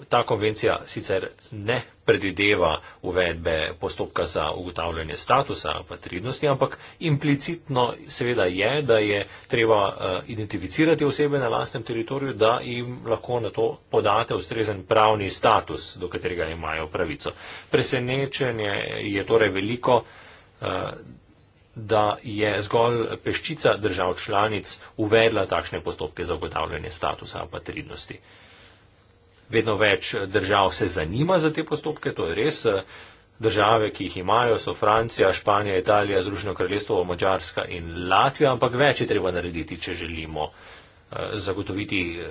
Speaker 3: ta konvencija sicer ne predvideva uvedbe postopka za ugotavljanje statusa patridnosti, ampak implicitno seveda je, da je treba eh, identificirati osebe na lastnem teritoriju, da jim lahko na to podate ustrezen pravni status, do katerega imajo pravico. Presenečenje je torej veliko, eh, da je zgolj peščica držav članic uvedla takšne postopke za ugotavljanje statusa patridnosti vedno več držav se zanima za te postopke, to je res. Države, ki jih imajo, so Francija, Španija, Italija, Združeno kraljestvo, Mačarska in Latvija, ampak več je treba narediti, če želimo eh, zagotoviti eh,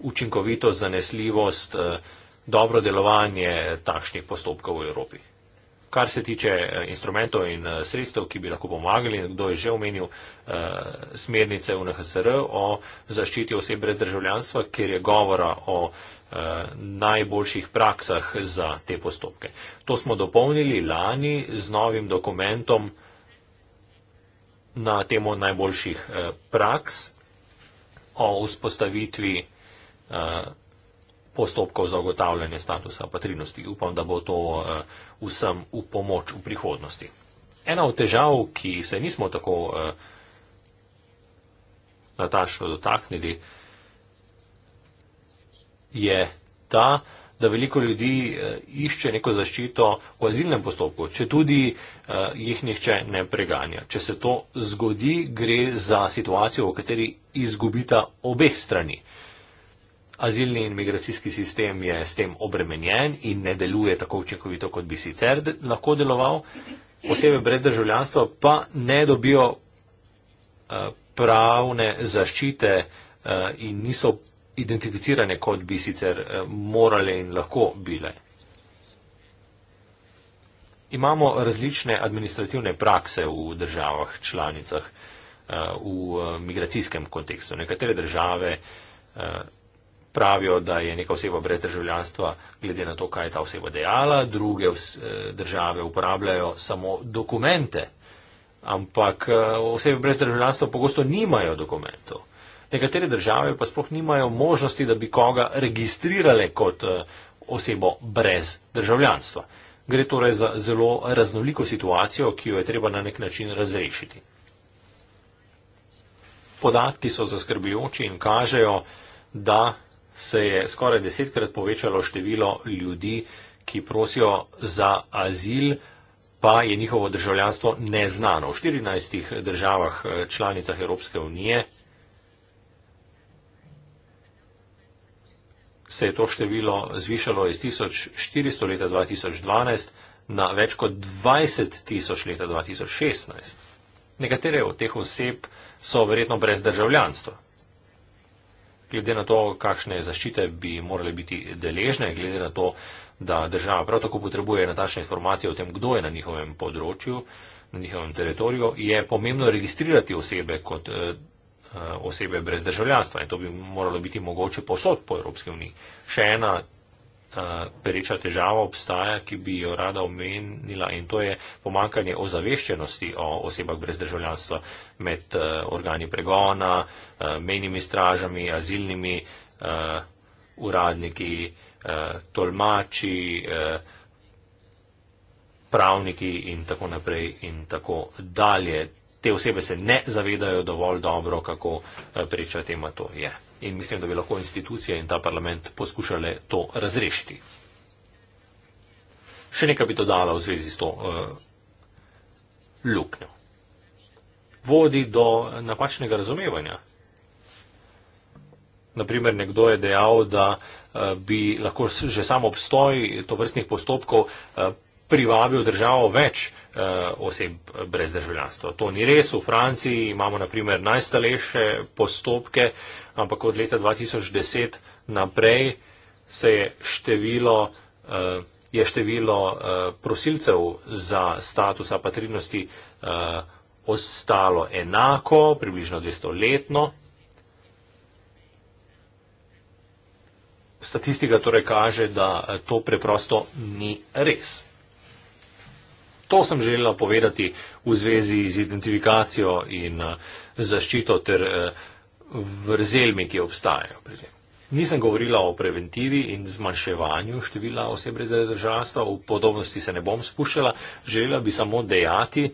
Speaker 3: učinkovito zanesljivost, eh, dobro delovanje takšnih postopkov v Evropi. Kar se tiče instrumentov in sredstev, ki bi lahko pomagali, kdo je že omenil smernice UNHCR o zaščiti oseb brez državljanstva, kjer je govora o Eh, najboljših praksah za te postopke. To smo dopolnili lani z novim dokumentom na temo najboljših eh, praks o vzpostavitvi eh, postopkov za ogotavljanje statusa patrinosti. Upam, da bo to vsem v pomoč v prihodnosti. Ena od težav, ki se nismo tako natašno dotaknili, je ta, da veliko ljudi eh, išče neko zaščito v azilnem postopku, če tudi eh, jih nihče ne preganja. Če se to zgodi, gre za situacijo, v kateri izgubita obeh strani. Azilni in migracijski sistem je s tem obremenjen in ne deluje tako učinkovito, kot bi sicer lahko deloval. Osebe brez državljanstva pa ne dobijo eh, pravne zaščite in niso identificirane, kot bi sicer eh, morale in lahko bile. Imamo različne administrativne prakse v državah članicah eh, v eh, migracijskem kontekstu. Nekatere države pravijo, da je neka oseba brez državljanstva glede na to, kaj je ta oseba dejala, druge države uporabljajo samo dokumente, ampak osebe brez državljanstva pogosto nimajo dokumentov nekatere države pa sploh nimajo možnosti, da bi koga registrirale kot eh, osebo brez državljanstva. Gre torej za zelo raznoliko situacijo, ki jo je treba na nek način razrešiti. Podatki so zaskrbljujoči in kažejo, da se je skoraj desetkrat povečalo število ljudi, ki prosijo za azil, pa je njihovo državljanstvo neznano. V 14 državah eh, članicah Evropske unije, se je to število zvišalo iz 1400 leta 2012 na več kot 20 tisoč leta 2016. Nekatere od teh oseb so verjetno brez državljanstva. Glede na to, kakšne zaščite bi morali biti deležne, glede na to, da država prav tako potrebuje natačne informacije o tem, kdo je na njihovem področju, na njihovem teritoriju, je pomembno registrirati osebe kot eh, Eh, osebe brez državljanstva in to bi moralo biti mogoče posod po Evropski uniji. Še ena eh, pereča težava obstaja, ki bi jo rada omenila in to je pomankanje ozaveščenosti o osebah brez državljanstva med eh, organi pregona, menjimi stražami, azilnimi uradniki, tolmači, pravniki in tako naprej in tako dalje te osebe se ne zavedajo dovolj dobro, kako eh, priča tema to je. In mislim, da bi lahko institucije in ta parlament poskušale to razrešiti. Še nekaj bi dodala v zvezi s to uh, luknjo. Vodi do napačnega razumevanja. Naprimer, nekdo je dejal, da uh, bi lahko že samo obstoj tovrstnih postopkov uh, privabil državo več uh, oseb brez državljanstva. To ni res. V Franciji imamo naprimer najstalejše postopke, ampak od leta 2010 naprej se je število, uh, je število uh, prosilcev za status apatridnosti uh, ostalo enako, približno 200 letno. Statistika torej kaže, da to preprosto ni res. To sem želela povedati v zvezi z identifikacijo in eh, zaščito ter eh, vrzelmi, ki obstajajo pri tem. Nisem govorila o preventivi in zmanjševanju števila oseb brez državstva, v podobnosti se ne bom spuščala, želela bi samo dejati,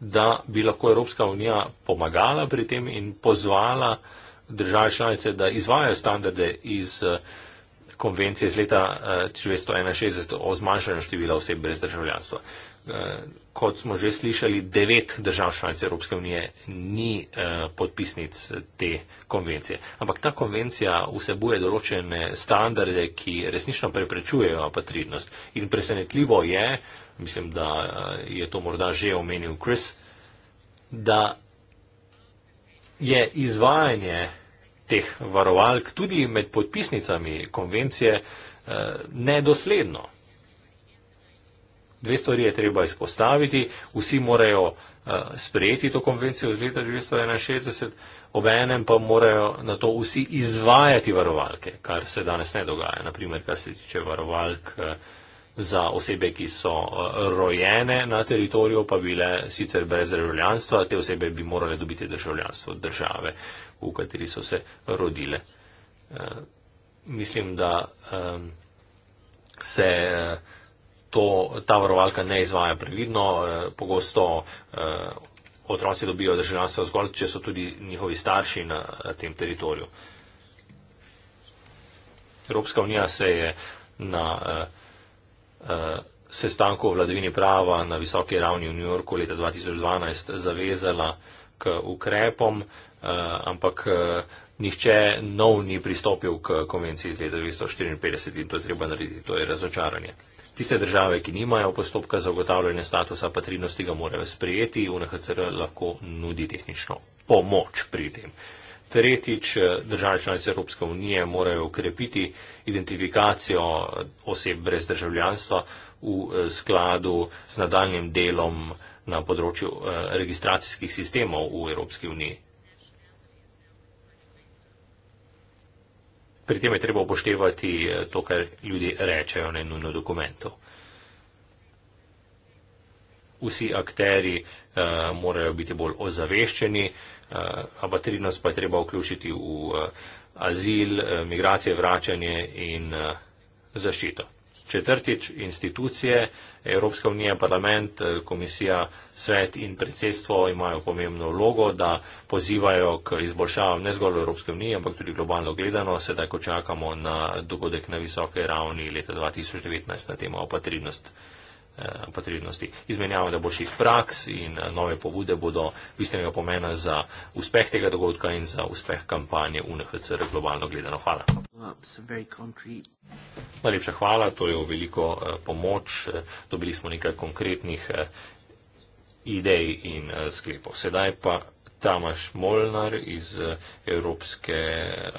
Speaker 3: da bi lahko Evropska unija pomagala pri tem in pozvala države članice, da izvajo standarde iz. Uh, konvencije iz leta 1961 eh, o zmanjšanju števila oseb brez državljanstva. Eh, kot smo že slišali, devet držav članic Evropske unije ni eh, podpisnic te konvencije. Ampak ta konvencija vsebuje določene standarde, ki resnično preprečujejo apatridnost. In presenetljivo je, mislim, da je to morda že omenil Chris, da je izvajanje teh varovalk tudi med podpisnicami konvencije eh, nedosledno. Dve stvari je treba izpostaviti. Vsi morajo eh, sprejeti to konvencijo iz leta 1961, ob enem pa morajo na to vsi izvajati varovalke, kar se danes ne dogaja. Naprimer, kar se tiče varovalk eh, za osebe, ki so eh, rojene na teritoriju, pa bile sicer brez državljanstva, te osebe bi morale dobiti državljanstvo države, v kateri so se rodile. Eh, mislim, da ehm, se eh, to, ta varovalka ne izvaja previdno, pogosto otroci dobijo državljanstvo zgolj, če so tudi njihovi starši na tem teritoriju. Evropska unija se je na eh, Eh, sestanku o vladavini prava na visoki ravni v New Yorku leta 2012 zavezala k ukrepom, eh, ampak eh, nihče nov ni pristopil k konvenciji iz leta 1954 in to je treba narediti, to je razočaranje. Tiste države, ki nimajo postopka za ugotavljanje statusa patrinosti, ga morajo sprejeti, UNHCR lahko nudi tehnično pomoč pri tem. Tretjič, države članice Evropske unije morajo ukrepiti identifikacijo oseb brez državljanstva v eh, skladu z nadaljnim delom na področju eh, registracijskih sistemov v Evropski uniji. Pri tem je treba upoštevati eh, to, kar ljudje rečejo na nujno dokumentu. Vsi akteri uh, morajo biti bolj ozaveščeni, uh, uh, eh, abatridnost pa je treba vključiti v uh, azil, uh, migracije, vračanje in uh, zaščito. Četrtič, institucije, Evropska unija, parlament, komisija, svet in predsedstvo imajo pomembno vlogo, da pozivajo k izboljšavam ne zgolj Evropske unije, ampak tudi globalno gledano, sedaj ko čakamo na dogodek na visoke ravni leta 2019 na temo opatridnosti. Eh, potrebnosti. Izmenjava najboljših praks in eh, nove pobude bodo bistvenega pomena za uspeh tega dogodka in za uspeh kampanje UNHCR globalno gledano. Hvala. Najlepša hvala, to je veliko eh, pomoč. Dobili smo nekaj konkretnih idej in sklepov. Sedaj pa Tamaš Molnar iz Evropske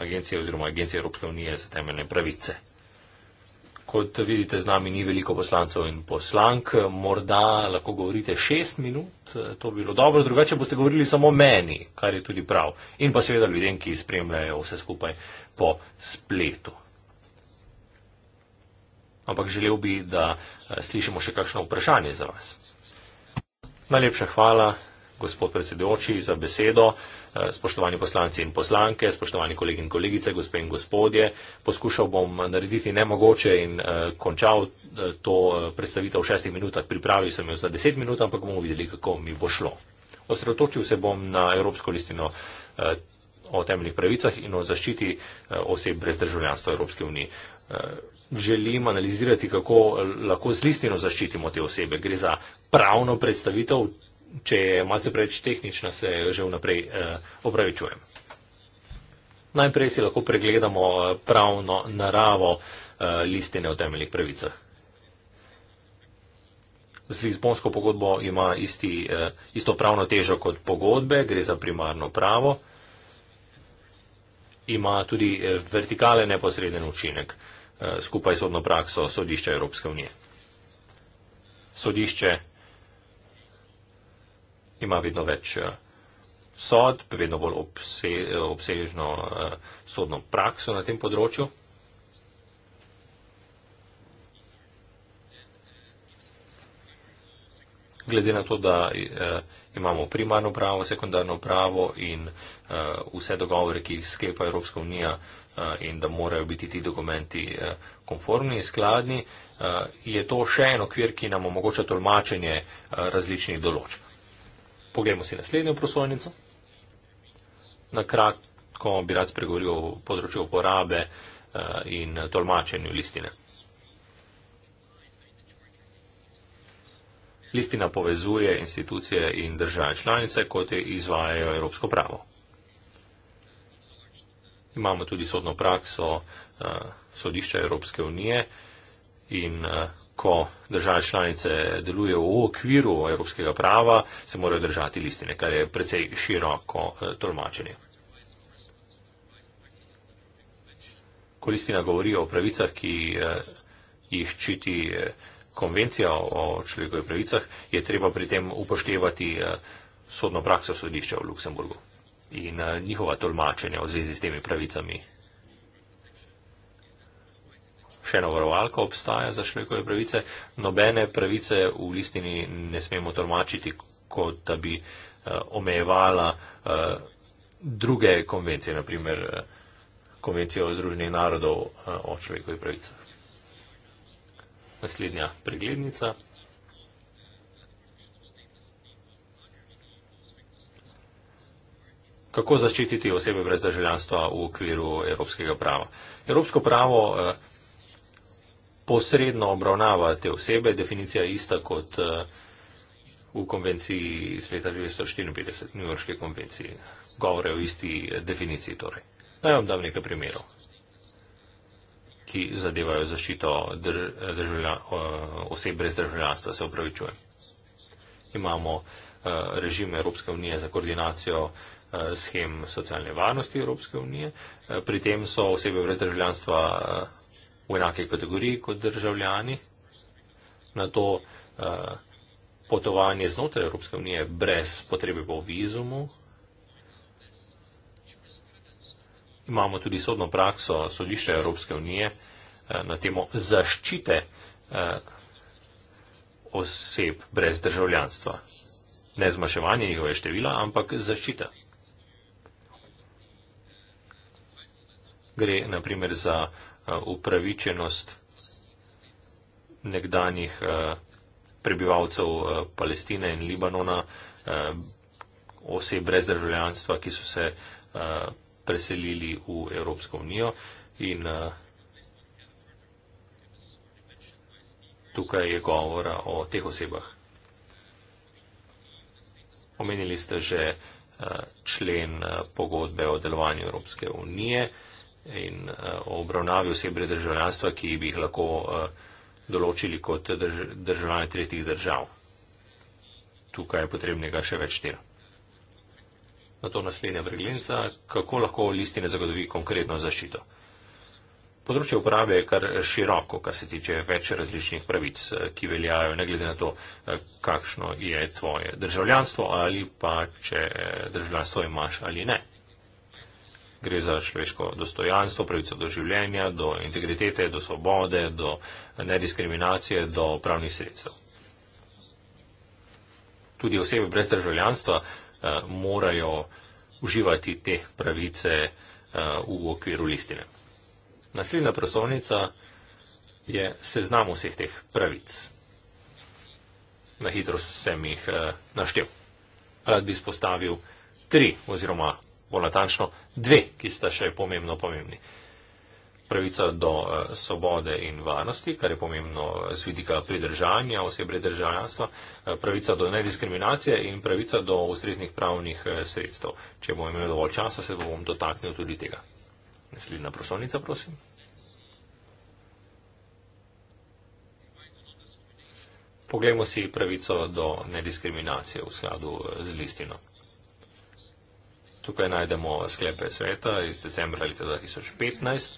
Speaker 3: agencije oziroma Agencije Evropske unije za temeljne pravice. Kot vidite, z nami ni veliko poslancev in poslank, morda lahko govorite šest minut, to bi bilo dobro, drugače boste govorili samo meni, kar je tudi prav. In pa seveda ljudem, ki spremljajo vse skupaj po spletu. Ampak želel bi, da eh, slišimo še kakšno vprašanje za vas. Najlepša hvala, gospod predsedujoči, za besedo. Eh, spoštovani poslanci in poslanke, spoštovani kolegi in kolegice, gospe in gospodje. Poskušal bom narediti nemogoče in eh, končal eh, to predstavitev v šestih minutah. Pripravil sem jo za deset minut, ampak bomo videli, kako mi bo šlo. Osredotočil se bom na Evropsko listino o temeljnih pravicah in o zaščiti oseb brez državljanstva Evropske unije. Želim analizirati, kako lahko z listino zaščitimo te osebe. Gre za pravno predstavitev če je malce preveč tehnična, se že vnaprej eh, opravičujem. Najprej si lahko pregledamo eh, pravno naravo eh, listine o temeljnih pravicah. Z Lizbonsko pogodbo ima isti, isto pravno težo kot pogodbe, gre za primarno pravo. Ima tudi vertikale neposreden učinek skupaj s sodno prakso sodišča Evropske unije. Sodišče ima vedno več eh, sodb, vedno bolj obsežno eh, sodno prakso na tem področju. Glede na to, da eh, imamo primarno pravo, sekundarno pravo in vse dogovore, ki jih sklepa Evropska unija in da morajo biti ti dokumenti konformni in skladni, je to še en okvir, ki nam omogoča tolmačenje različnih določb. Poglejmo si naslednjo prosojnico. Na kratko bi rad spregovoril o področju uporabe eh, in tolmačenju listine. Listina povezuje institucije in države članice, kot je izvajajo evropsko pravo. Imamo tudi sodno prakso eh, sodišča Evropske unije, In eh, ko države članice deluje v okviru evropskega prava, se morajo držati listine, kar je precej široko eh, tolmačenje. Ko listina govori o pravicah, ki eh, jih čiti konvencija o človekovih pravicah, je treba pri tem upoštevati sodno prakso sodišča v Luksemburgu in njihova tolmačenja v zvezi s temi pravicami še ena varovalka obstaja za človekove pravice. Nobene pravice v listini ne smemo tolmačiti, kot da bi uh, omejevala uh, druge konvencije, naprimer uh, eh, konvencijo Združenih narodov uh, o človekovih pravicah. Naslednja preglednica. Kako zaščititi osebe brez državljanstva v okviru evropskega prava? Evropsko pravo posredno obravnava te osebe, definicija je ista kot eh, v konvenciji iz leta 1954, New Yorkske konvenciji. Govore o isti eh, definiciji torej. Naj vam dam nekaj primerov, ki zadevajo zaščito eh, državlja, oseb brez državljanstva, se upravičujem. Imamo režim Evropske unije za koordinacijo schem socialne varnosti Evropske unije. Pri tem so osebe brez državljanstva v enake kategoriji kot državljani. Na to eh, potovanje znotraj Evropske unije brez potrebe po vizumu. Imamo tudi sodno prakso sodišča Evropske unije eh, na temo zaščite eh, oseb brez državljanstva. Ne zmaševanje njihove števila, ampak zaščita. Gre naprimer za Eh, upravičenost nekdanjih eh, prebivalcev eh, Palestine in Libanona, oseb brez državljanstva, ki so se preselili v Evropsko unijo. In tukaj je govora o teh osebah. Omenili ste že člen pogodbe o delovanju Evropske unije in uh, o obravnavi oseb brez državljanstva, ki bi jih lahko uh, določili kot drž državljane tretjih držav. Tukaj je potrebnega še več tira. Na to naslednja preglednica, kako lahko listine zagotovi konkretno zaščito. Področje uporabe je kar široko, kar se tiče več različnih pravic, eh, ki veljajo ne glede na to, kakšno je tvoje državljanstvo ali pa če državljanstvo imaš ali ne gre za človeško dostojanstvo, pravico do življenja, do integritete, do svobode, do nediskriminacije, do pravnih sredstev. Tudi osebe brez državljanstva eh, morajo uživati te pravice eh, v okviru listine. Naslednja prosovnica je seznam vseh teh pravic. Na hitro sem jih eh, naštel. Rad bi spostavil tri oziroma bolj natančno, dve, ki sta še pomembno pomembni. Pravica do eh, svobode in varnosti, kar je pomembno eh, z vidika pridržanja oseb brez državljanstva, eh, pravica do nediskriminacije in pravica do ustreznih pravnih sredstev. Če bom imel dovolj časa, se bom dotaknil tudi tega. Naslednja prosovnica, prosim. Poglejmo si pravico do nediskriminacije v skladu z listino. Tukaj najdemo sklepe sveta iz decembra leta 2015.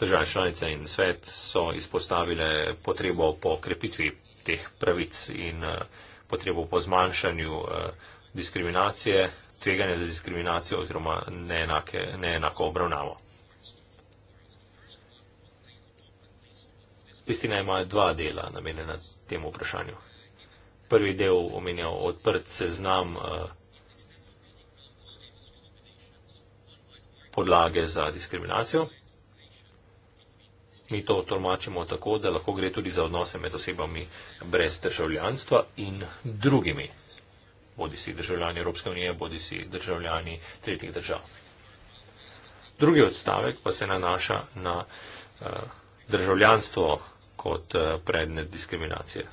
Speaker 3: Države članice in svet so izpostavile potrebo po krepitvi teh pravic in eh, potrebo po zmanjšanju eh, diskriminacije, tveganja za diskriminacijo oziroma neenake, neenako obravnavo. Istina ima dva dela namenjena temu vprašanju. Prvi del omenja odprt seznam uh, podlage za diskriminacijo. Mi to tolmačimo tako, da lahko gre tudi za odnose med osebami brez državljanstva in drugimi, bodi si državljani Evropske unije, bodi si državljani tretjih držav. Drugi odstavek pa se nanaša na eh, državljanstvo kot eh, predmet diskriminacije.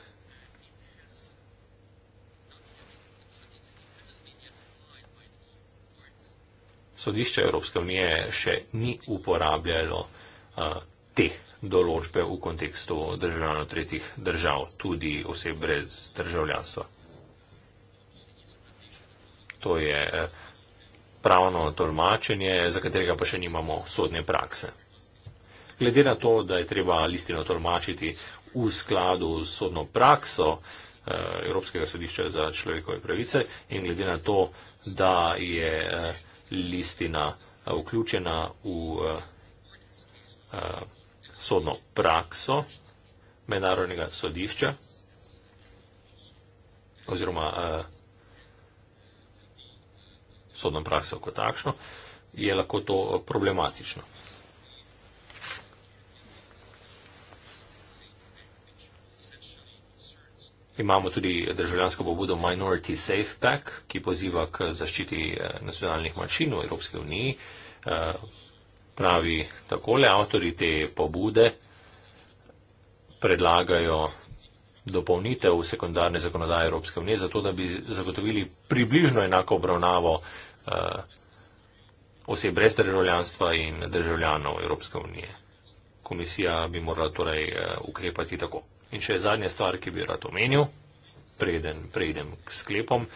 Speaker 3: sodišče Evropske unije še ni uporabljalo eh, te določbe v kontekstu državljanov tretjih držav, tudi oseb brez državljanstva. To je eh, pravno tolmačenje, za katerega pa še nimamo sodne prakse. Glede na to, da je treba listino tolmačiti v skladu s sodno prakso eh, Evropskega sodišča za človekove pravice in glede na to, da je listina eh, vključena v eh, eh, sodno prakso mednarodnega sodišča oziroma sodno prakso kot takšno, je lahko to problematično. Imamo tudi državljansko pobudo Minority Safe Pack, ki poziva k zaščiti eh, nacionalnih manjšin v Evropski uniji. Eh, pravi takole, avtori te pobude predlagajo dopolnitev sekundarne zakonodaje Evropske unije, zato da bi zagotovili približno enako obravnavo eh, oseb brez državljanstva in državljanov Evropske unije. Komisija bi morala torej ukrepati tako. In še zadnja stvar, ki bi rad omenil, preden preidem k sklepom,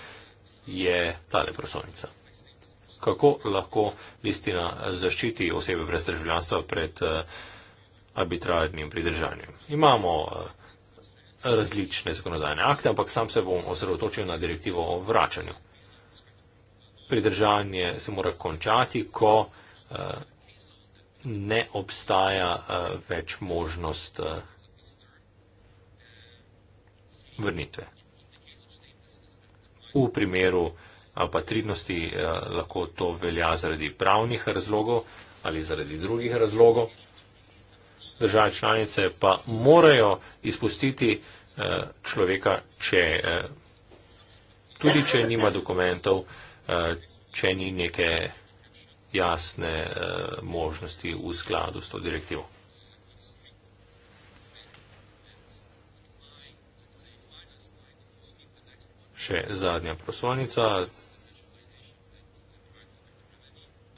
Speaker 3: je tale prosovnica. Kako lahko listina zaščiti osebe brez državljanstva pred eh, arbitrarnim pridržanjem? Imamo eh, različne zakonodajne akte, ampak sam se bom osredotočil na direktivo o vračanju. Pridržanje se mora končati, ko eh, ne obstaja več možnost vrnitve. V primeru apatridnosti eh, lahko to velja zaradi pravnih razlogov ali zaradi drugih razlogov. Države članice pa morajo izpustiti eh, človeka, če, eh, tudi če nima dokumentov, če ni neke jasne možnosti v skladu s to direktivo. še zadnja prosovnica.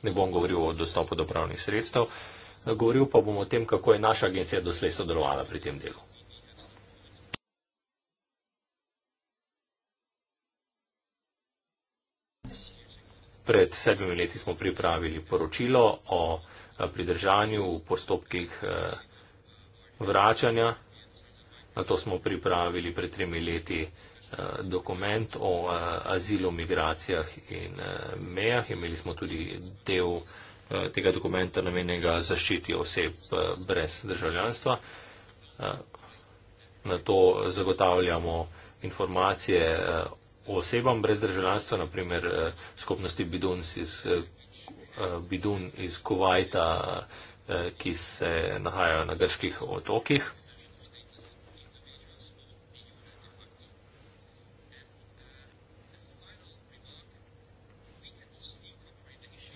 Speaker 3: Ne bom govoril o dostopu do pravnih sredstev, govoril pa bom o tem, kako je naša agencija doslej sodelovala pri tem delu. Pred sedmimi leti smo pripravili poročilo o pridržanju v postopkih vračanja. Na to smo pripravili pred tremi leti Eh, dokument o eh, azilu, migracijah in eh, mejah. Imeli smo tudi del tega dokumenta namenjenega zaščiti oseb brez državljanstva. Na to zagotavljamo informacije osebam brez državljanstva, naprimer skupnosti Biduns iz, Bidun iz Kuwaita, ki se nahajajo na grških otokih.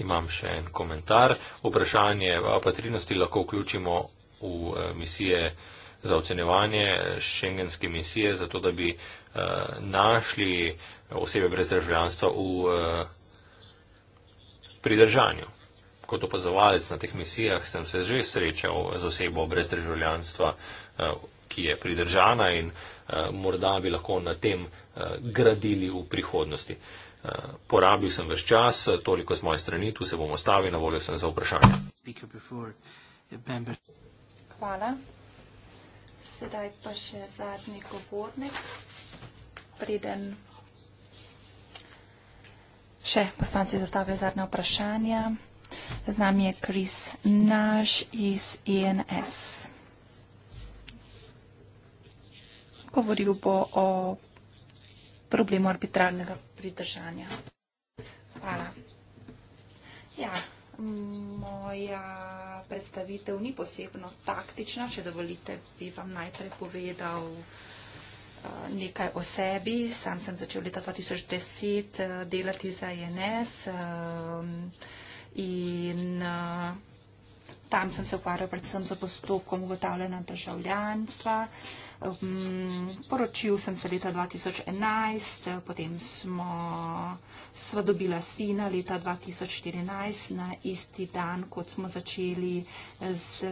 Speaker 3: imam še en komentar. Vprašanje apatrinosti lahko vključimo v eh, misije za ocenjevanje šengenske misije, zato da bi uh, našli osebe brez državljanstva v uh, pridržanju. Kot opazovalec na teh misijah sem se že srečal z osebo brez državljanstva, ki je pridržana in morda bi lahko na tem gradili v prihodnosti porabil sem več čas, toliko z moje strani, tu se bom ostavil, na voljo sem za vprašanje.
Speaker 4: Hvala. Sedaj pa še zadnji govornik, preden še poslanci zastavijo zadnja vprašanja. Z nami je Kris Naš iz INS. E Govoril bo o problemu arbitralnega pridržanja. Hvala. Ja, moja predstavitev ni posebno taktična, če dovolite, bi vam najprej povedal eh, nekaj o sebi. Sam sem začel leta 2010 eh, delati za INS ehm, in eh, tam sem se ukvarjal predvsem za postopkom ugotavljanja državljanstva poročil sem se leta 2011, potem smo, sva dobila sina leta 2014, na isti dan, kot smo začeli z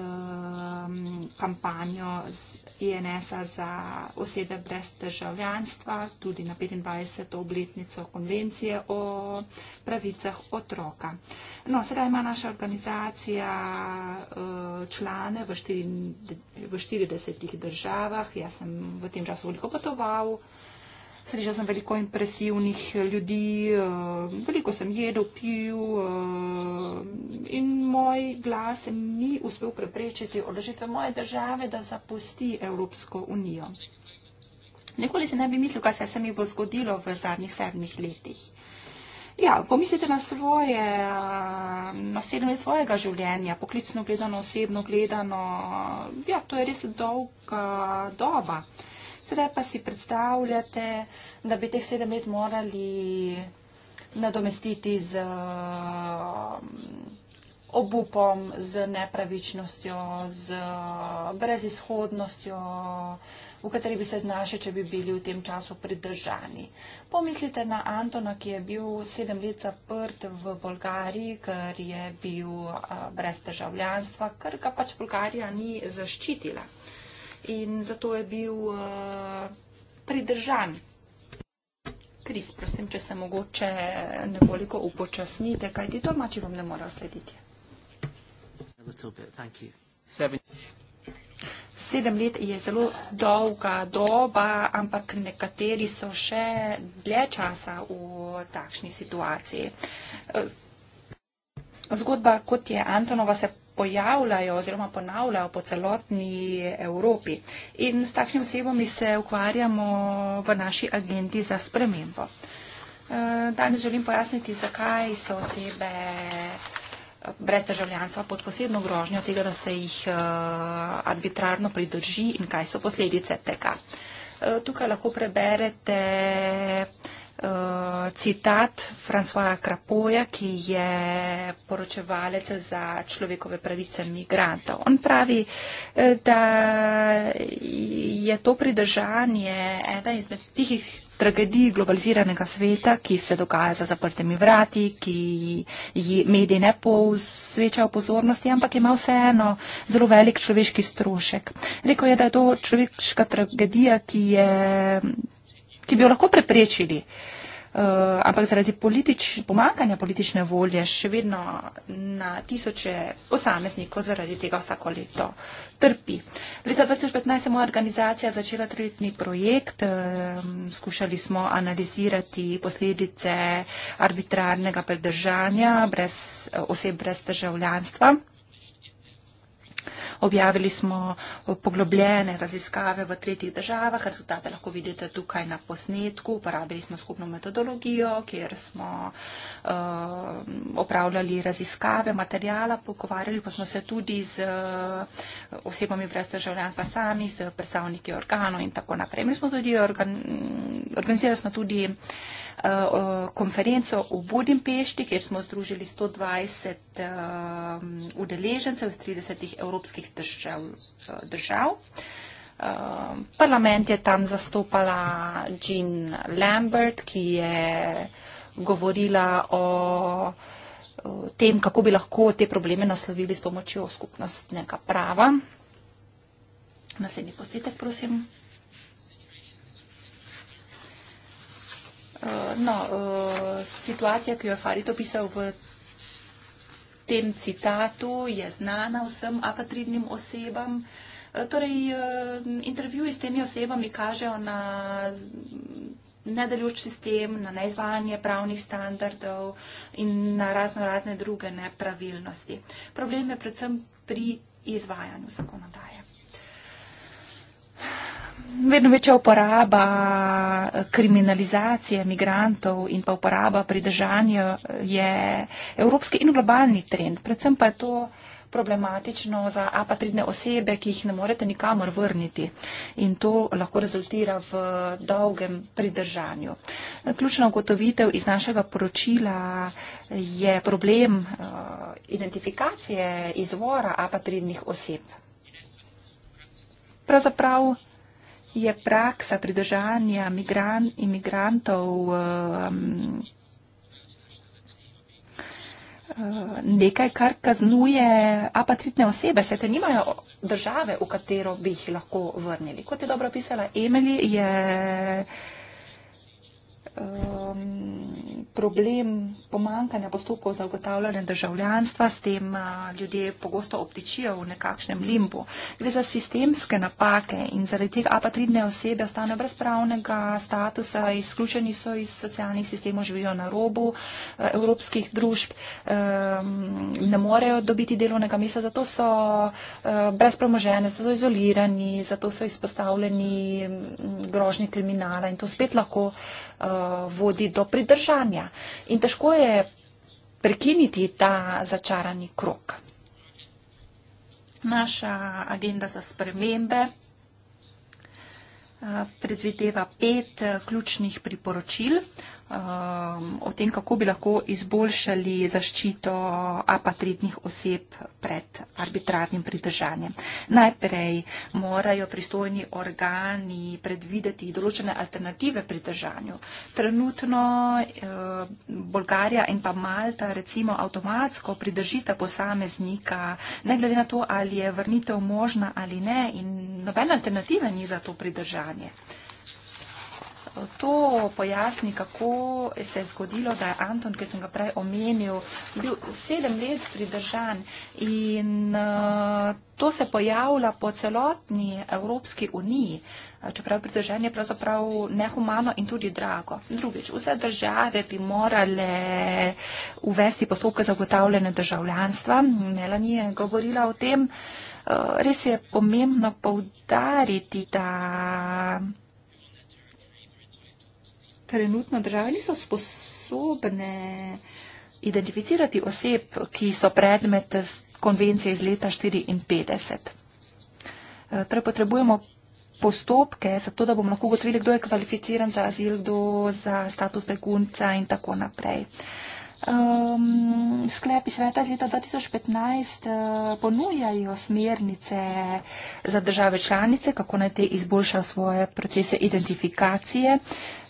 Speaker 4: kampanjo z INS-a e za osebe brez državljanstva, tudi na 25. obletnico konvencije o pravicah otroka. No, sedaj ima naša organizacija eh, člane v 40 državah, jaz sem v tem času veliko potoval, srečal sem veliko impresivnih ljudi, eh, veliko sem jedel, pil eh, in moj glas ni uspel preprečiti odložitve moje države, da zapusti Evropsko unijo. Nikoli se ne bi mislil, kaj se mi bo zgodilo v zadnjih sedmih letih. Ja, pomislite na svoje, na sedem let svojega življenja, poklicno gledano, osebno gledano. Ja, to je res dolga doba. Sedaj pa si predstavljate, da bi teh sedem let morali nadomestiti z um, obupom, z nepravičnostjo, z brezizhodnostjo, v kateri bi se znašli, če bi bili v tem času pridržani. Pomislite na Antona, ki je bil sedem let zaprt v Bolgariji, ker je bil brez državljanstva, ker ga pač Bolgarija ni zaščitila. In zato je bil pridržan. Kris, prosim, če se mogoče nekoliko upočasnite, kaj ti domači vam ne morajo slediti. Sedem let je zelo dolga doba, ampak nekateri so še dlje časa v takšni situaciji. Eh, zgodba, kot je Antonova, se pojavljajo oziroma ponavljajo po celotni Evropi. In s takšnim osebami se ukvarjamo v naši agendi za spremembo. Eh, danes želim pojasniti, zakaj so osebe brez državljanstva pod posebno grožnjo tega, da se jih eh, arbitrarno pridrži in kaj so posledice tega. Eh, tukaj lahko preberete eh, citat Francoja Krapoja, ki je poročevalec za človekove pravice migrantov. On pravi, da je to pridržanje eden izmed tihih tragediji globaliziranega sveta, ki se dogaja za zaprtimi vrati, ki ji mediji ne posvečajo pozornosti, ampak ima vseeno zelo velik človeški strošek. Rekel je, da je to človeška tragedija, ki, je, ki bi jo lahko preprečili. Uh, Eh, ampak zaradi politič, pomakanja politične volje še vedno na tisoče posameznikov zaradi tega vsako leto trpi. Leta 2015 je moja organizacija začela trojetni projekt. Eh, skušali smo analizirati posledice arbitrarnega predržanja brez, eh, oseb brez državljanstva. Objavili smo eh, poglobljene raziskave v tretjih državah, rezultate lahko vidite tukaj na posnetku. Uporabili smo skupno metodologijo, kjer smo eh, opravljali raziskave materijala, pogovarjali pa smo se tudi z eh, osebami brez državljanstva sami, z predstavniki organov in tako naprej. Organizirali smo tudi uh, Eh, konferenco v Budimpešti, kjer smo združili 120 eh, udeležencev iz 30 evropskih držav. Eh, držav. Parlament je tam zastopala Jean Lambert, ki je govorila o tem, kako bi lahko te probleme naslovili s pomočjo skupnostnega prava. Naslednji posvetek, prosim. Eh, no, eh, situacija, ki jo je Farid opisal v tem citatu, je znana vsem apatridnim osebam. Eh, torej, intervjuji s temi osebami kažejo na nedeljuč sistem, na neizvajanje pravnih standardov in na razno razne druge nepravilnosti. Problem je predvsem pri izvajanju zakonodaje vedno večja uporaba eh, kriminalizacije migrantov in pa uporaba pridržanja eh, je evropski in globalni trend. Predvsem pa je to problematično za apatridne osebe, ki jih ne morete nikamor vrniti in to lahko rezultira v dolgem pridržanju. Ključna ugotovitev iz našega poročila je problem eh, identifikacije izvora apatridnih oseb. Pravzaprav je praksa pridržanja migran, imigrantov um, uh, nekaj, kar kaznuje apatritne osebe, saj te nimajo države, v katero bi jih lahko vrnili. Kot je dobro pisala Emily, je um, problem pomankanja postopkov za ugotavljanje državljanstva, s tem uh, ljudje pogosto obtičijo v nekakšnem limbu. Gre za sistemske napake in zaradi tega apatridne osebe ostane brez pravnega statusa, izključeni so iz socialnih sistemov, živijo na robu uh, evropskih družb, um, ne morejo dobiti delovnega mesta, zato so uh, brez premožene, zato so izolirani, zato so izpostavljeni mm, grožni kriminala in to spet lahko uh, Eh, vodi do pridržanja. In težko je prekiniti ta začarani krok. Naša agenda za spremembe eh, predvideva pet eh, ključnih priporočil um, o tem, kako bi lahko izboljšali zaščito apatridnih oseb pred arbitrarnim pridržanjem. Najprej morajo pristojni organi predvideti določene alternative pridržanju. Trenutno uh, Bolgarija in pa Malta recimo avtomatsko pridržita posameznika, ne glede na to, ali je vrnitev možna ali ne in nobena alternativa ni za to pridržanje to pojasni, kako se je zgodilo, da je Anton, ki sem ga prej omenil, bil sedem let pridržan in eh, to se pojavlja po celotni Evropski uniji, čeprav pridržanje je pravzaprav nehumano in tudi drago. Drugič, vse države bi morale uvesti postopke zagotavljanja državljanstva. Melanie je govorila o tem. Eh, res je pomembno poudariti, da trenutno države niso sposobne identificirati oseb, ki so predmet konvencije iz leta 1954. Eh, torej potrebujemo postopke, zato da bomo lahko ugotovili, kdo je kvalificiran za azil, kdo za status begunca in tako naprej. Uh, Um, sklepi sveta z leta 2015 uh, ponujajo smernice za države članice, kako naj te izboljšajo svoje procese identifikacije,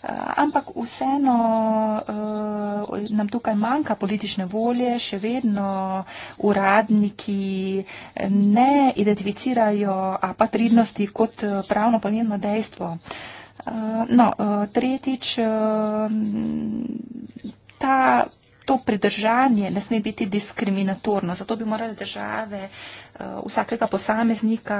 Speaker 4: uh, ampak vseeno uh, nam tukaj manjka politične volje, še vedno uradniki ne identificirajo apatridnosti kot uh, pravno pomembno dejstvo. Uh, no, uh, tretjič, uh, ta to pridržanje ne sme biti diskriminatorno. Zato bi morali države eh, vsakega posameznika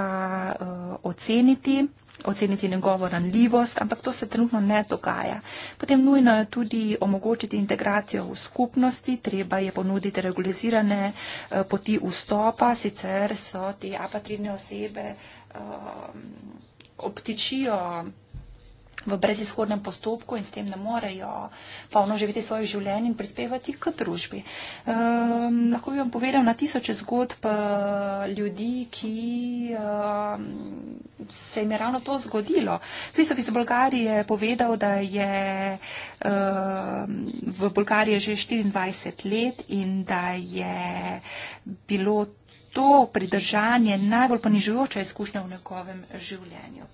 Speaker 4: eh, oceniti oceniti njegovo ranljivost, ampak to se trenutno ne dogaja. Potem nujno je tudi omogočiti integracijo v skupnosti, treba je ponuditi regulizirane eh, poti vstopa, sicer so te apatridne osebe um, obtičijo v brezizhodnem postopku in s tem ne morejo polno živeti svojih življenj in prispevati k družbi. Um, lahko bi vam povedal na tisoče zgodb eh, ljudi, ki um, se jim je ravno to zgodilo. Kristof iz Bolgarije je povedal, da je um, v Bolgariji že 24 let in da je bilo to pridržanje najbolj ponižujoča izkušnja v njegovem življenju.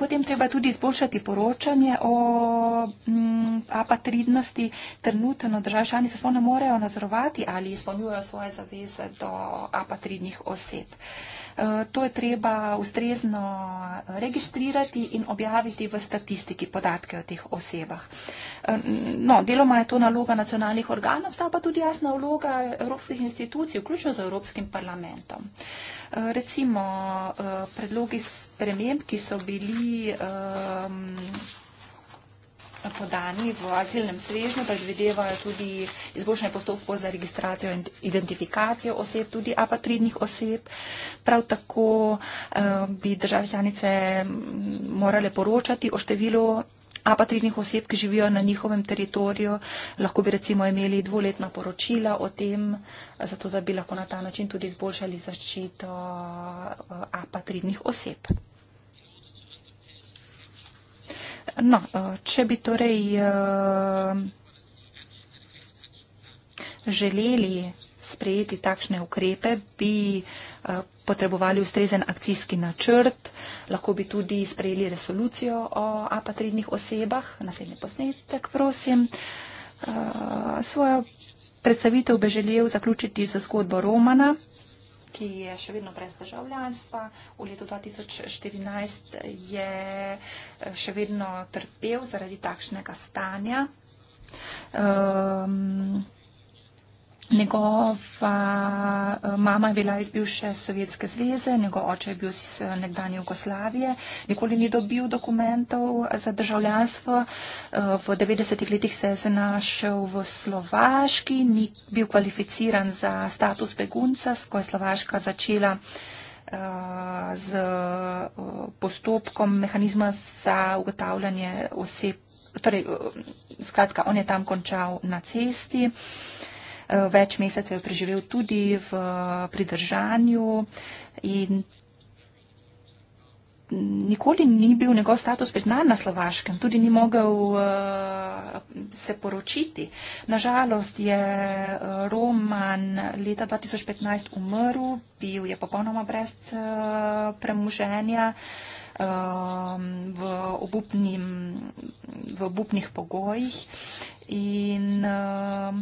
Speaker 4: Potem treba tudi izboljšati poročanje o mm, apatridnosti. Trenutno države šani se svoj ne morejo nazorovati ali izpolnjujejo svoje zaveze do apatridnih oseb. Uh, Eh, to je treba ustrezno registrirati in objaviti v statistiki podatke o teh osebah. Eh, no, deloma je to naloga nacionalnih organov, sta pa tudi jasna vloga evropskih institucij, vključno z Evropskim parlamentom. Eh, recimo predlogi sprememb, ki so bili. Um, podani v azilnem svežnju, predvidevajo tudi izboljšanje postopkov za registracijo in identifikacijo oseb, tudi apatridnih oseb. Prav tako eh, bi države članice morale poročati o številu apatridnih oseb, ki živijo na njihovem teritoriju. Lahko bi recimo imeli dvoletna poročila o tem, eh, zato da bi lahko na ta način tudi izboljšali zaščito eh, apatridnih oseb. No, eh, če bi torej eh, želeli sprejeti takšne ukrepe, bi eh, potrebovali ustrezen akcijski načrt, lahko bi tudi sprejeli resolucijo o apatridnih osebah. Naslednji posnetek, prosim. Svojo predstavitev bi želel zaključiti z zgodbo Romana ki je še vedno brez državljanstva. V letu 2014 je eh, še vedno trpel zaradi takšnega stanja. Um, Njegova eh, mama je bila iz bivše Sovjetske zveze, njegov oče je bil iz eh, nekdanje Jugoslavije, nikoli ni dobil dokumentov za državljanstvo. Eh, v 90-ih letih se je znašel v Slovaški, ni bil kvalificiran za status begunca, ko je Slovaška začela z postopkom mehanizma za ugotavljanje oseb. Torej, skratka, on je tam končal na cesti. Eh, več mesecev je preživel tudi v pridržanju in nikoli ni bil njegov status priznan na Slovaškem, tudi ni mogel eh, se poročiti. Nažalost je eh, Roman leta 2015 umrl, bil je popolnoma brez premoženja v obupnim, v obupnih pogojih in uh,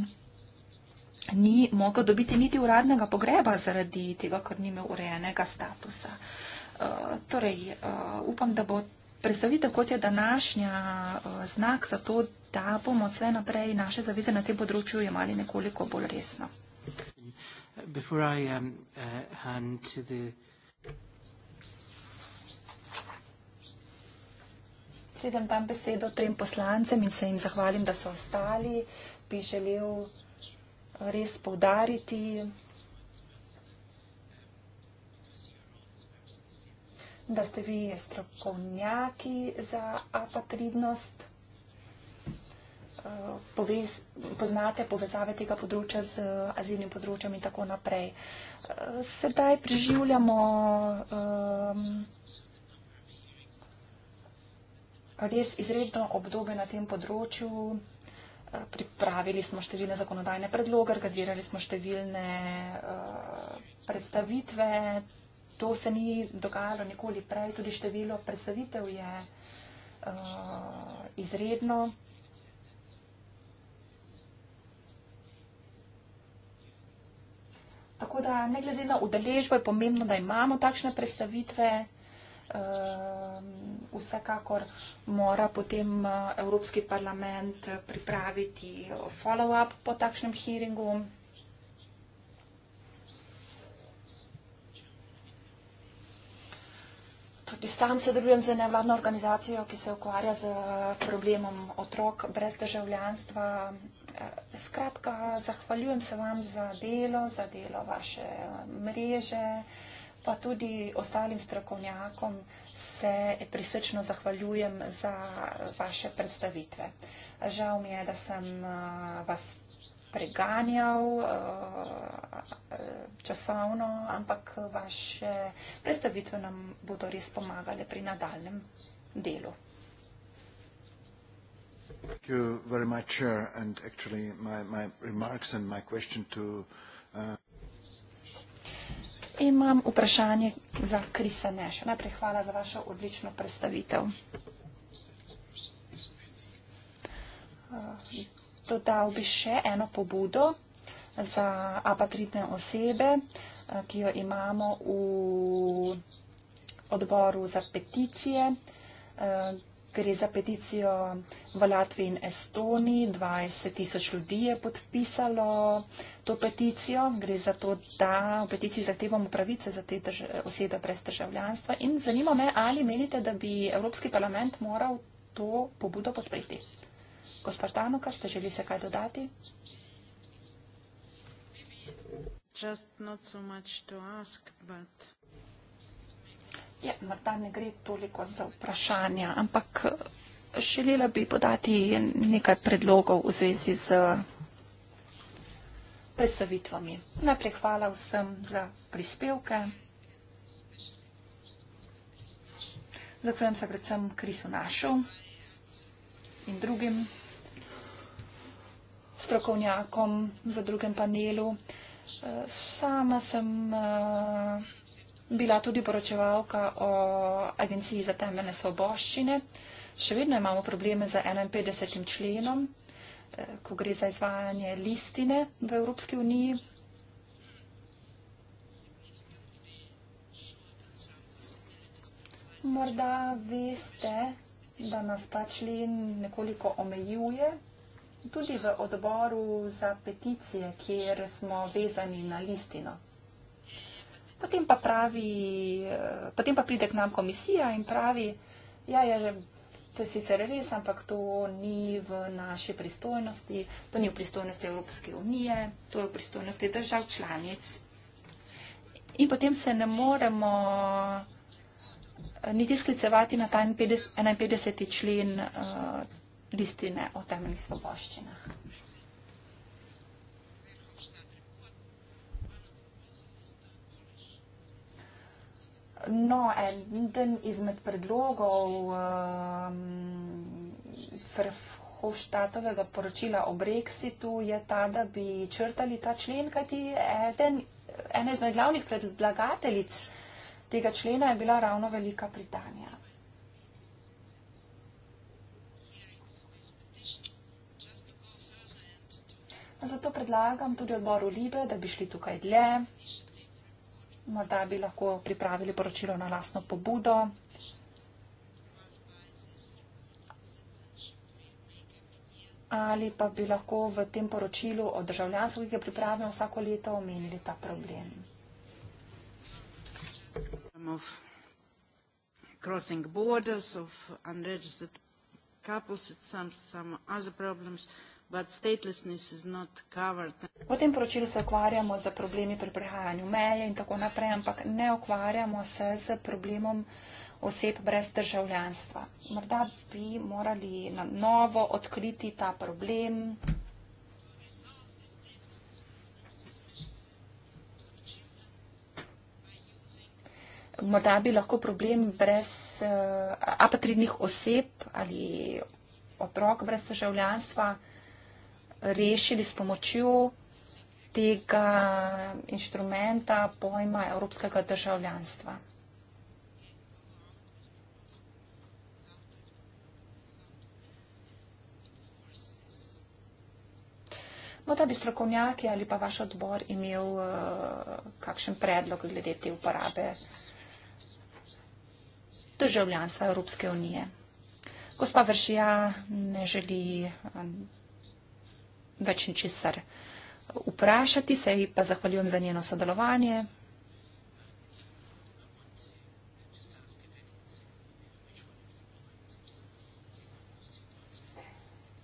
Speaker 4: ni mogel dobiti niti uradnega pogreba zaradi tega, ker ni imel urejenega statusa. Eh, torej, eh, upam, da bo predstavitev kot je današnja eh, znak za to, da bomo vse naprej naše zaveze na tem področju jemali nekoliko bolj resno.
Speaker 1: Um, uh,
Speaker 4: Predem tam besedo trem poslancem in se jim zahvalim, da so ostali. Bi želel res povdariti. da ste vi strokovnjaki za apatridnost, eh, Povez, poznate povezave tega področja z azilnim področjem in tako naprej. Eh, sedaj preživljamo um, res izredno obdobje na tem področju pripravili smo številne zakonodajne predloge, organizirali smo številne eh, predstavitve. To se ni dogajalo nikoli prej, tudi število predstavitev je eh, izredno. Tako da ne glede na udeležbo je pomembno, da imamo takšne predstavitve. Ehm, vsekakor mora potem eh, Evropski parlament eh, pripraviti follow-up po takšnem hearingu. Tudi sam sodelujem z nevladno organizacijo, ki se ukvarja z eh, problemom otrok brez državljanstva. Skratka, zahvaljujem se vam za delo, za delo vaše mreže pa tudi ostalim strokovnjakom se prisrčno zahvaljujem za vaše predstavitve. Žal mi je, da sem vas preganjal časovno, ampak vaše predstavitve nam bodo res pomagale pri nadaljem delu.
Speaker 1: Thank you very much, Chair, uh, and actually my, my remarks and my question to... Uh
Speaker 4: Imam vprašanje za Krisa Neša. Najprej hvala za vašo odlično predstavitev. Eh, dodal bi še eno pobudo za apatridne osebe, eh, ki jo imamo v odboru za peticije, eh, Gre za peticijo v Latviji in Estoniji. 20 tisoč ljudi je podpisalo to peticijo. Gre za to, da v peticiji zahtevamo pravice za te osebe brez državljanstva. In zanima me, ali menite, da bi Evropski parlament moral to pobudo podpreti. Gospod Štanoka, ste želi se kaj dodati? Just not so much to ask, but... Ja, morda ne gre toliko za vprašanja, ampak eh, želela bi podati nekaj predlogov v zvezi z predstavitvami. Najprej hvala vsem za prispevke. Zahvaljujem se predvsem Krisu Našu in drugim strokovnjakom v drugem panelu. Eh, sama sem uh, bila tudi poročevalka o Agenciji za temeljne svoboščine. Še vedno imamo probleme z 51. členom, eh, ko gre za izvajanje listine v Evropski uniji. Morda veste, da nas ta člen nekoliko omejuje. Tudi v odboru za peticije, kjer smo vezani na listino. Potem pa pravi, eh, potem pa pride k nam komisija in pravi, ja, ja, že to je sicer res, ampak to ni v naši pristojnosti, to ni v pristojnosti Evropske unije, to je v pristojnosti držav članic. In potem se ne moremo eh, niti sklicevati na ta 51. člen eh, listine o temeljnih svoboščinah. No, eden izmed predlogov um, Frhoštatovega poročila o Brexitu je ta, da bi črtali ta člen, kajti ena izmed glavnih predlagateljic tega člena je bila ravno Velika Britanija. Zato predlagam tudi odboru Libe, da bi šli tukaj dlje morda bi lahko pripravili poročilo na lastno pobudo. Ali pa bi lahko v tem poročilu o državljanstvu, ki ga pripravljamo vsako leto, omenili ta problem.
Speaker 1: Of some, some other problems.
Speaker 4: V tem poročilu se ukvarjamo z problemi pri prehajanju meje in tako naprej, ampak ne ukvarjamo se z problemom oseb brez državljanstva. Morda bi morali na novo odkriti ta problem. Morda bi lahko problem brez eh, apatridnih oseb ali otrok brez državljanstva rešili s pomočjo tega inštrumenta pojma evropskega državljanstva. Morda bi strokovnjaki ali pa vaš odbor imel uh, kakšen predlog glede te uporabe državljanstva Evropske unije. Gospa Vršija ne želi. Um, več ni česar vprašati, se ji pa zahvaljujem za njeno sodelovanje.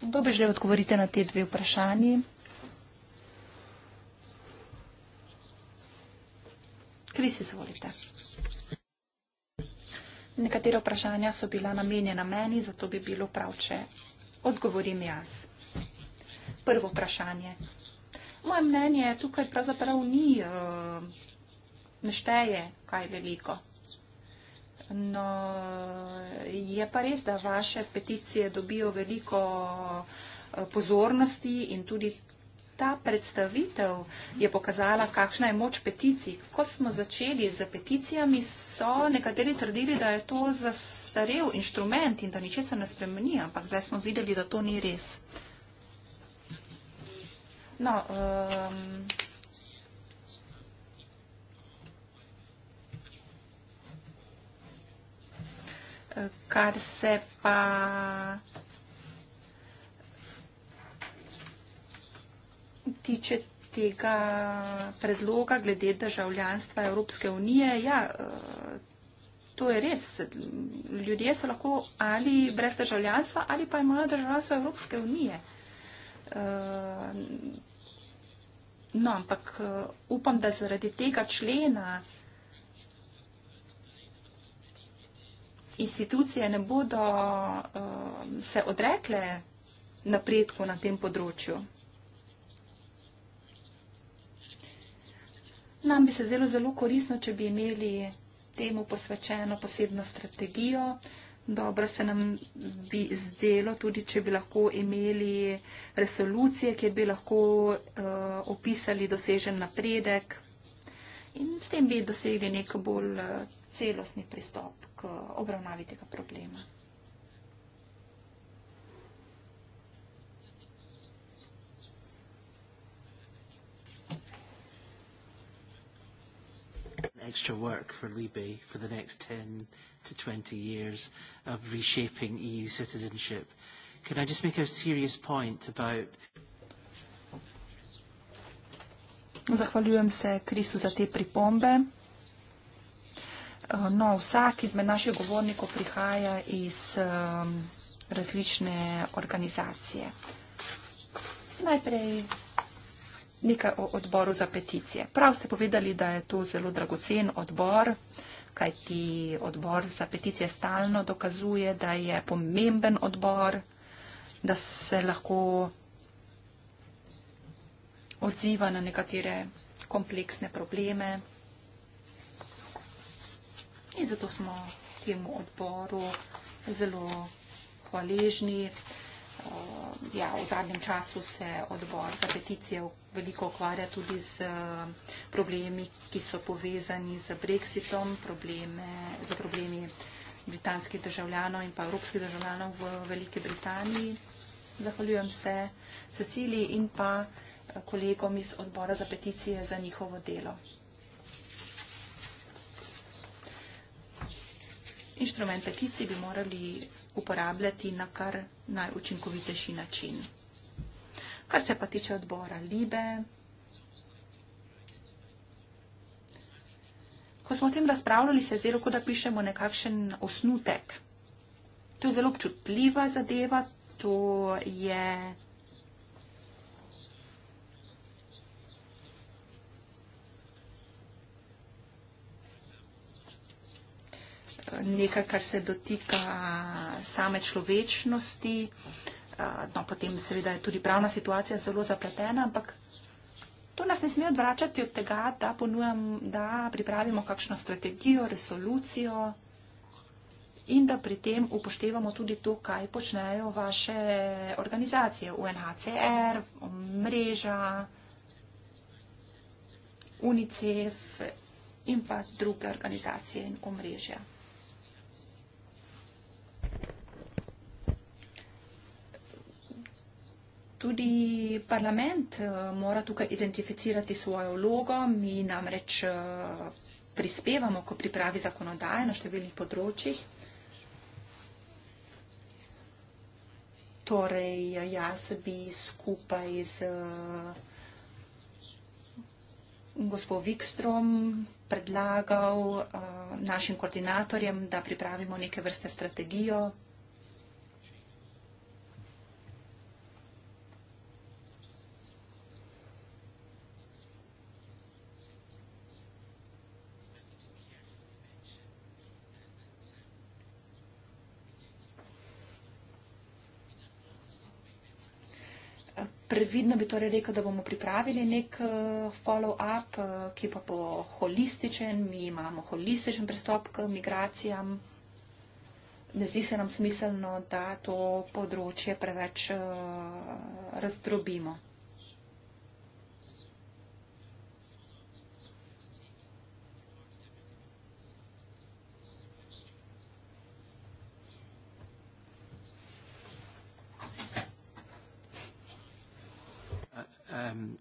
Speaker 4: Kdo bi želel odgovoriti na te dve vprašanji? Kris, izvolite. Nekatera vprašanja so bila namenjena meni, zato bi bilo prav, če odgovorim jaz prvo vprašanje. Moje mnenje tukaj pravzaprav ni, eh, ne šteje kaj veliko. No, je pa res, da vaše peticije dobijo veliko eh, pozornosti in tudi ta predstavitev je pokazala, kakšna je moč peticij. Ko smo začeli z peticijami, so nekateri trdili, da je to zastarel inštrument in da ničesar ne spremeni, ampak zdaj smo videli, da to ni res. No, um, kar se pa. Tiče tega predloga glede državljanstva Evropske unije, ja, eh, to je res. Ljudje so lahko ali brez državljanstva, ali pa imajo državljanstvo Evropske unije. Eh, No, ampak eh, upam, da zaradi tega člena institucije ne bodo uh, se odrekle napredku na tem področju. Nam bi se zelo, zelo koristno, če bi imeli temu posvečeno posebno strategijo, uh, Dobro se nam bi zdelo tudi, če bi lahko imeli resolucije, kjer bi lahko uh, opisali dosežen napredek in s tem bi dosegli nek bolj eh, celostni pristop k obravnavi tega problema.
Speaker 1: extra work for libby for the next 10 to 20 years of reshaping EU citizenship. Can I just make a serious point about...
Speaker 4: Zahvaljujem se Krisu za te pripombe. Eh, no, vsak izmed naših govornikov prihaja iz um, različne organizacije. Najprej nekaj o odboru za peticije. Prav ste povedali, da je to zelo dragocen odbor kajti odbor za peticije stalno dokazuje, da je pomemben odbor, da se lahko odziva na nekatere kompleksne probleme. In zato smo temu odboru zelo hvaležni. Eh, ja, v zadnjem času se odbor za peticije veliko ukvarja tudi z eh, problemi, ki so povezani z Brexitom, probleme, z problemi britanskih državljanov in pa evropskih državljanov v Veliki Britaniji. Zahvaljujem se Cecili in pa eh, kolegom iz odbora za peticije za njihovo delo. inštrumente pici bi morali uporabljati na kar najučinkovitejši način. Kar se pa tiče odbora Libe, ko smo o tem razpravljali, se je zdelo, kot da pišemo nekakšen osnutek. To je zelo občutljiva zadeva, to je nekaj, kar se dotika same človečnosti. Eh, no, potem seveda je tudi pravna situacija zelo zapletena, ampak to nas ne sme odvračati od tega, da, ponujem, da pripravimo kakšno strategijo, resolucijo in da pri tem upoštevamo tudi to, kaj počnejo vaše organizacije, UNHCR, mreža, UNICEF in pa druge organizacije in omrežja. Tudi parlament eh, mora tukaj identificirati svojo vlogo. Mi namreč eh, prispevamo, ko pripravi zakonodaje na številnih področjih. Torej, jaz bi skupaj z eh, gospod Vikstrom predlagal našim koordinatorjem, da pripravimo neke vrste strategijo, previdno bi torej rekel, da bomo pripravili nek eh, follow-up, eh, ki pa bo holističen. Mi imamo holističen pristop k migracijam. Ne zdi se nam smiselno, da to področje preveč eh, razdrobimo. Um,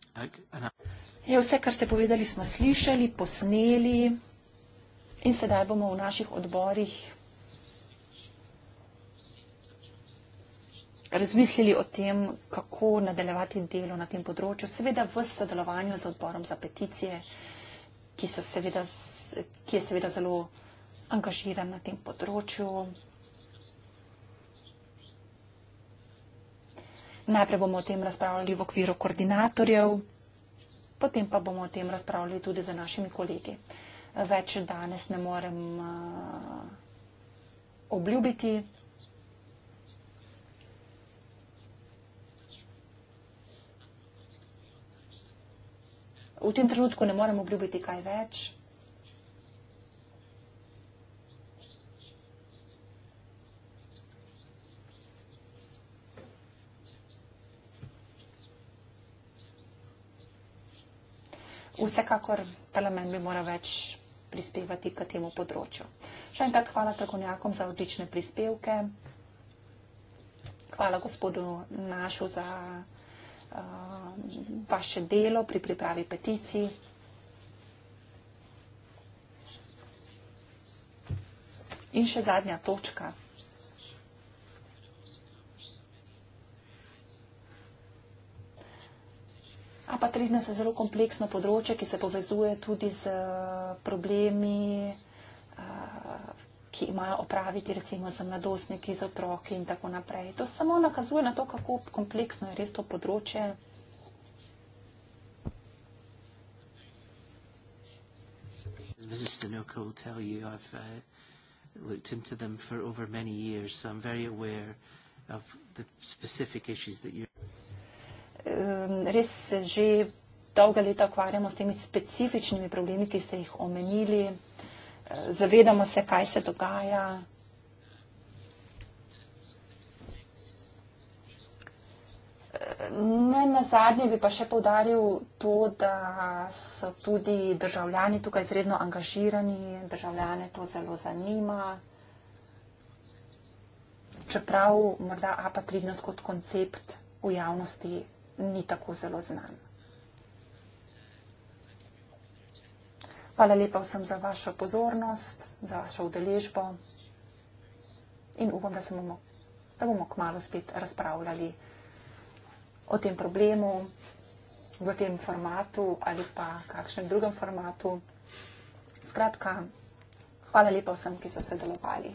Speaker 4: je vse, kar ste povedali, smo slišali, posneli in sedaj bomo v naših odborih razmislili o tem, kako nadaljevati delo na tem področju, seveda v sodelovanju z odborom za peticije, ki, seveda, ki je seveda zelo angažiran na tem področju. Najprej bomo o tem razpravljali v okviru koordinatorjev, potem pa bomo o tem razpravljali tudi za našimi kolegi. Več danes ne morem uh, obljubiti. V tem trenutku ne morem obljubiti kaj več. vsekakor parlament bi moral več prispevati k temu področju. Še enkrat hvala strokovnjakom za odlične prispevke. Hvala gospodu Našu za uh, vaše delo pri pripravi peticij. In še zadnja točka. Ampak trihna se zelo kompleksno področje, ki se povezuje tudi z eh, problemi, eh, ki imajo opraviti recimo z mladostniki, z otroki in tako naprej. To samo nakazuje na to, kako kompleksno je res to področje.
Speaker 1: Mr. Nook will tell you I've uh, looked into them for over many years, so I'm very aware of the specific issues that you're
Speaker 4: res se že dolga leta ukvarjamo s temi specifičnimi problemi, ki ste jih omenili. Zavedamo se, kaj se dogaja. Ne na zadnje bi pa še povdaril to, da so tudi državljani tukaj izredno angažirani, državljane to zelo zanima. Čeprav morda apatridnost kot koncept v javnosti ni tako zelo znan. Hvala lepa vsem za vašo pozornost, za vašo udeležbo in upam, da, bomo, da bomo kmalo spet razpravljali o tem problemu v tem formatu ali pa kakšnem drugem formatu. Skratka, hvala lepa vsem, ki so sodelovali.